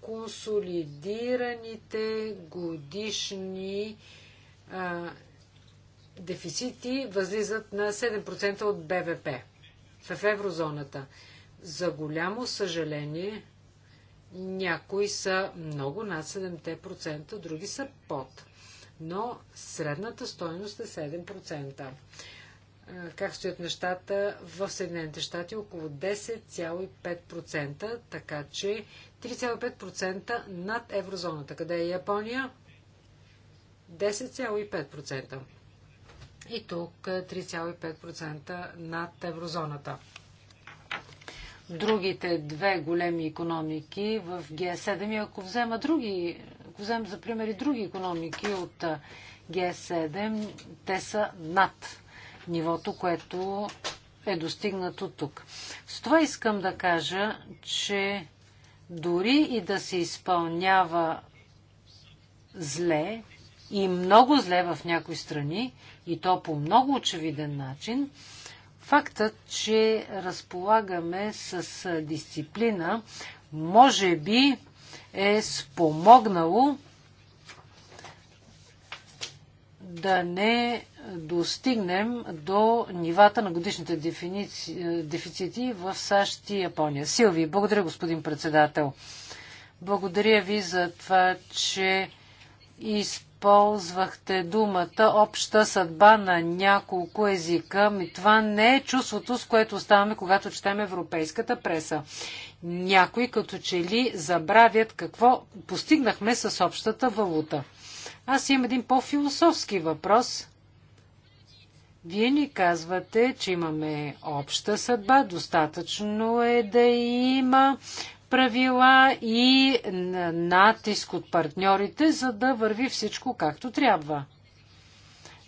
S3: Консолидираните годишни а, дефицити възлизат на 7% от БВП в еврозоната. За голямо съжаление, някои са много над 7%, други са под. Но средната стойност е 7%. Как стоят нещата в Съединените щати? Около 10,5%, така че 3,5% над еврозоната. Къде е Япония? 10,5% и тук 3,5% е, над еврозоната. Другите две големи економики в Г7, и ако взема други, ако вземем за пример и други економики от е, Г7, те са над нивото, което е достигнато тук. С това искам да кажа, че дори и да се изпълнява зле и много зле в някои страни, и то по много очевиден начин, фактът, че разполагаме с дисциплина, може би е спомогнало да не достигнем до нивата на годишните дефиници... дефицити в САЩ и Япония. Силви, благодаря, господин председател. Благодаря ви за това, че из Ползвахте думата обща съдба на няколко езика. Ми това не е чувството, с което оставаме, когато четем европейската преса. Някои като че ли забравят какво постигнахме с общата валута. Аз имам един по-философски въпрос. Вие ни казвате, че имаме обща съдба, достатъчно е да има правила и натиск от партньорите, за да върви всичко както трябва.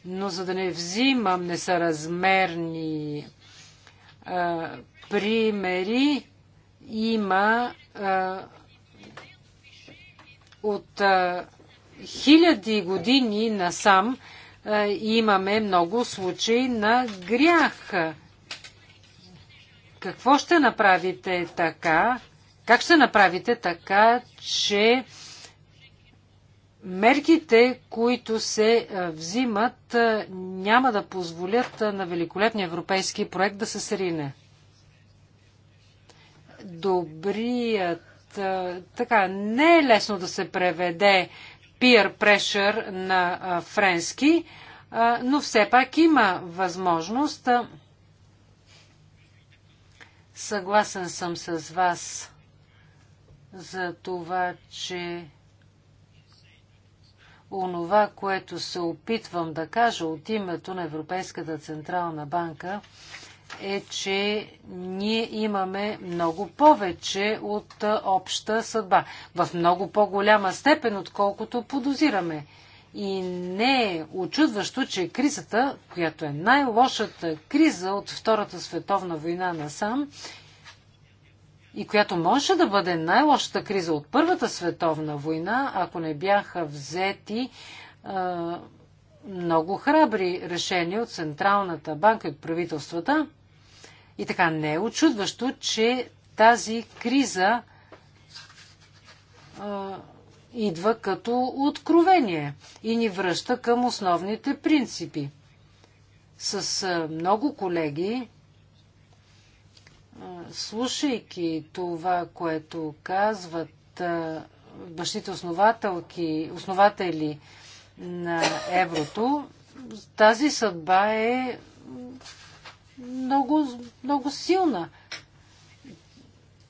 S3: Но за да не взимам несъразмерни а, примери, има а, от а, хиляди години насам а, имаме много случаи на грях. Какво ще направите така, как ще направите така, че мерките, които се взимат, няма да позволят на великолепния европейски проект да се срине? Добрият. Така, не е лесно да се преведе peer pressure на френски, но все пак има възможност. Съгласен съм с вас за това, че онова, което се опитвам да кажа от името на Европейската Централна банка, е, че ние имаме много повече от обща съдба. В много по-голяма степен, отколкото подозираме. И не е очудващо, че кризата, която е най-лошата криза от Втората световна война насам, и която може да бъде най-лошата криза от Първата световна война, ако не бяха взети а, много храбри решения от Централната банка и от правителствата. И така не е очудващо, че тази криза а, идва като откровение и ни връща към основните принципи. С а, много колеги слушайки това, което казват бащите основателки, основатели на еврото, тази съдба е много, много силна.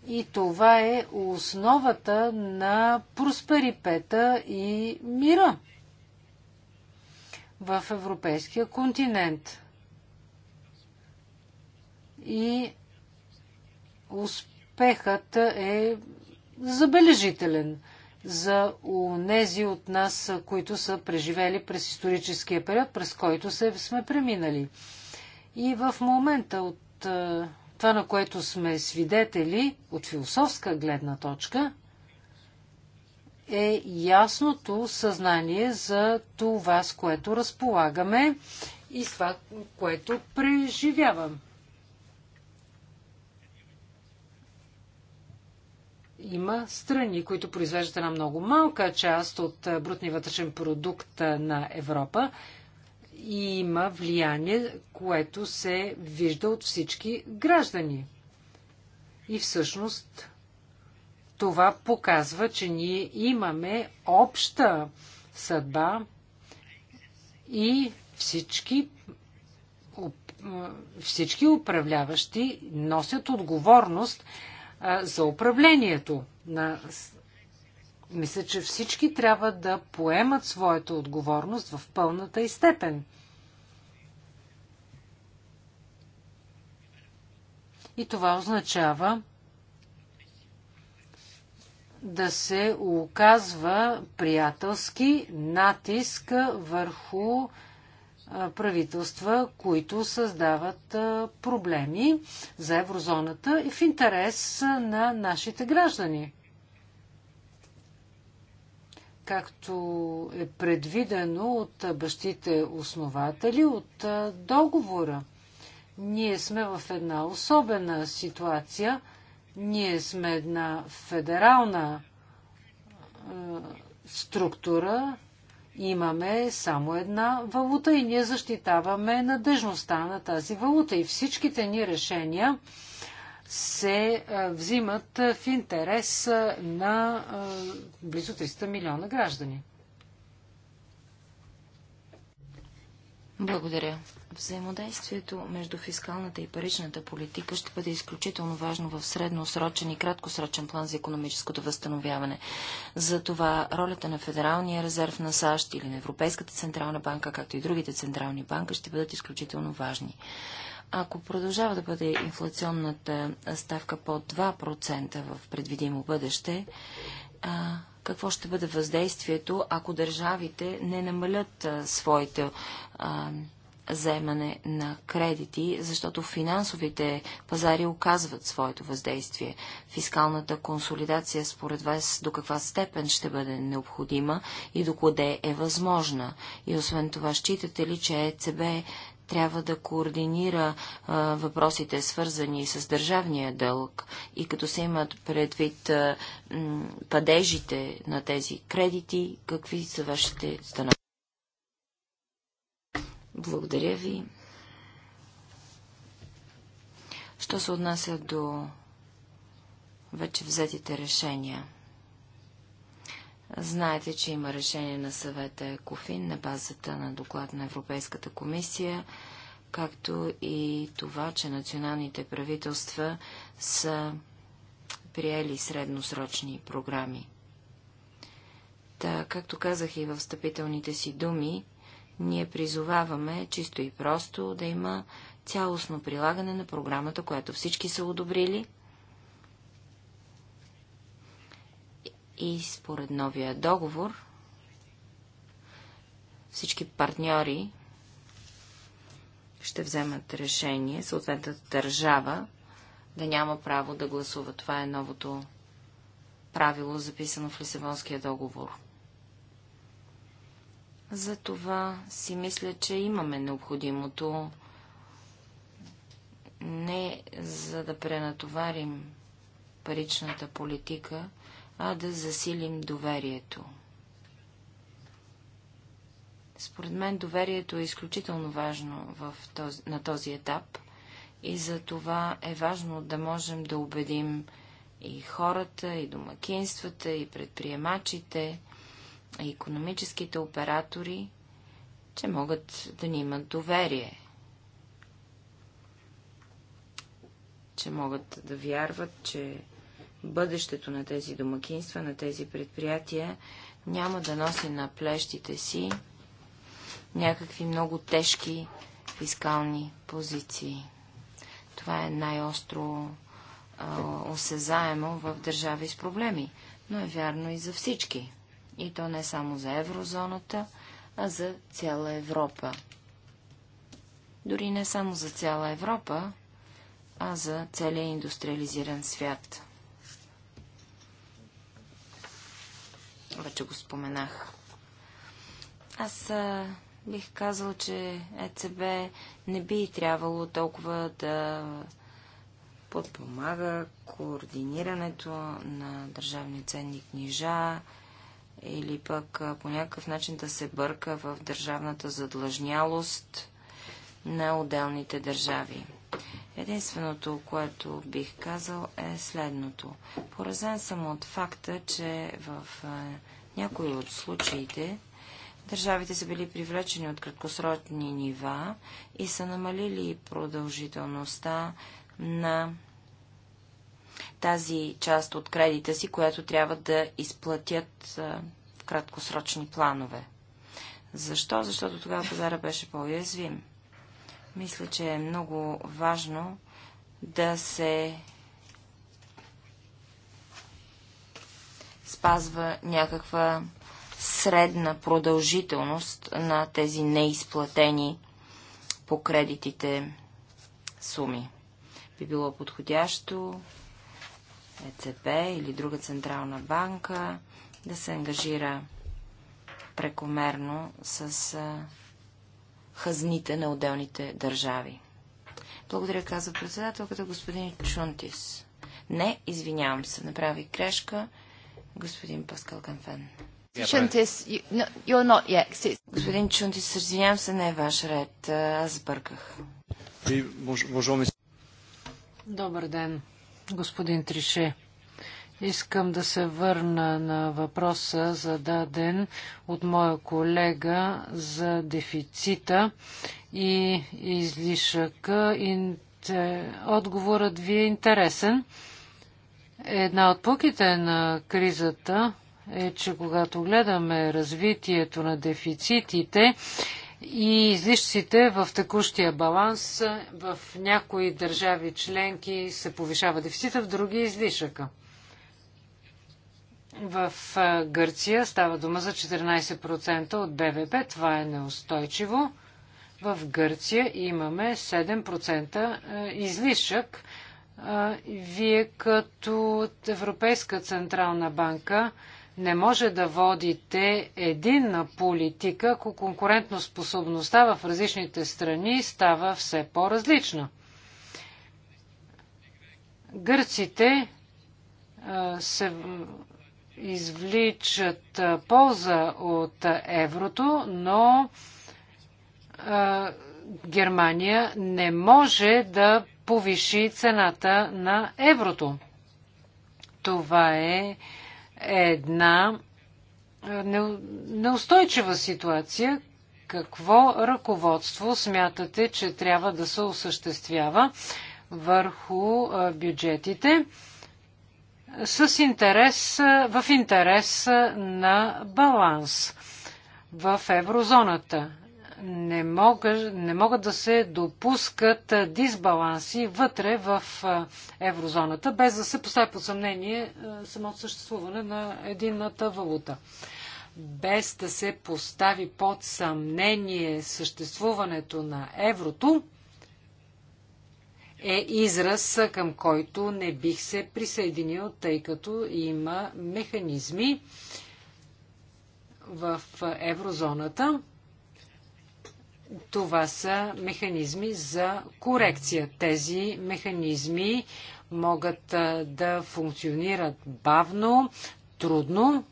S3: И това е основата на просперипета и мира в европейския континент. И успехът е забележителен за унези от нас, които са преживели през историческия период, през който се сме преминали. И в момента от е, това, на което сме свидетели от философска гледна точка, е ясното съзнание за това, с което разполагаме и с това, което преживявам. има страни, които произвеждат една много малка част от брутния вътрешен продукт на Европа и има влияние, което се вижда от всички граждани. И всъщност това показва, че ние имаме обща съдба и всички всички управляващи носят отговорност за управлението на. Мисля, че всички трябва да поемат своята отговорност в пълната и степен. И това означава да се оказва приятелски натиск върху правителства, които създават проблеми за еврозоната и в интерес на нашите граждани. Както е предвидено от бащите основатели от договора. Ние сме в една особена ситуация. Ние сме една федерална структура, имаме само една валута и ние защитаваме надежността на тази валута и всичките ни решения се е, взимат в интерес е, на е, близо 300 милиона граждани.
S1: Благодаря. Взаимодействието между фискалната и паричната политика ще бъде изключително важно в средносрочен и краткосрочен план за економическото възстановяване. Затова ролята на Федералния резерв на САЩ или на Европейската централна банка, както и другите централни банки, ще бъдат изключително важни. Ако продължава да бъде инфлационната ставка под 2% в предвидимо бъдеще, а, какво ще бъде въздействието, ако държавите не намалят а, своите а, заемане на кредити, защото финансовите пазари оказват своето въздействие. Фискалната консолидация според вас до каква степен ще бъде необходима и до къде е възможна? И освен това, считате ли, че ЕЦБ трябва да координира а, въпросите, свързани с държавния дълг и като се имат предвид а, м, падежите на тези кредити, какви са вашите становища? Благодаря ви. Що се отнася до вече взетите решения? Знаете, че има решение на съвета ЕКОФИН на базата на доклад на Европейската комисия, както и това, че националните правителства са приели средносрочни програми. Та, както казах и в встъпителните си думи, ние призоваваме чисто и просто да има цялостно прилагане на програмата, която всички са одобрили. И според новия договор всички партньори ще вземат решение, съответната държава да няма право да гласува. Това е новото правило, записано в Лисавонския договор. Затова си мисля, че имаме необходимото не за да пренатоварим паричната политика, а да засилим доверието. Според мен доверието е изключително важно в този, на този етап и за това е важно да можем да убедим и хората, и домакинствата, и предприемачите, и економическите оператори, че могат да ни имат доверие, че могат да вярват, че бъдещето на тези домакинства, на тези предприятия няма да носи на плещите си някакви много тежки фискални позиции. Това е най-остро осезаемо в държави с проблеми, но е вярно и за всички. И то не само за еврозоната, а за цяла Европа. Дори не само за цяла Европа, а за целия индустриализиран свят. Вече го споменах. Аз а, бих казал, че ЕЦБ не би трябвало толкова да подпомага координирането на държавни ценни книжа или пък по някакъв начин да се бърка в държавната задлъжнялост на отделните държави. Единственото, което бих казал е следното. Поразен съм от факта, че в някои от случаите държавите са били привлечени от краткосрочни нива и са намалили продължителността на тази част от кредита си, която трябва да изплатят в краткосрочни планове. Защо? Защото тогава пазара беше по-уязвим. Мисля, че е много важно да се спазва някаква средна продължителност на тези неизплатени по кредитите суми. Би било подходящо ЕЦБ или друга централна банка да се ангажира прекомерно с хазните на отделните държави. Благодаря, казва председателката господин Чунтис. Не, извинявам се, направи грешка господин Паскал Канфен. господин Чунтис, извинявам се, не е ваш ред. Аз бърках.
S3: Добър ден господин Трише. Искам да се върна на въпроса зададен от моя колега за дефицита и излишъка. Отговорът ви е интересен. Една от пуките на кризата е, че когато гледаме развитието на дефицитите и излишците в текущия баланс в някои държави членки се повишава дефицита, в други излишъка. В Гърция става дума за 14% от БВП. Това е неустойчиво. В Гърция имаме 7% излишък. Вие като Европейска централна банка не може да водите единна политика, ако конкурентноспособността в различните страни става все по-различна. Гърците се извличат полза от еврото, но Германия не може да повиши цената на еврото. Това е една неустойчива ситуация. Какво ръководство смятате, че трябва да се осъществява върху бюджетите с интерес, в интерес на баланс в еврозоната? не, мога, не могат да се допускат дисбаланси вътре в еврозоната, без да се поставя под съмнение самото съществуване на единната валута. Без да се постави под съмнение съществуването на еврото, е израз, към който не бих се присъединил, тъй като има механизми в еврозоната, това са механизми за корекция. Тези механизми могат да функционират бавно, трудно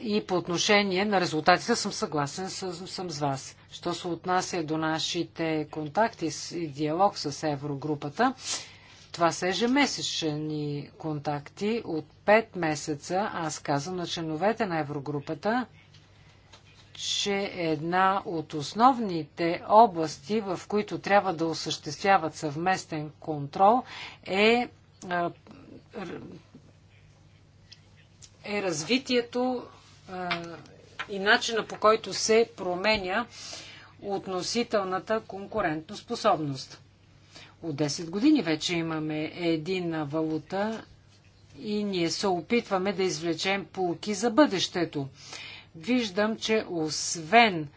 S3: и по отношение на резултатите съм съгласен с, съм с вас. Що се отнася до нашите контакти и диалог с Еврогрупата, това са ежемесечни контакти. От 5 месеца аз казвам на членовете на Еврогрупата, че една от основните области, в които трябва да осъществяват съвместен контрол, е, е, е развитието е, и начина по който се променя относителната конкурентоспособност. От 10 години вече имаме единна валута и ние се опитваме да извлечем полки за бъдещето виждам, че освен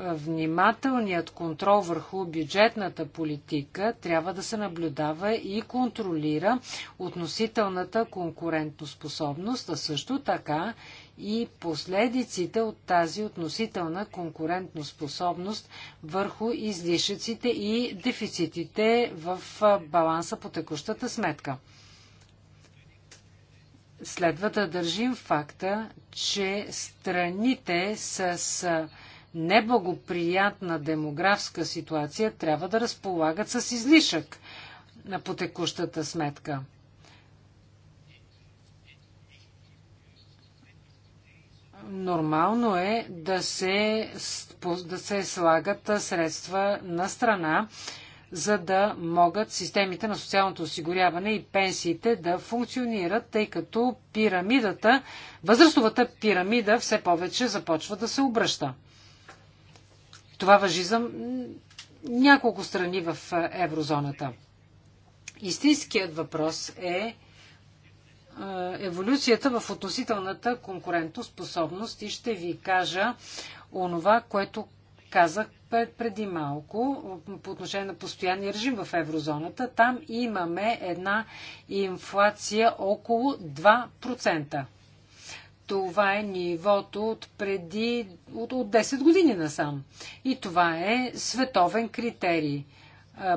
S3: внимателният контрол върху бюджетната политика трябва да се наблюдава и контролира относителната конкурентоспособност, а също така и последиците от тази относителна конкурентоспособност върху излишъците и дефицитите в баланса по текущата сметка. Следва да държим факта, че страните с неблагоприятна демографска ситуация трябва да разполагат с излишък по текущата сметка. Нормално е да се, да се слагат средства на страна за да могат системите на социалното осигуряване и пенсиите да функционират, тъй като пирамидата, възрастовата пирамида все повече започва да се обръща. Това въжи за няколко страни в е, еврозоната. Истинският въпрос е, е еволюцията в относителната конкурентоспособност и ще ви кажа онова, което казах преди малко по отношение на постоянния режим в еврозоната. Там имаме една инфлация около 2%. Това е нивото от преди от, от 10 години насам. И това е световен критерий.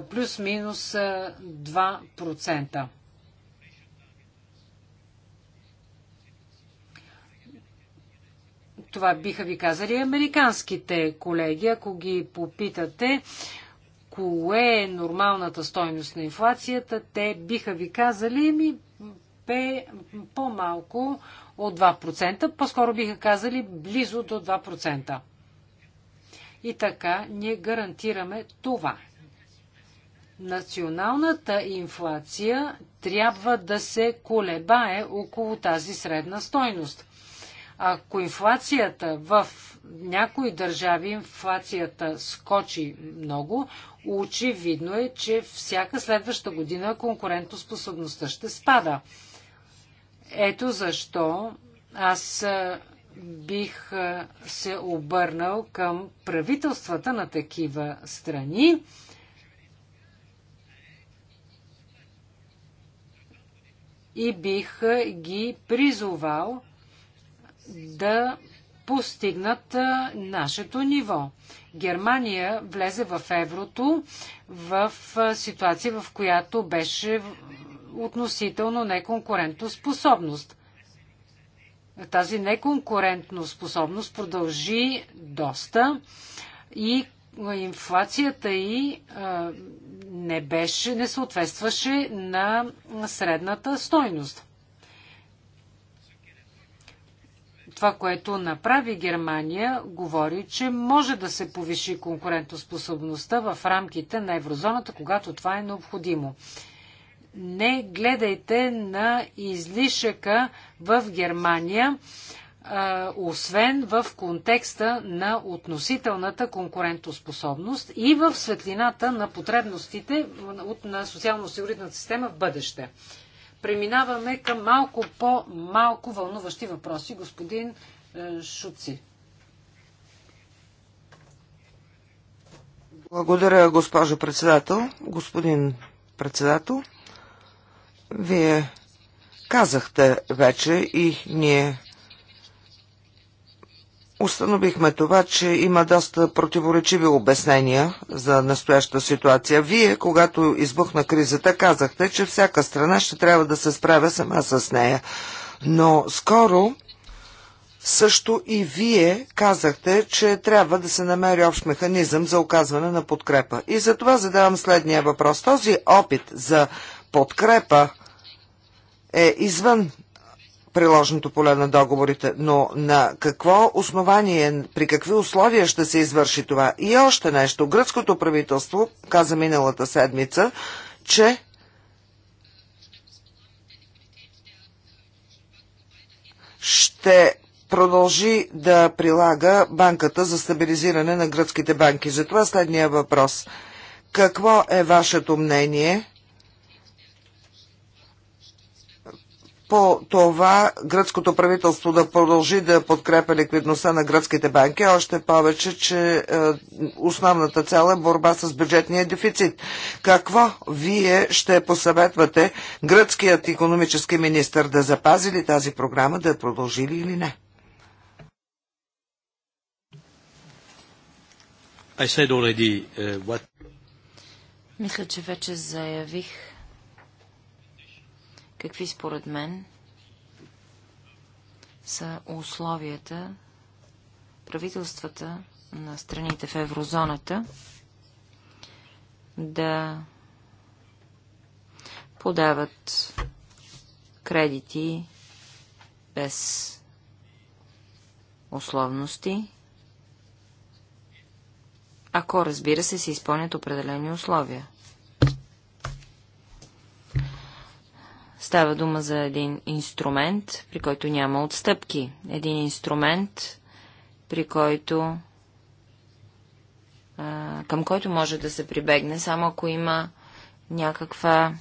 S3: Плюс-минус 2%. Това биха ви казали американските колеги, ако ги попитате кое е нормалната стойност на инфлацията, те биха ви казали ми бе по-малко от 2%, по-скоро биха казали близо до 2%. И така ние гарантираме това. Националната инфлация трябва да се колебае около тази средна стойност. Ако инфлацията в някои държави, инфлацията скочи много, очевидно е, че всяка следваща година конкурентоспособността ще спада. Ето защо аз бих се обърнал към правителствата на такива страни, и бих ги призовал да постигнат нашето ниво. Германия влезе в еврото в ситуация, в която беше относително неконкурентно способност. Тази неконкурентно способност продължи доста и инфлацията й не, беше, не съответстваше на средната стойност. Това, което направи Германия, говори, че може да се повиши конкурентоспособността в рамките на еврозоната, когато това е необходимо. Не гледайте на излишъка в Германия, освен в контекста на относителната конкурентоспособност и в светлината на потребностите на социално-осигурителната система в бъдеще преминаваме към малко по-малко вълнуващи въпроси. Господин е, Шуци.
S2: Благодаря, госпожо председател. Господин председател, вие казахте вече и ние Установихме това, че има доста противоречиви обяснения за настоящата ситуация. Вие, когато избухна кризата, казахте, че всяка страна ще трябва да се справя сама с нея. Но скоро също и вие казахте, че трябва да се намери общ механизъм за оказване на подкрепа. И за това задавам следния въпрос. Този опит за подкрепа е извън приложното поле на договорите, но на какво основание, при какви условия ще се извърши това? И още нещо. Гръцкото правителство каза миналата седмица, че ще продължи да прилага банката за стабилизиране на гръцките банки. Затова следния въпрос. Какво е вашето мнение по това гръцкото правителство да продължи да подкрепя ликвидността на гръцките банки, още повече, че е, основната цел е борба с бюджетния дефицит. Какво вие ще посъветвате гръцкият економически министр да запази ли тази програма, да я продължи ли или не?
S1: I said already, uh, what... Мисля, че вече заявих Какви според мен са условията правителствата на страните в еврозоната да подават кредити без условности, ако разбира се се изпълнят определени условия. Става дума за един инструмент, при който няма отстъпки. Един инструмент, при който а, към който може да се прибегне, само ако има някаква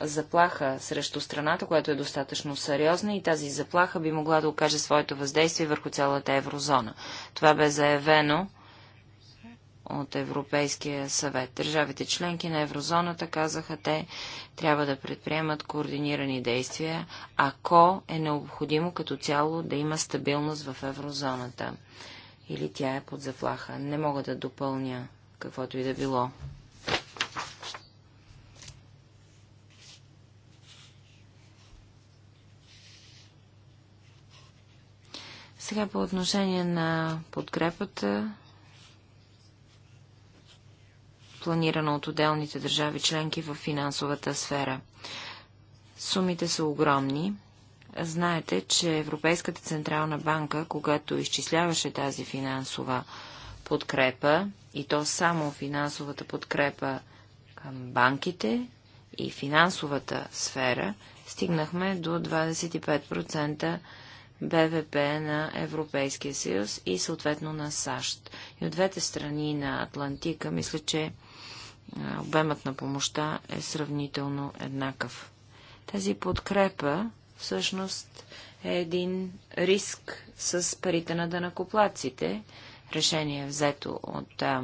S1: заплаха срещу страната, която е достатъчно сериозна и тази заплаха би могла да окаже своето въздействие върху цялата еврозона. Това бе заявено от Европейския съвет. Държавите членки на еврозоната, казаха те, трябва да предприемат координирани действия, ако е необходимо като цяло да има стабилност в еврозоната. Или тя е под заплаха. Не мога да допълня каквото и да било. Сега по отношение на подкрепата планирана от отделните държави членки в финансовата сфера. Сумите са огромни. Знаете, че Европейската Централна банка, когато изчисляваше тази финансова подкрепа, и то само финансовата подкрепа към банките и финансовата сфера, стигнахме до 25% БВП на Европейския съюз и съответно на САЩ. И от двете страни на Атлантика, мисля, че обемът на помощта е сравнително еднакъв. Тази подкрепа всъщност е един риск с парите на дънакоплаците. Решение е взето от а,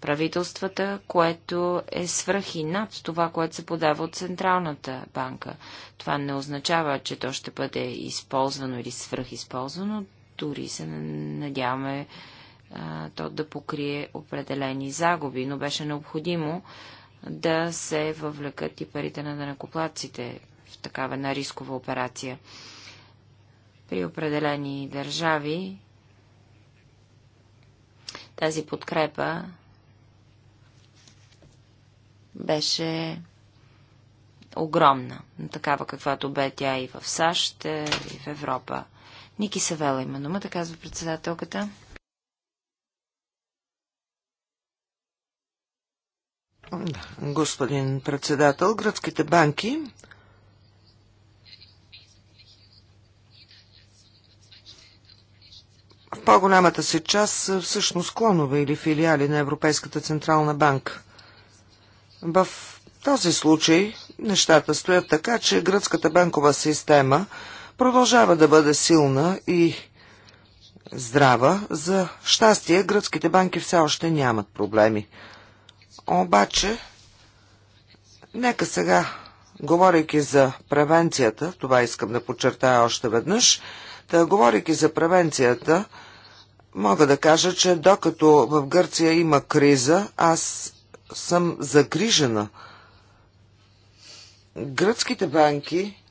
S1: правителствата, което е свръх и над това, което се подава от Централната банка. Това не означава, че то ще бъде използвано или свръхизползвано. Дори се надяваме то да покрие определени загуби, но беше необходимо да се въвлекат и парите на данакоплаците в такава на рискова операция. При определени държави тази подкрепа беше огромна, такава каквато бе тя и в САЩ, е, и в Европа. Ники Савела има думата, казва председателката.
S2: господин председател. Гръцките банки в по-голямата си част са всъщност клонове или филиали на Европейската централна банка. В този случай нещата стоят така, че гръцката банкова система продължава да бъде силна и здрава. За щастие, гръцките банки все още нямат проблеми. Обаче, нека сега, говорейки за превенцията, това искам да подчертая още веднъж, да говорейки за превенцията, мога да кажа, че докато в Гърция има криза, аз съм загрижена. Гръцките банки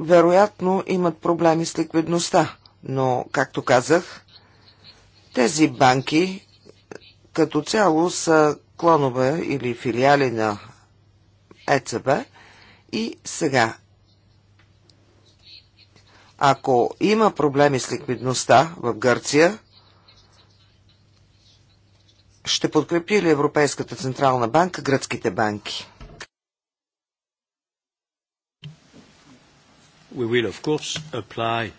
S2: вероятно имат проблеми с ликвидността, но, както казах, тези банки като цяло са клонове или филиали на ЕЦБ и сега. Ако има проблеми с ликвидността в Гърция, ще подкрепи ли Европейската централна банка гръцките банки?
S1: We will, of course, apply.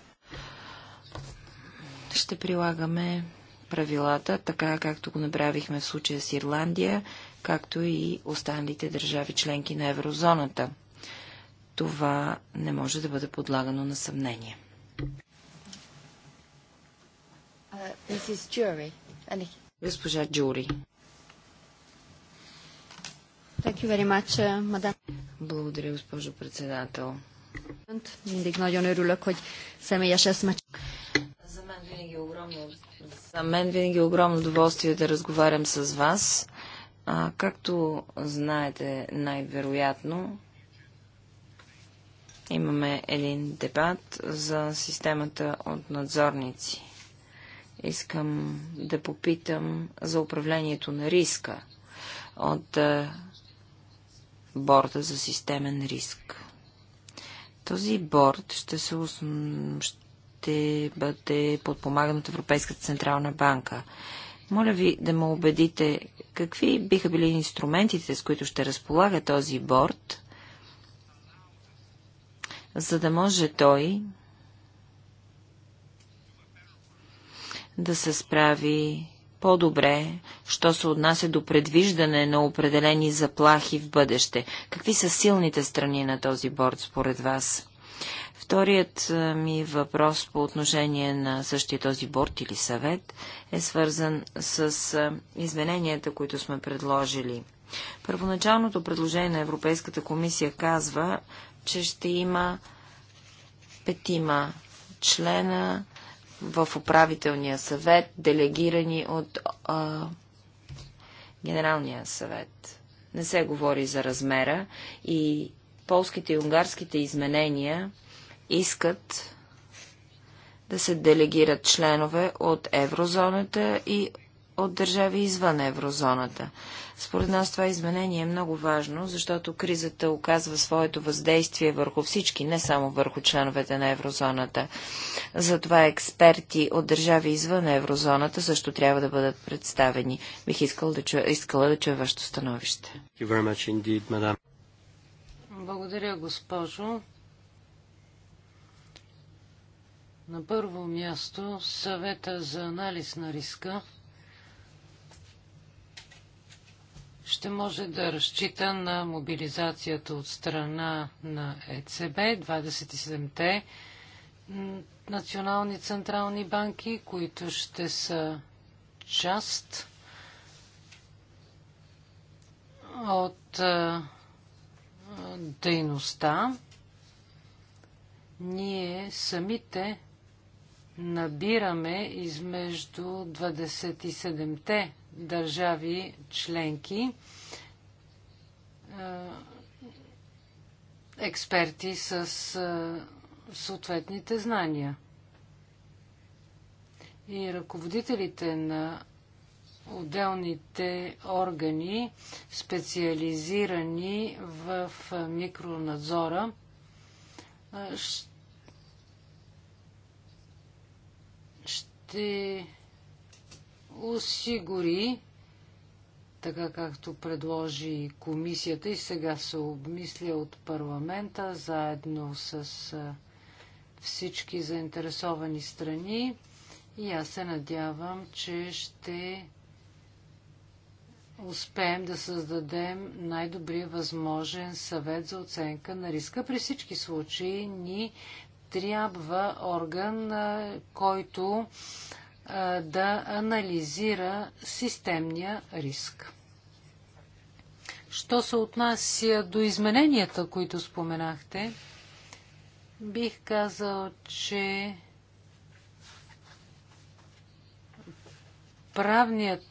S1: Ще прилагаме правилата, така както го направихме в случая с Ирландия, както и останалите държави членки на еврозоната. Това не може да бъде подлагано на съмнение. Uh, Госпожа Джури. Much, uh, Благодаря, госпожо председател. За мен винаги е огромно за мен винаги е огромно удоволствие да разговарям с вас. А, както знаете, най-вероятно имаме един дебат за системата от надзорници. Искам да попитам за управлението на риска от борда за системен риск. Този борд ще се, ще бъде подпомаган от Европейската централна банка. Моля ви да ме убедите какви биха били инструментите, с които ще разполага този борт, за да може той да се справи по-добре, що се отнася до предвиждане на определени заплахи в бъдеще. Какви са силните страни на този борт според вас? Вторият ми въпрос по отношение на същия този борт или съвет е свързан с измененията, които сме предложили. Първоначалното предложение на Европейската комисия казва, че ще има петима члена в управителния съвет, делегирани от а, Генералния съвет. Не се говори за размера и полските и унгарските изменения искат да се делегират членове от еврозоната и от държави извън еврозоната. Според нас това изменение е много важно, защото кризата оказва своето въздействие върху всички, не само върху членовете на еврозоната. Затова експерти от държави извън еврозоната също трябва да бъдат представени. Бих искала да чуя, искала да чуя вашето становище.
S3: Благодаря, госпожо. На първо място съвета за анализ на риска ще може да разчита на мобилизацията от страна на ЕЦБ, 27-те национални централни банки, които ще са част от дейността. Ние самите набираме измежду 27-те държави членки е, експерти с е, съответните знания. И ръководителите на отделните органи, специализирани в микронадзора, ще ще осигури, така както предложи комисията и сега се обмисля от парламента, заедно с всички заинтересовани страни. И аз се надявам, че ще успеем да създадем най-добрия възможен съвет за оценка на риска. При всички случаи ни трябва орган, който да анализира системния риск. Що се отнася до измененията, които споменахте, бих казал, че правният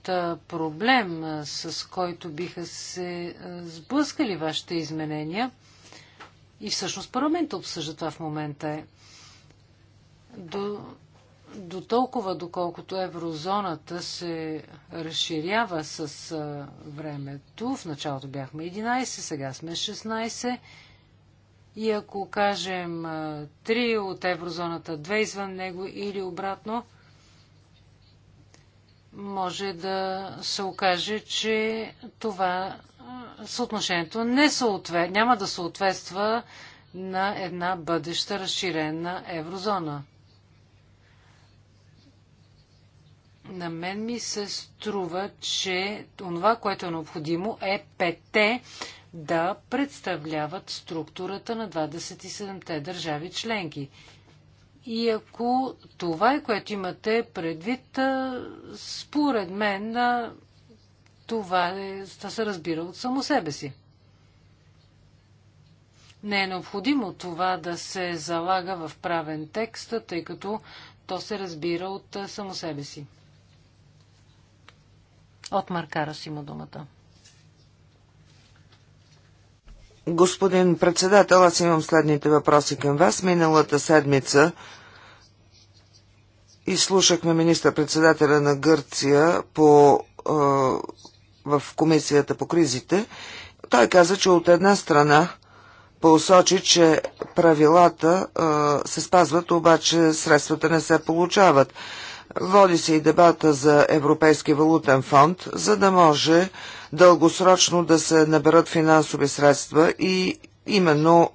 S3: проблем, с който биха се сблъскали вашите изменения, и всъщност парламента обсъжда това в момента. До, до толкова, доколкото еврозоната се разширява с а, времето, в началото бяхме 11, сега сме 16, и ако кажем 3 от еврозоната, 2 извън него или обратно, може да се окаже, че това съотношението не няма да съответства на една бъдеща разширена еврозона. На мен ми се струва, че това, което е необходимо е пете да представляват структурата на 27-те държави членки. И ако това е което имате предвид, според мен това, е, това се разбира от само себе си. Не е необходимо това да се залага в правен текст, тъй като то се разбира от е, само себе си. От си има думата.
S2: Господин председател, аз имам следните въпроси към вас. Миналата седмица изслушахме министър-председателя на Гърция по е, в Комисията по кризите, той каза, че от една страна посочи, че правилата а, се спазват, обаче средствата не се получават. Води се и дебата за Европейски валутен фонд, за да може дългосрочно да се наберат финансови средства и именно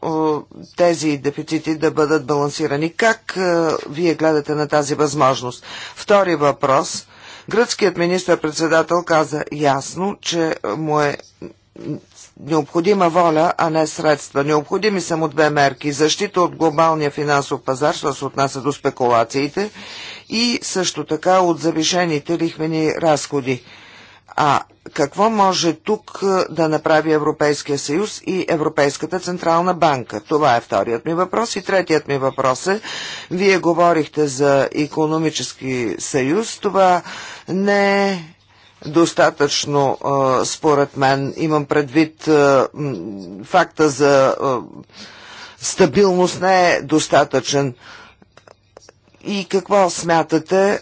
S2: тези дефицити да бъдат балансирани. Как а, вие гледате на тази възможност? Втори въпрос Гръцкият министр-председател каза ясно, че му е необходима воля, а не средства. Необходими са му две мерки. Защита от глобалния финансов пазар, що се отнася до спекулациите и също така от завишените лихвени разходи. А какво може тук е, да направи Европейския съюз и Европейската централна банка? Това е вторият ми въпрос. И третият ми въпрос е, вие говорихте за економически съюз. Това не е достатъчно, е, според мен. Имам предвид е, факта за стабилност не е достатъчен. И какво смятате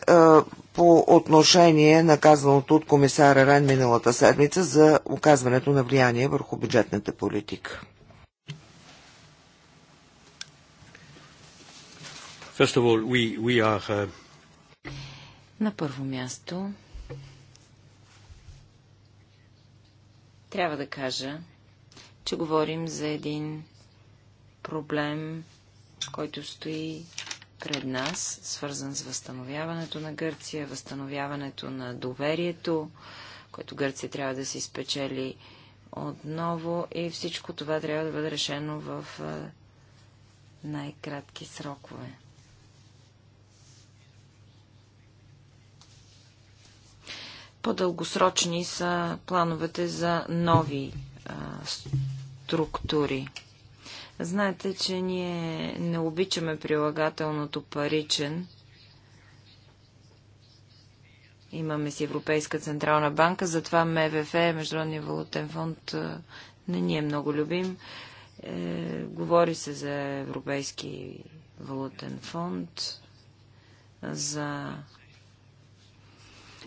S2: по отношение на казаното от комисара Рен миналата седмица за оказването на влияние върху бюджетната политика. All, we, we are...
S1: Uh, на първо място трябва да кажа, че говорим за един проблем, който стои пред нас, свързан с възстановяването на Гърция, възстановяването на доверието, което Гърция трябва да се изпечели отново и всичко това трябва да бъде решено в най-кратки срокове. По-дългосрочни са плановете за нови а, структури. Знаете, че ние не обичаме прилагателното паричен. Имаме си Европейска Централна банка, затова МВФ, Международния валутен фонд, не ни е много любим. Е, говори се за Европейски валутен фонд, за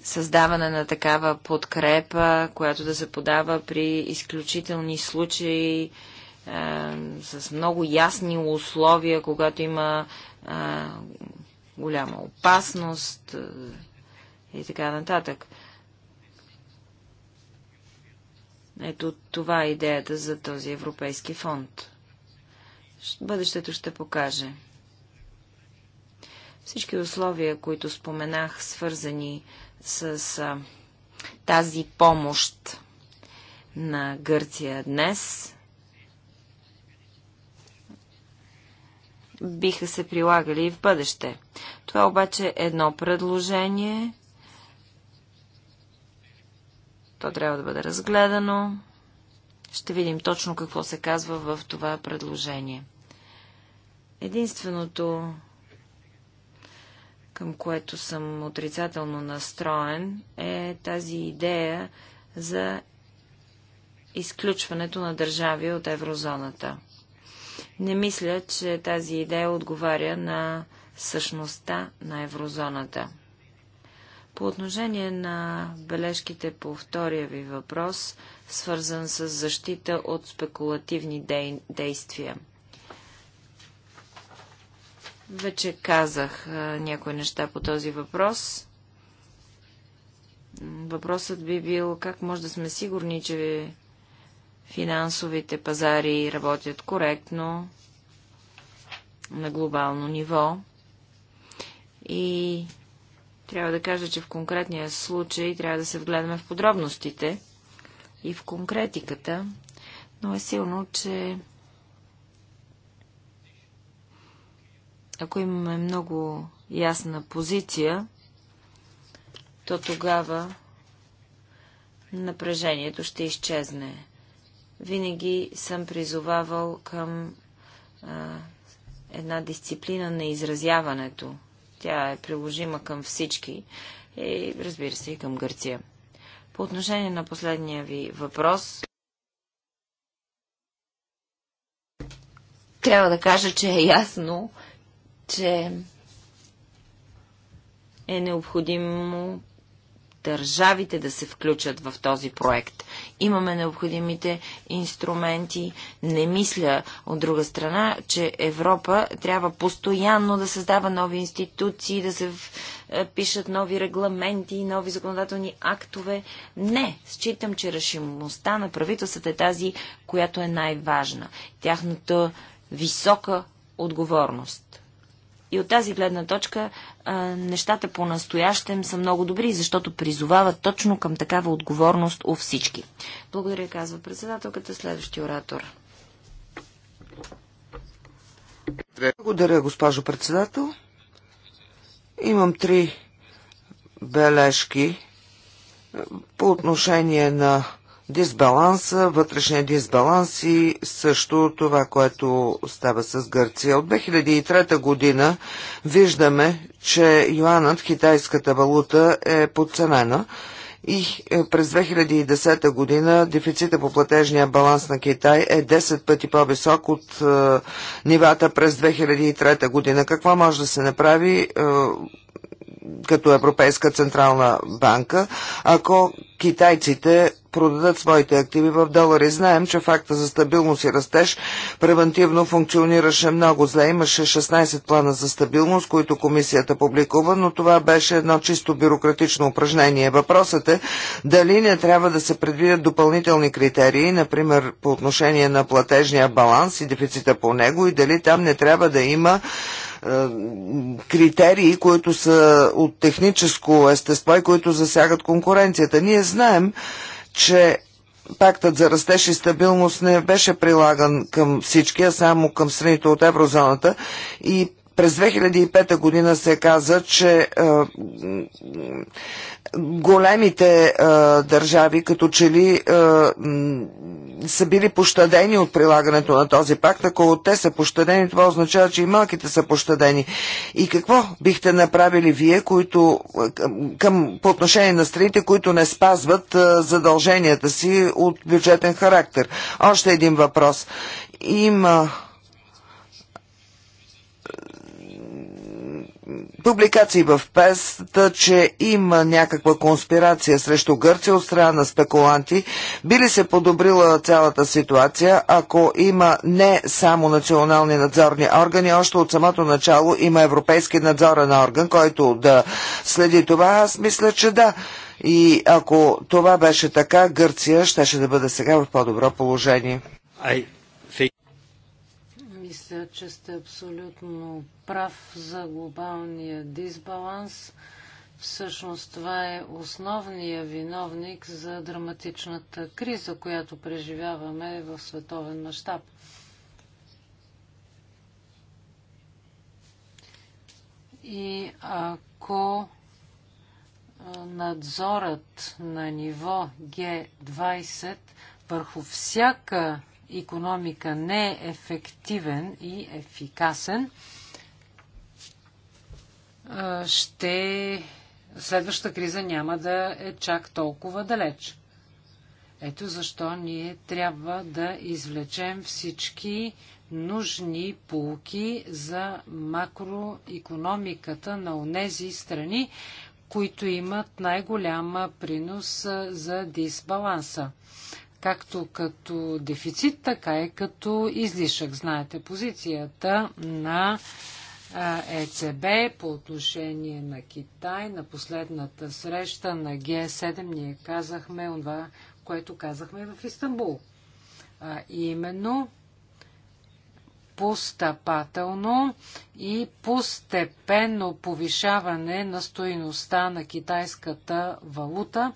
S1: създаване на такава подкрепа, която да се подава при изключителни случаи, с много ясни условия, когато има голяма опасност и така нататък. Ето това е идеята за този европейски фонд. Бъдещето ще покаже. Всички условия, които споменах, свързани с а, тази помощ на Гърция днес, биха се прилагали и в бъдеще. Това обаче е едно предложение. То трябва да бъде разгледано. Ще видим точно какво се казва в това предложение. Единственото, към което съм отрицателно настроен, е тази идея за изключването на държави от еврозоната. Не мисля, че тази идея отговаря на същността на еврозоната. По отношение на бележките по втория ви въпрос, свързан с защита от спекулативни дей... действия. Вече казах а, някои неща по този въпрос. Въпросът би бил как може да сме сигурни, че Финансовите пазари работят коректно на глобално ниво и трябва да кажа, че в конкретния случай трябва да се вгледаме в подробностите и в конкретиката, но е силно, че ако имаме много ясна позиция, то тогава напрежението ще изчезне винаги съм призовавал към а, една дисциплина на изразяването. Тя е приложима към всички и разбира се и към Гърция. По отношение на последния ви въпрос, трябва да кажа, че е ясно, че е необходимо държавите да се включат в този проект. Имаме необходимите инструменти. Не мисля, от друга страна, че Европа трябва постоянно да създава нови институции, да се е, пишат нови регламенти, нови законодателни актове. Не, считам, че решимостта на правителствата е тази, която е най-важна. Тяхната висока отговорност. И от тази гледна точка нещата по-настоящем са много добри, защото призовават точно към такава отговорност у всички. Благодаря, казва
S2: председателката. Следващия оратор. Благодаря, госпожо председател. Имам три бележки по отношение на дисбаланса, вътрешния дисбаланс и също това, което става с Гърция. От 2003 година виждаме, че юанът, китайската валута, е подценена и е, през 2010 година дефицита по платежния баланс на Китай е 10 пъти по-висок от е, нивата през 2003 година. Какво може да се направи? Е, като Европейска централна банка, ако китайците продадат своите активи в долари. Знаем, че факта за стабилност и растеж превентивно функционираше много зле. Имаше 16 плана за стабилност, които комисията публикува, но това беше едно чисто бюрократично упражнение. Въпросът е дали не трябва да се предвидят допълнителни критерии, например по отношение на платежния баланс и дефицита по него и дали там не трябва да има е, критерии, които са от техническо естество и които засягат конкуренцията. Ние знаем, че пактът за растеж и стабилност не беше прилаган към всички, а само към страните от еврозоната и през 2005 година се каза, че е, големите е, държави като че ли е, са били пощадени от прилагането на този пакт. Ако те са пощадени, това означава, че и малките са пощадени. И какво бихте направили вие, които към, по отношение на страните, които не спазват задълженията си от бюджетен характер? Още един въпрос. Има публикации в песта, че има някаква конспирация срещу Гърция от страна на спекуланти, би ли се подобрила цялата ситуация, ако има не само национални надзорни органи, още от самото начало има европейски надзорен орган, който да следи това? Аз мисля, че да. И ако това беше така, Гърция щеше да бъде сега в по-добро положение
S3: мисля, че сте абсолютно прав за глобалния дисбаланс. Всъщност това е основният виновник за драматичната криза, която преживяваме в световен мащаб. И ако надзорът на ниво Г20 върху всяка економика не е ефективен и ефикасен, ще следващата криза няма да е чак толкова далеч. Ето защо ние трябва да извлечем всички нужни полки за макроекономиката на онези страни, които имат най голяма принос за дисбаланса както като дефицит, така и като излишък. Знаете позицията на ЕЦБ по отношение на Китай. На последната среща на Г7 ние казахме това, което казахме в Истанбул. А именно постъпателно и постепенно повишаване на стоиността на китайската валута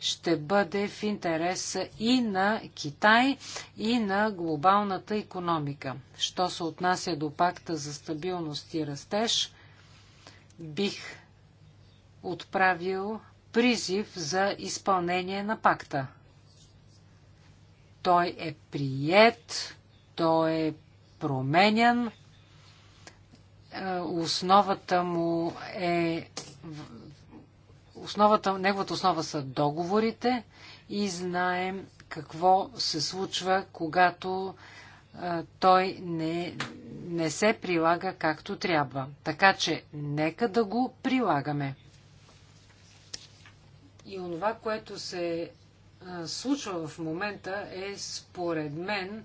S3: ще бъде в интерес и на Китай, и на глобалната економика. Що се отнася до пакта за стабилност и растеж, бих отправил призив за изпълнение на пакта. Той е прият, той е променен, е, основата му е основата, неговата основа са договорите и знаем какво се случва, когато а, той не, не се прилага както трябва. Така че нека да го прилагаме. И онова, което се а, случва в момента е според мен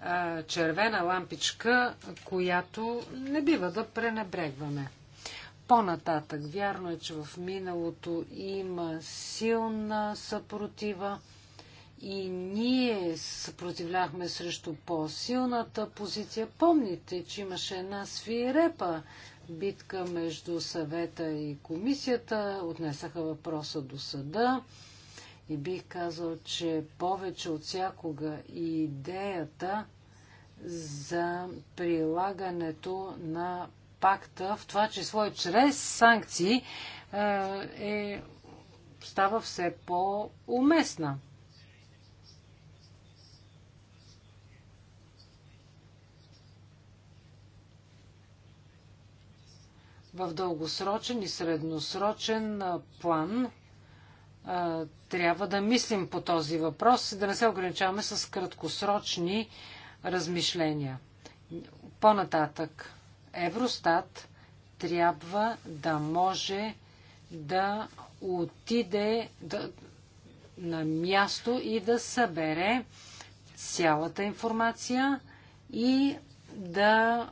S3: а, червена лампичка, която не бива да пренебрегваме по-нататък. Вярно е, че в миналото има силна съпротива и ние съпротивляхме срещу по-силната позиция. Помните, че имаше една свирепа битка между съвета и комисията, отнесаха въпроса до съда и бих казал, че повече от всякога идеята за прилагането на пакта, в това число и чрез санкции, е, е става все по-уместна. в дългосрочен и средносрочен план трябва да мислим по този въпрос и да не се ограничаваме с краткосрочни размишления. По-нататък. Евростат трябва да може да отиде да, на място и да събере цялата информация и да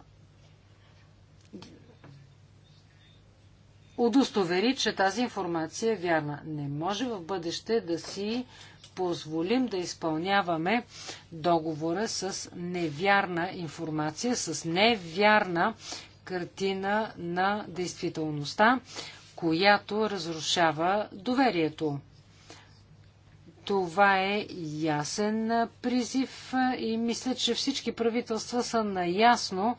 S3: удостовери, че тази информация е вярна. Не може в бъдеще да си позволим да изпълняваме договора с невярна информация, с невярна картина на действителността, която разрушава доверието. Това е ясен призив и мисля, че всички правителства са наясно,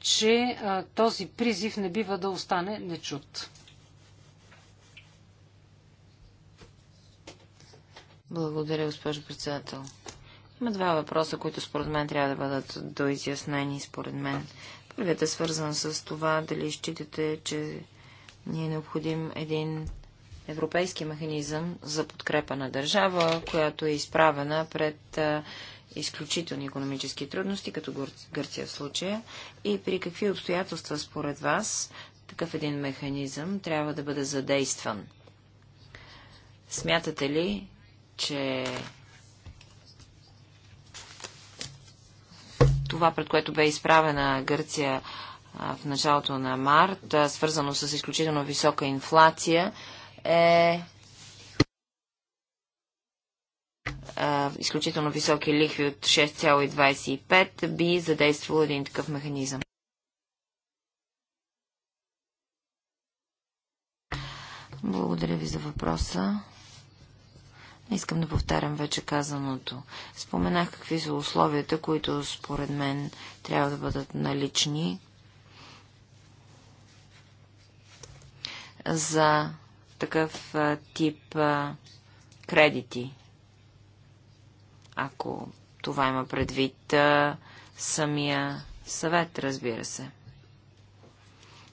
S3: че този призив не бива да остане нечут.
S1: Благодаря, госпожо председател. Има два въпроса, които според мен трябва да бъдат доизяснени, според мен. Първият е свързан с това, дали считате, че ни е необходим един европейски механизъм за подкрепа на държава, която е изправена пред изключителни економически трудности, като Гърция в случая, и при какви обстоятелства според вас такъв един механизъм трябва да бъде задействан. Смятате ли, че това, пред което бе изправена Гърция в началото на март, свързано с изключително висока инфлация, е изключително високи лихви от 6,25 би задействало един такъв механизъм. Благодаря ви за въпроса. Не искам да повтарям вече казаното. Споменах какви са условията, които според мен трябва да бъдат налични за такъв а, тип а, кредити. Ако това има предвид а, самия съвет, разбира се.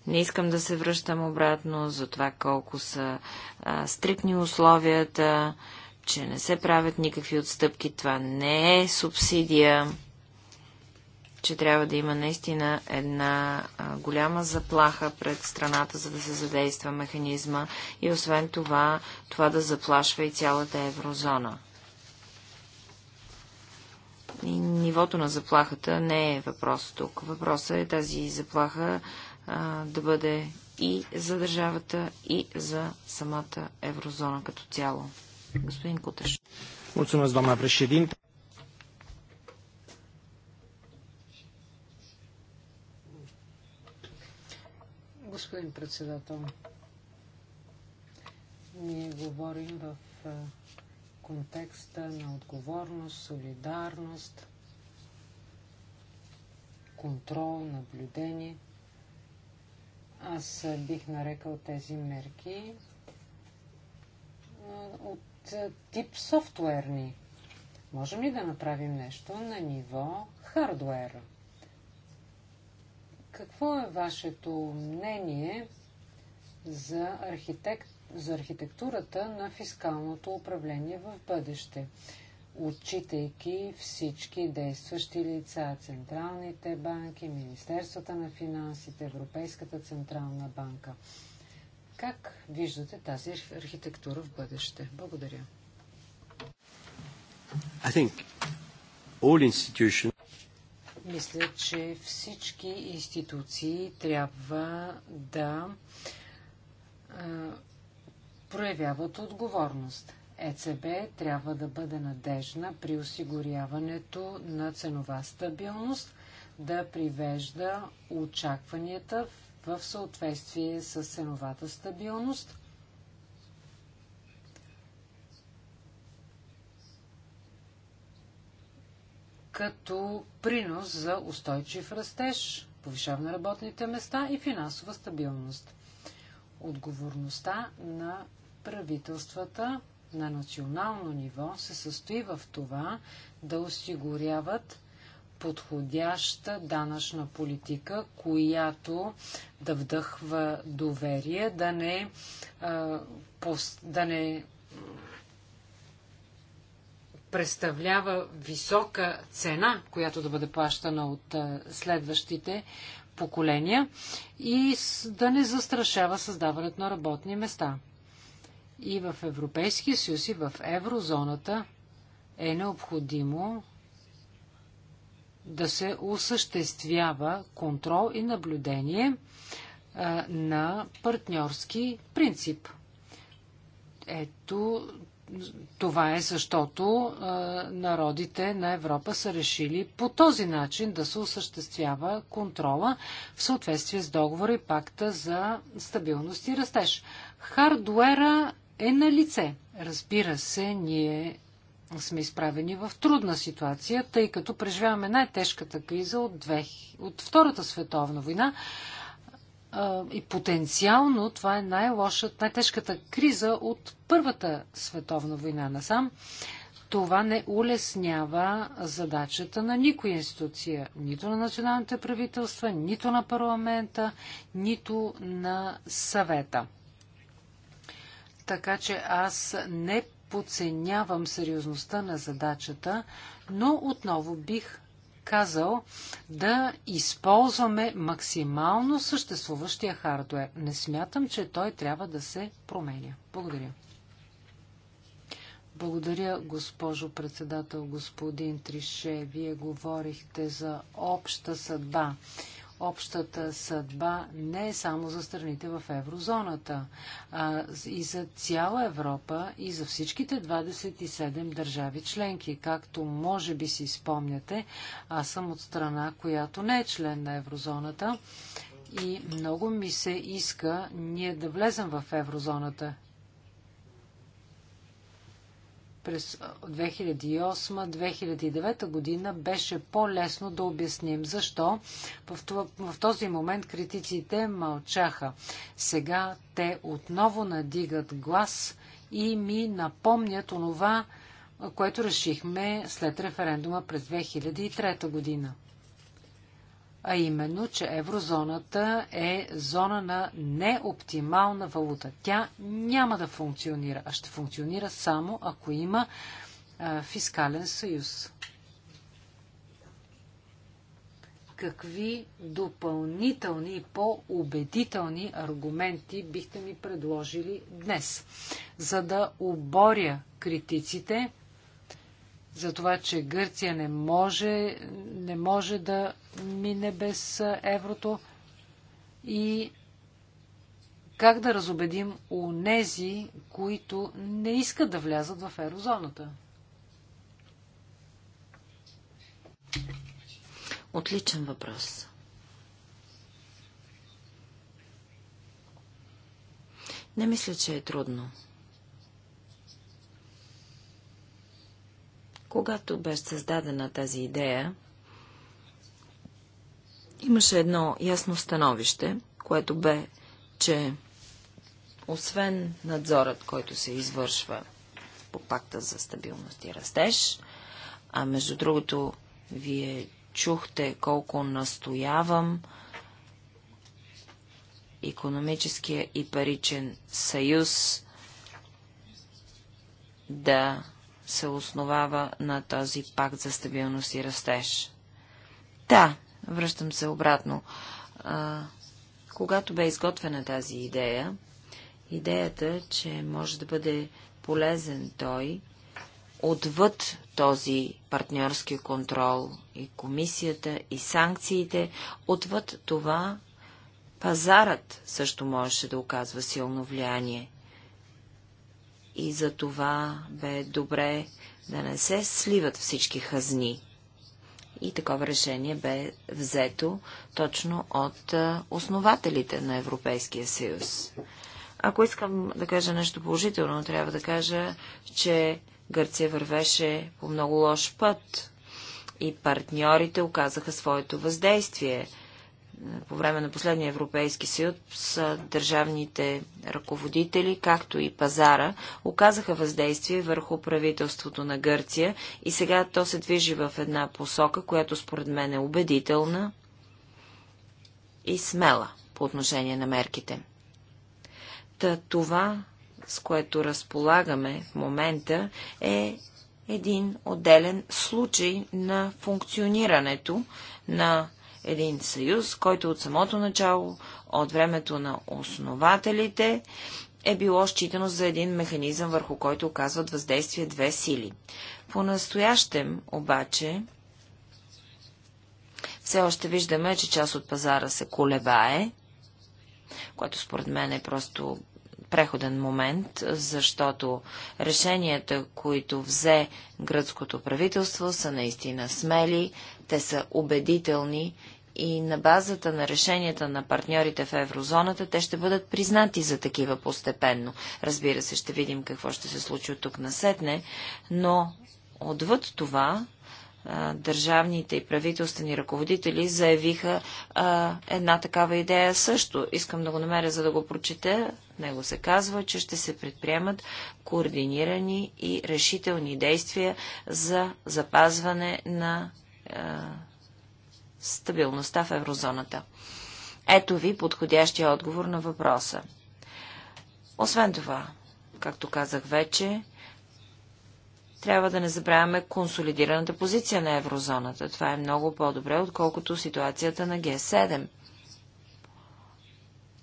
S1: Не искам да се връщам обратно за това колко са а, условията, че не се правят никакви отстъпки. Това не е субсидия, че трябва да има наистина една а, голяма заплаха пред страната, за да се задейства механизма и освен това, това да заплашва и цялата еврозона. И нивото на заплахата не е въпрос тук. Въпросът е тази заплаха а, да бъде и за държавата, и за самата еврозона като цяло. Господин
S2: Кутеш. Mulțumesc, doamna președinte.
S3: Господин председател, ние говорим в контекста на отговорност, солидарност, контрол, наблюдение. Аз бих нарекал тези мерки от е, тип софтуерни. Можем ли да направим нещо на ниво хардуер? Какво е вашето мнение за, архитект, за архитектурата на фискалното управление в бъдеще? отчитайки всички действащи лица, централните банки, Министерствата на финансите, Европейската централна банка. Как виждате тази архитектура в бъдеще? Благодаря.
S2: I think
S1: all institutions...
S3: Мисля, че всички институции трябва да а, проявяват отговорност. ЕЦБ трябва да бъде надежна при осигуряването на ценова стабилност, да привежда очакванията в съответствие с ценовата стабилност. като принос за устойчив растеж, повишаване на работните места и финансова стабилност. Отговорността на правителствата на национално ниво се състои в това да осигуряват подходяща данъчна политика, която да вдъхва доверие, да не, да не представлява висока цена, която да бъде плащана от следващите поколения и да не застрашава създаването на работни места. И в Европейския съюз и в еврозоната е необходимо да се осъществява контрол и наблюдение а, на партньорски принцип. Ето, това е защото а, народите на Европа са решили по този начин да се осъществява контрола в съответствие с договора и пакта за стабилност и растеж. Хардуера е на лице. Разбира се, ние сме изправени в трудна ситуация, тъй като преживяваме най-тежката криза от, две, от Втората световна война и потенциално това е най-лошата, най-тежката криза от Първата световна война насам. Това не улеснява задачата на никой институция, нито на националните правителства, нито на парламента, нито на съвета. Така че аз не подценявам сериозността на задачата, но отново бих казал да използваме максимално съществуващия хардуер. Не смятам, че той трябва да се променя. Благодаря. Благодаря, госпожо председател, господин Трише. Вие говорихте за обща съдба общата съдба не е само за страните в еврозоната, а и за цяла Европа и за всичките 27 държави членки. Както може би си спомняте, аз съм от страна, която не е член на еврозоната и много ми се иска ние да влезем в еврозоната през 2008-2009 година беше по-лесно да обясним защо в, този момент критиците мълчаха. Сега те отново надигат глас и ми напомнят онова, което решихме след референдума през 2003 година а именно, че еврозоната е зона на неоптимална валута. Тя няма да функционира, а ще функционира само ако има а, фискален съюз. Какви допълнителни и по-убедителни аргументи бихте ми предложили днес, за да оборя критиците? за това, че Гърция не може, не може да мине без еврото и как да разобедим унези, които не искат да влязат в еврозоната.
S1: Отличен въпрос. Не мисля, че е трудно. Когато беше създадена тази идея, имаше едно ясно становище, което бе, че освен надзорът, който се извършва по пакта за стабилност и растеж, а между другото, вие чухте колко настоявам економическия и паричен съюз да се основава на този пакт за стабилност и растеж. Да, връщам се обратно. А, когато бе изготвена тази идея, идеята, че може да бъде полезен той отвъд този партньорски контрол и комисията и санкциите, отвъд това пазарът също можеше да оказва силно влияние и за това бе добре да не се сливат всички хазни. И такова решение бе взето точно от основателите на Европейския съюз. Ако искам да кажа нещо положително, трябва да кажа, че Гърция вървеше по много лош път и партньорите оказаха своето въздействие – по време на последния Европейски съюз държавните ръководители, както и пазара, оказаха въздействие върху правителството на Гърция и сега то се движи в една посока, която според мен е убедителна и смела по отношение на мерките. Та това, с което разполагаме в момента, е един отделен случай на функционирането на един съюз, който от самото начало, от времето на основателите, е било считано за един механизъм, върху който оказват въздействие две сили. По-настоящем, обаче, все още виждаме, че част от пазара се колебае, което според мен е просто преходен момент, защото решенията, които взе гръцкото правителство, са наистина смели, те са убедителни и на базата на решенията на партньорите в еврозоната, те ще бъдат признати за такива постепенно. Разбира се, ще видим какво ще се случи от тук насетне, но отвъд това държавните и правителствени ръководители заявиха а, една такава идея също. Искам да го намеря, за да го прочете. Него се казва, че ще се предприемат координирани и решителни действия за запазване на а, стабилността в еврозоната? Ето ви подходящия отговор на въпроса. Освен това, както казах вече, трябва да не забравяме консолидираната позиция на еврозоната. Това е много по-добре, отколкото ситуацията на Г7.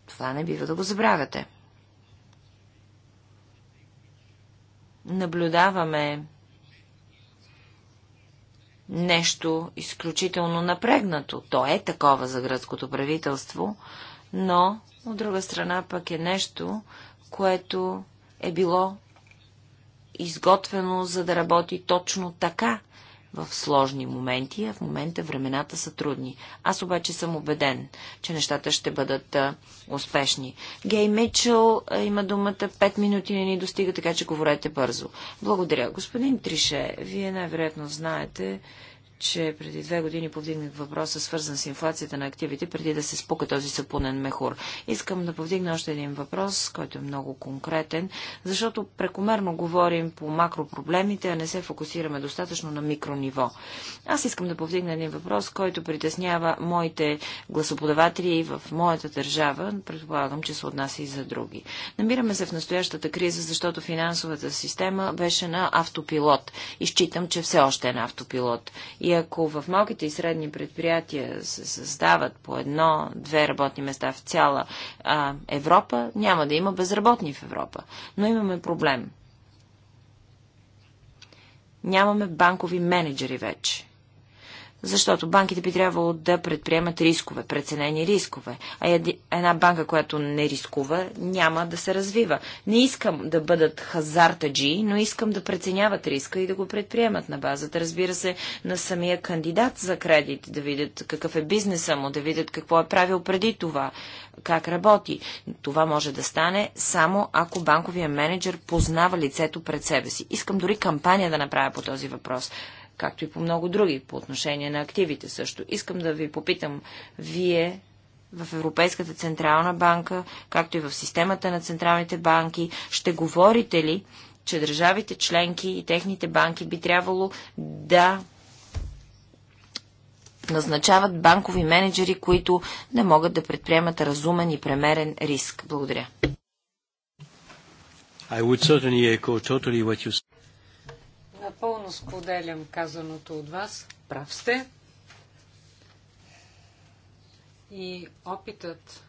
S1: Това не бива да го забравяте. Наблюдаваме нещо изключително напрегнато. То е такова за гръцкото правителство, но от друга страна пък е нещо, което е било изготвено, за да работи точно така в сложни моменти, а в момента времената са трудни. Аз обаче съм убеден, че нещата ще бъдат а, успешни. Гей Мичел а, има думата 5 минути не ни достига, така че говорете бързо. Благодаря. Господин Трише, вие най-вероятно знаете, че преди две години повдигнах въпроса, свързан с инфлацията на активите, преди да се спука този сапунен мехур. Искам да повдигна още един въпрос, който е много конкретен, защото прекомерно говорим по макропроблемите, а не се фокусираме достатъчно на микрониво. Аз искам да повдигна един въпрос, който притеснява моите гласоподаватели в моята държава, предполагам, че се отнася и за други. Намираме се в настоящата криза, защото финансовата система беше на автопилот. Изчитам, че все още е на автопилот. И и ако в малките и средни предприятия се създават по едно-две работни места в цяла а, Европа, няма да има безработни в Европа. Но имаме проблем. Нямаме банкови менеджери вече. Защото банките би трябвало да предприемат рискове, преценени рискове. А една банка, която не рискува, няма да се развива. Не искам да бъдат хазартаджи, но искам да преценяват риска и да го предприемат на базата, разбира се, на самия кандидат за кредит, да видят какъв е бизнеса му, да видят какво е правил преди това, как работи. Това може да стане само ако банковия менеджер познава лицето пред себе си. Искам дори кампания да направя по този въпрос както и по много други, по отношение на активите също. Искам да ви попитам, вие в Европейската централна банка, както и в системата на централните банки, ще говорите ли, че държавите членки и техните банки би трябвало да назначават банкови менеджери, които не могат да предприемат разумен и премерен риск. Благодаря. I would certainly echo totally what you
S3: Напълно споделям казаното от вас. Прав сте. И опитът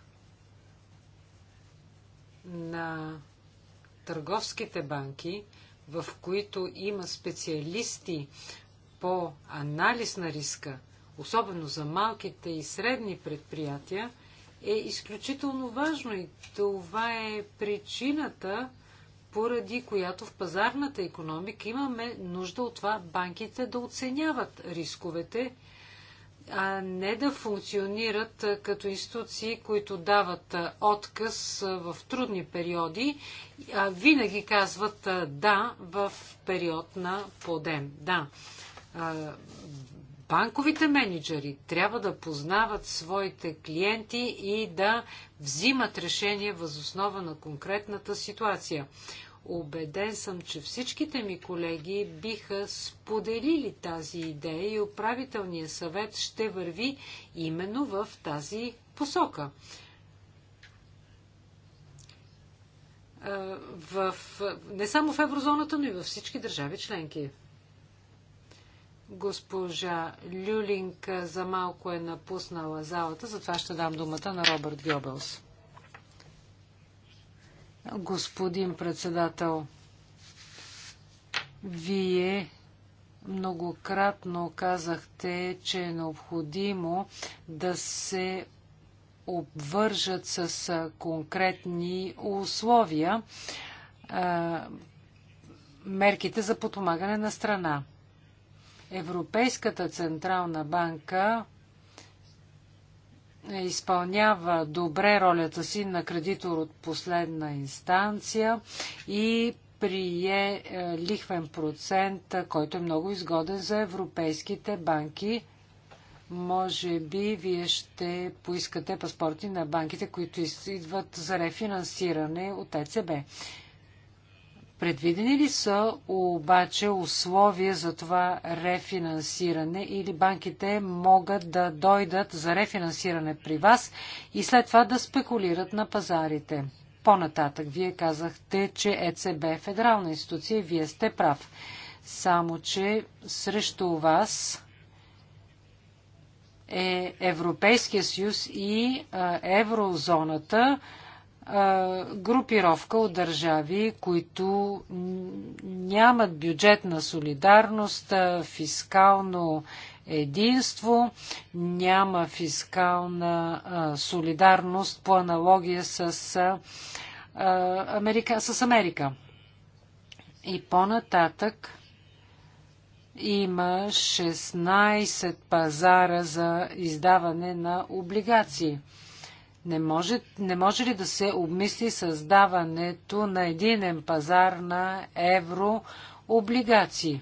S3: на търговските банки, в които има специалисти по анализ на риска, особено за малките и средни предприятия, е изключително важно и това е причината, поради която в пазарната економика имаме нужда от това банките да оценяват рисковете, а не да функционират като институции, които дават отказ в трудни периоди, а винаги казват да в период на подем. Да, банковите менеджери трябва да познават своите клиенти и да взимат решение възоснова на конкретната ситуация. Обеден съм, че всичките ми колеги биха споделили тази идея и управителният съвет ще върви именно в тази посока. Е, в, не само в еврозоната, но и във всички държави членки. Госпожа Люлинг за малко е напуснала залата, затова ще дам думата на Робърт Гьобелс. Господин председател, вие многократно казахте, че е необходимо да се обвържат с конкретни условия мерките за подпомагане на страна. Европейската централна банка изпълнява добре ролята си на кредитор от последна инстанция и прие е, лихвен процент, който е много изгоден за европейските банки. Може би вие ще поискате паспорти на банките, които идват за рефинансиране от ЕЦБ. Предвидени ли са обаче условия за това рефинансиране или банките могат да дойдат за рефинансиране при вас и след това да спекулират на пазарите? По-нататък, вие казахте, че ЕЦБ е федерална институция и вие сте прав. Само, че срещу вас е Европейския съюз и еврозоната, групировка от държави, които нямат бюджетна солидарност, фискално единство, няма фискална солидарност по аналогия с, Америка, с Америка. И по-нататък има 16 пазара за издаване на облигации – не може, не може ли да се обмисли създаването на единен пазар на еврооблигации,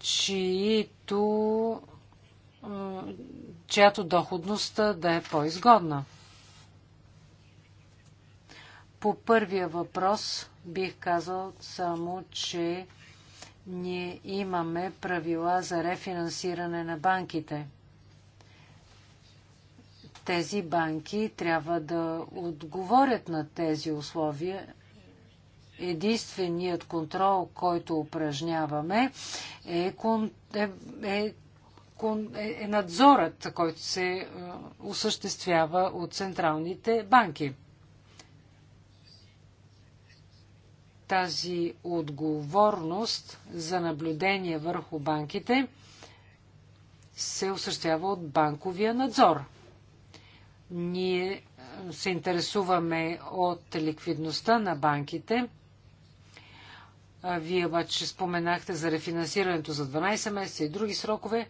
S3: чието, чиято доходност да е по-изгодна? По първия въпрос бих казал само, че ние имаме правила за рефинансиране на банките – тези банки трябва да отговорят на тези условия. Единственият контрол, който упражняваме, е, кон... е... е... Е, е надзорът, който се е, осъществява от централните банки. тази отговорност за наблюдение върху банките се осъществява от банковия надзор. Ние е, се интересуваме от ликвидността на банките. Вие обаче споменахте за рефинансирането за 12 месеца и други срокове.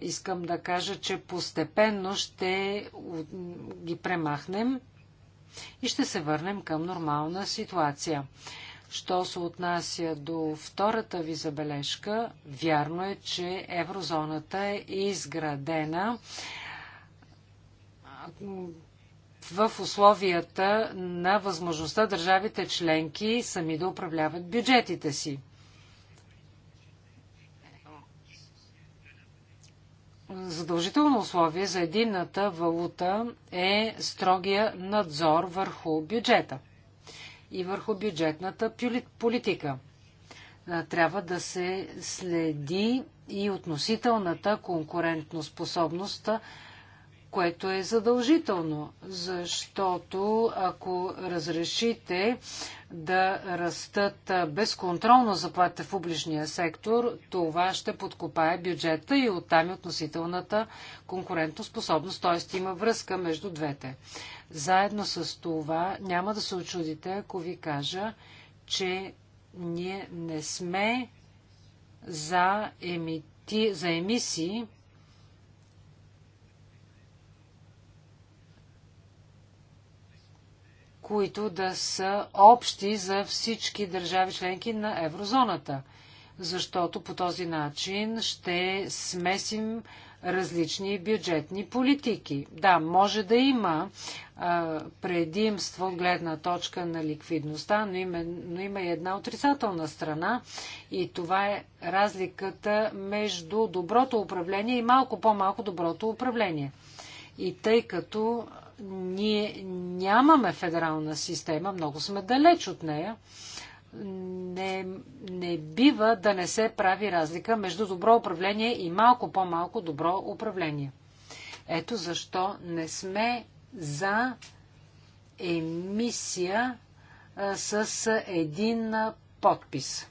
S3: Искам да кажа, че постепенно ще ги премахнем и ще се върнем към нормална ситуация. Що се отнася до втората ви забележка, вярно е, че еврозоната е изградена в условията на възможността държавите членки сами да управляват бюджетите си. Задължително условие за единната валута е строгия надзор върху бюджета и върху бюджетната политика. Трябва да се следи и относителната конкурентноспособност способност което е задължително, защото ако разрешите да растат безконтролно заплатите в публичния сектор, това ще подкопае бюджета и оттам и относителната конкурентоспособност, т.е. има връзка между двете. Заедно с това няма да се очудите, ако ви кажа, че ние не сме за, емити, за емисии които да са общи за всички държави членки на еврозоната, защото по този начин ще смесим различни бюджетни политики. Да, може да има а, предимство от гледна точка на ликвидността, но има, но има и една отрицателна страна и това е разликата между доброто управление и малко по-малко доброто управление. И тъй като ние нямаме федерална система, много сме далеч от нея. Не, не бива да не се прави разлика между добро управление и малко по-малко добро управление. Ето защо не сме за емисия а, с един а, подпис.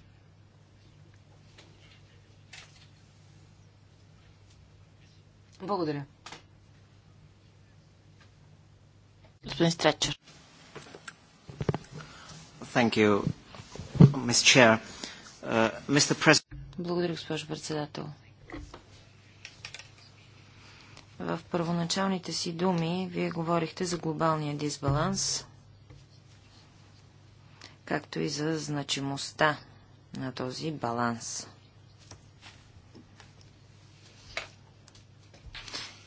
S3: Благодаря.
S1: Господин Стречер.
S3: You, uh, Pres...
S1: Благодаря, госпожо председател. В първоначалните си думи вие говорихте за глобалния дисбаланс, както и за значимостта на този баланс.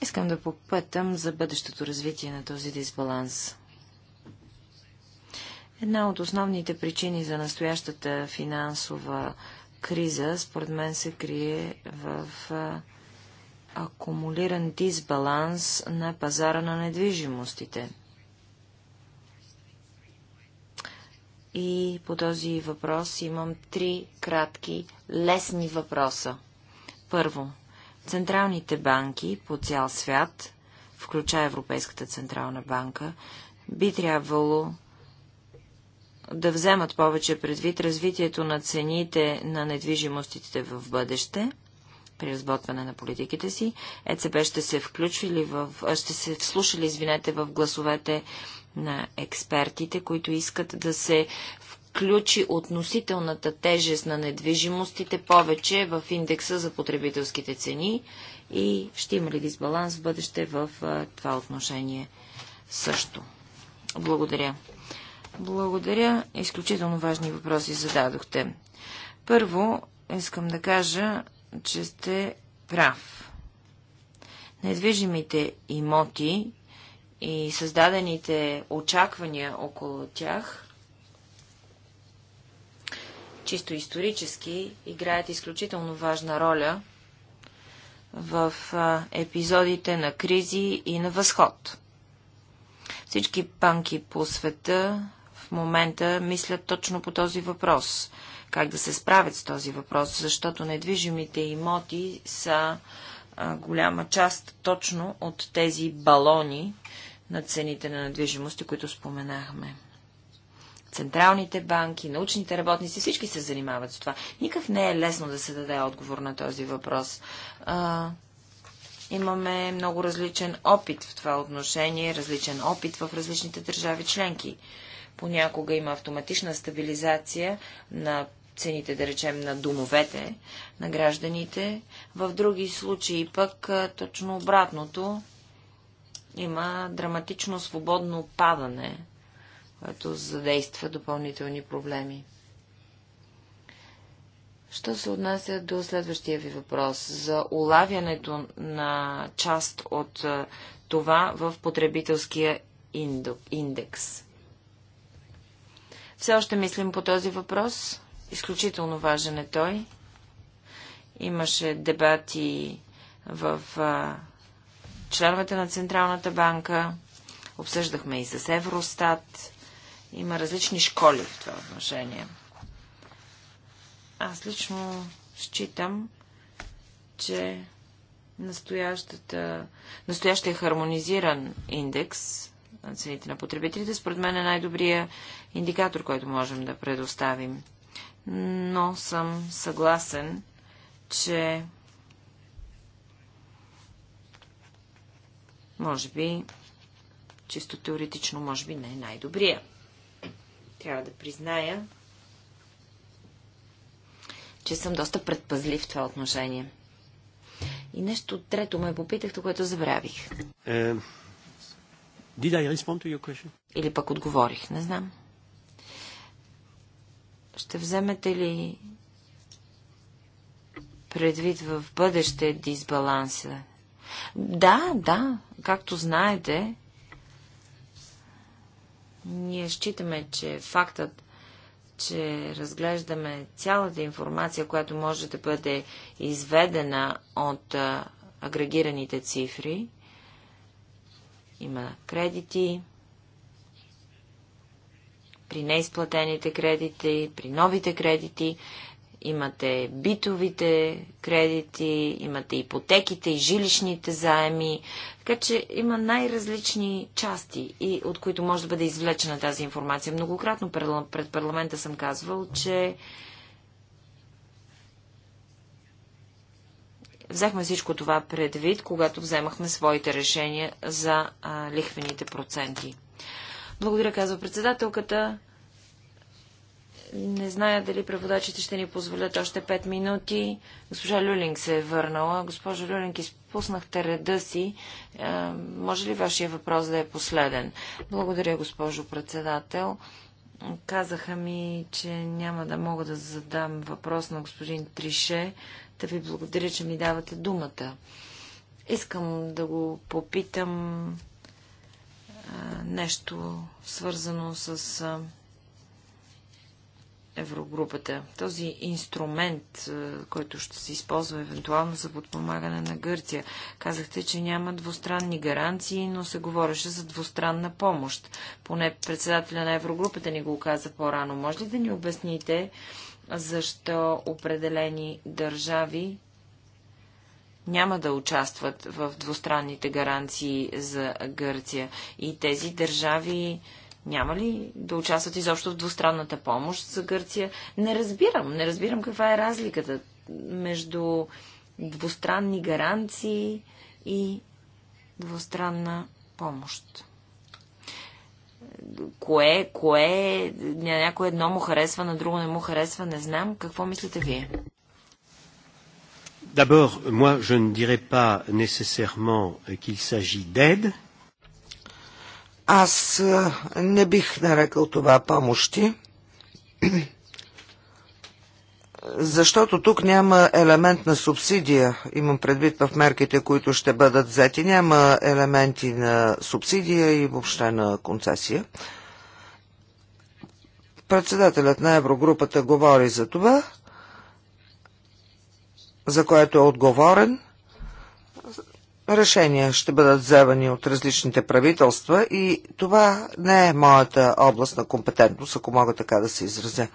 S1: Искам да попътам за бъдещото развитие на този дисбаланс. Една от основните причини за настоящата финансова криза, според мен, се крие в акумулиран дисбаланс на пазара на недвижимостите. И по този въпрос имам три кратки, лесни въпроса. Първо, Централните банки по цял свят, включая Европейската централна банка, би трябвало да вземат повече предвид развитието на цените на недвижимостите в бъдеще при разботване на политиките си. ЕЦБ ще се включили в, ще се вслушали, извинете, в гласовете на експертите, които искат да се включи относителната тежест на недвижимостите повече в индекса за потребителските цени и ще има ли дисбаланс в бъдеще в това отношение също. Благодаря. Благодаря. Изключително важни въпроси зададохте. Първо, искам да кажа, че сте прав. Недвижимите имоти и създадените очаквания около тях чисто исторически играят изключително важна роля в епизодите на кризи и на възход. Всички панки по света в момента мислят точно по този въпрос. Как да се справят с този въпрос, защото недвижимите имоти са голяма част точно от тези балони на цените на недвижимости, които споменахме централните банки, научните работници, всички се занимават с това. Никак не е лесно да се даде отговор на този въпрос. А, имаме много различен опит в това отношение, различен опит в различните държави членки. Понякога има автоматична стабилизация на цените, да речем, на домовете на гражданите. В други случаи пък точно обратното има драматично свободно падане което задейства допълнителни проблеми. Що се отнася до следващия ви въпрос за улавянето на част от това в потребителския индекс? Все още мислим по този въпрос. Изключително важен е той. Имаше дебати в членовете на Централната банка. Обсъждахме и с Евростат. Има различни школи в това отношение. Аз лично считам, че настоящата, настоящия хармонизиран индекс на цените на потребителите, според мен е най-добрия индикатор, който можем да предоставим. Но съм съгласен, че може би, чисто теоретично, може би не е най-добрия. Трябва да призная, че съм доста предпазлив в това отношение. И нещо трето ме попитахте, което забравих. Uh, did I respond to your question? Или пък отговорих, не знам. Ще вземете ли предвид в бъдеще дисбаланса? Да, да, както знаете, ние считаме, че фактът, че разглеждаме цялата информация, която може да бъде изведена от агрегираните цифри, има кредити, при неизплатените кредити, при новите кредити, Имате битовите кредити, имате ипотеките и жилищните заеми. Така че има най-различни части, и от които може да бъде извлечена тази информация. Многократно пред парламента съм казвал, че взехме всичко това предвид, когато вземахме своите решения за а, лихвените проценти. Благодаря, казва председателката. Не зная дали преводачите ще ни позволят още 5 минути. Госпожа Люлинг се е върнала. Госпожа Люлинг, изпуснахте реда си. Е, може ли вашия въпрос да е последен? Благодаря, госпожо председател. Казаха ми, че няма да мога да задам въпрос на господин Трише. Да ви благодаря, че ми давате думата. Искам да го попитам а, е, нещо свързано с а, е, Еврогрупата. Този инструмент, е, който ще се използва евентуално за подпомагане на Гърция. Казахте, че няма двустранни гаранции, но се говореше за двустранна помощ. Поне председателя на Еврогрупата ни го каза по-рано. Може ли да ни обясните защо определени държави няма да участват в двустранните гаранции за Гърция и тези държави няма ли да участват изобщо в двустранната помощ за Гърция? Не разбирам. Не разбирам каква е разликата между двустранни гаранции и двустранна помощ. Кое, кое, някое едно му харесва, на друго не му харесва, не знам. Какво мислите вие?
S2: D'abord, moi, je ne dirais pas nécessairement qu'il s'agit d'aide. Аз не бих нарекал това помощи, защото тук няма елемент на субсидия. Имам предвид в мерките, които ще бъдат взети. Няма елементи на субсидия и въобще на концесия. Председателят на Еврогрупата говори за това, за което е отговорен решения ще бъдат вземани от различните правителства и това не е моята област на компетентност, ако мога така да се изразя.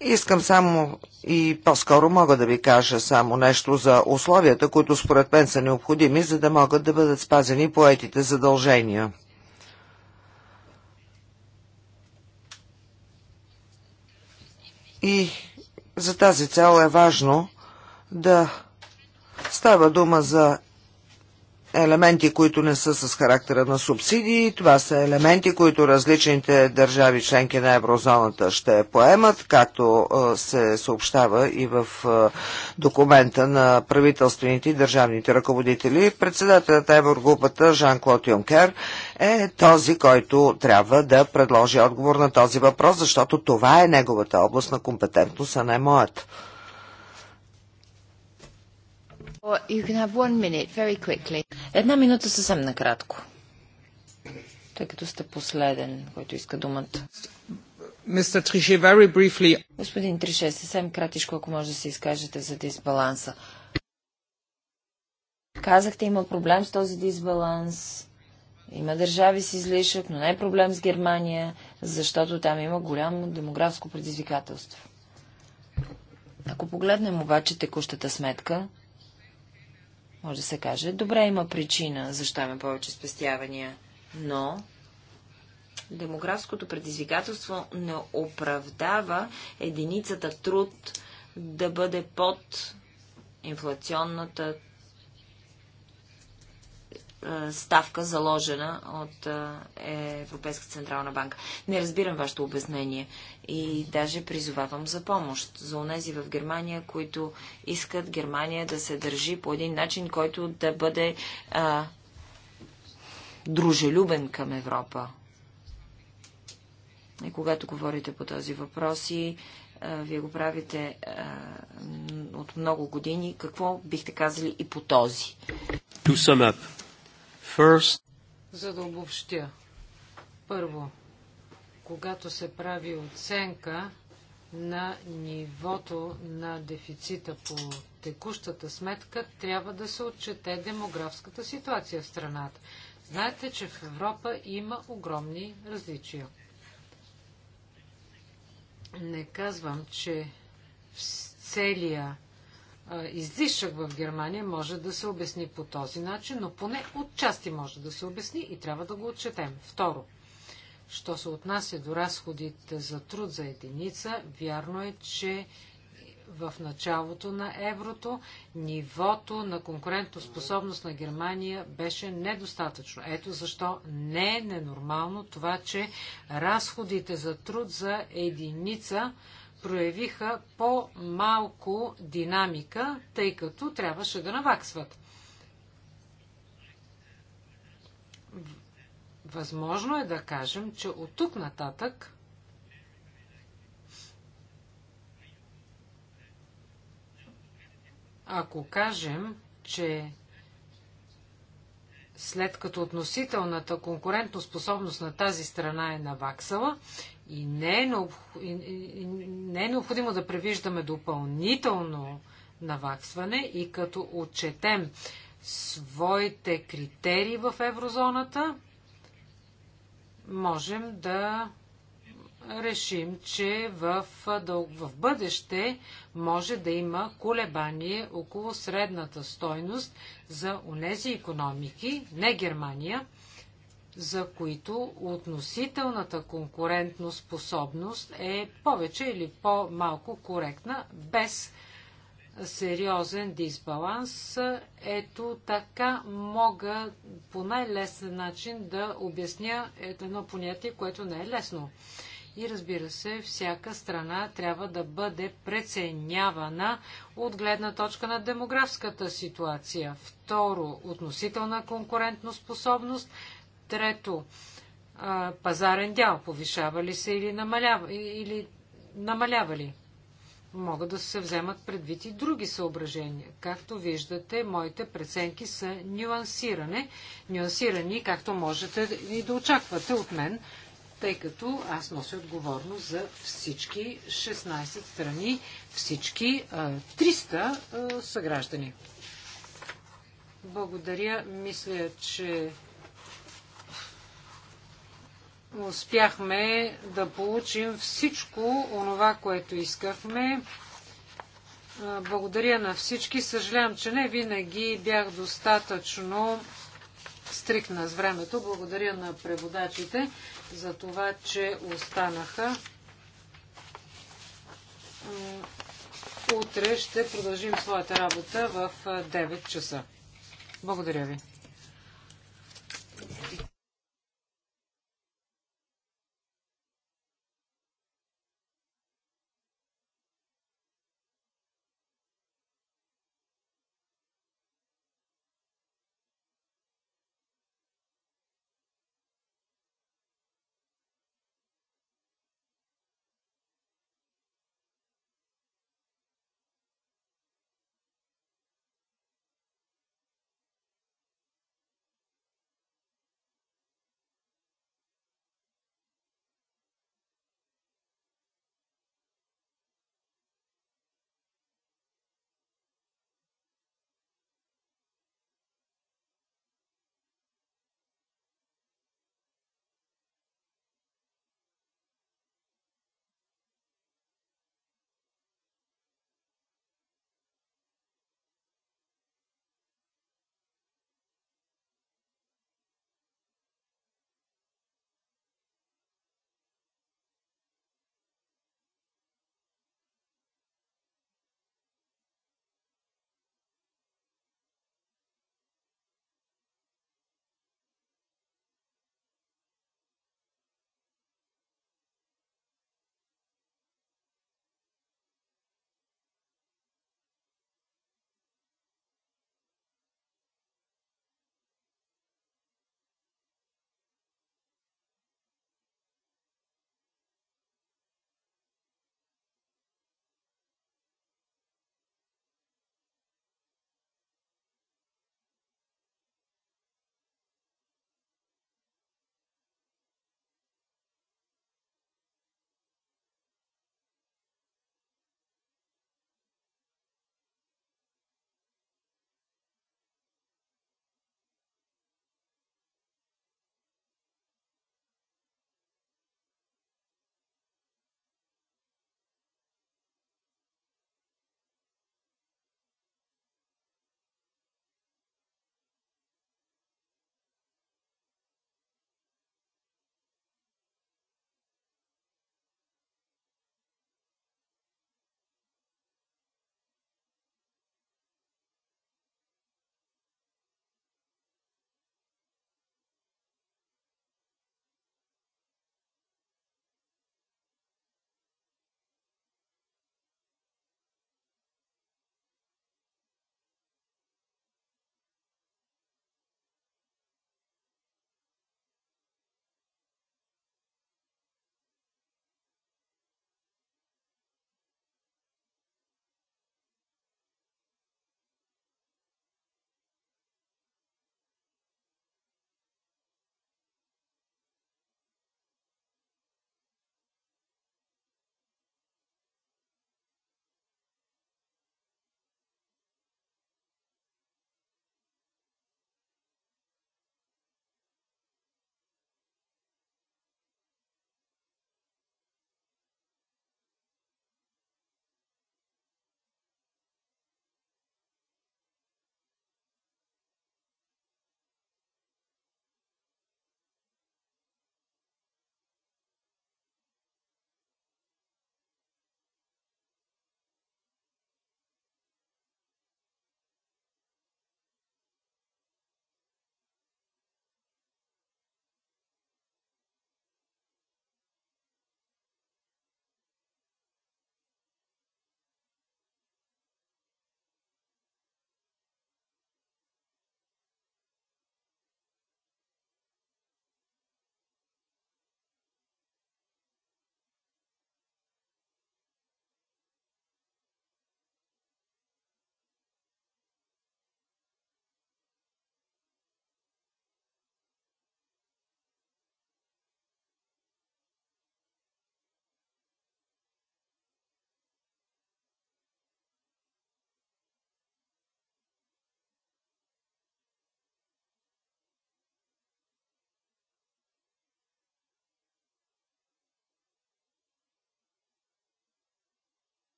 S2: Искам само и по-скоро мога да ви кажа само нещо за условията, които според мен са необходими, за да могат да бъдат спазени поетите задължения. И за тази цел е важно да става дума за елементи, които не са с характера на субсидии. Това са елементи, които различните държави членки на еврозоната ще поемат, както се съобщава и в документа на правителствените и държавните ръководители. Председателят на еврогрупата Жан-Клод Юнкер е този, който трябва да предложи отговор на този въпрос, защото това е неговата област на компетентност, а не моята.
S1: Една минута съвсем накратко. Тъй като сте последен, който иска думата.
S2: briefly.
S1: Господин Трише, съвсем кратичко, ако може да се изкажете за дисбаланса. Казахте, има проблем с този дисбаланс. Има държави с излишък, но не е проблем с Германия, защото там има голямо демографско предизвикателство. Ако погледнем обаче текущата сметка, може да се каже, добре, има причина, защо има повече спестявания, но демографското предизвикателство не оправдава единицата труд да бъде под инфлационната е, ставка, заложена от е, Европейска Централна банка. Не разбирам вашето обяснение и даже призовавам за помощ за онези в Германия, които искат Германия да се държи по един начин, който да бъде а, е, дружелюбен към Европа. И когато говорите по този въпрос и а, вие го правите а, от много години, какво бихте казали и по този? To sum up. First... За
S3: да обобщя. Първо, когато се прави оценка на нивото на дефицита по текущата сметка, трябва да се отчете демографската ситуация в страната. Знаете, че в Европа има огромни различия. Не казвам, че в целия излишък в Германия може да се обясни по този начин, но поне отчасти може да се обясни и трябва да го отчетем. Второ, що се отнася до разходите за труд за единица, вярно е, че в началото на еврото нивото на конкурентоспособност на Германия беше недостатъчно. Ето защо не е ненормално това, че разходите за труд за единица проявиха по-малко динамика, тъй като трябваше да наваксват. Възможно е да кажем, че от тук нататък ако кажем, че след като относителната конкурентоспособност на тази страна е наваксала, и не е, и, и, не е необходимо да превиждаме допълнително наваксване и като отчетем своите критерии в еврозоната, можем да решим, че в, в бъдеще може да има колебание около средната стойност за унези економики, не Германия, за които относителната конкурентно способност е повече или по-малко коректна, без сериозен дисбаланс. Ето така мога по най-лесен начин да обясня едно понятие, което не е лесно. И разбира се, всяка страна трябва да бъде преценявана от гледна точка на демографската ситуация. Второ, относителна конкурентноспособност. Трето, пазарен дял повишава ли се или намалява, или намалява ли? Могат да се вземат предвид и други съображения. Както виждате, моите преценки са нюансиране, нюансирани, както можете и да очаквате от мен, тъй като аз нося отговорност за всички 16 страни, всички 300 съграждани. Благодаря. Мисля, че успяхме да получим всичко онова, което искахме. Благодаря на всички. Съжалявам, че не винаги бях достатъчно стрикна с времето. Благодаря на преводачите за това, че останаха. Утре ще продължим своята работа в 9 часа. Благодаря ви.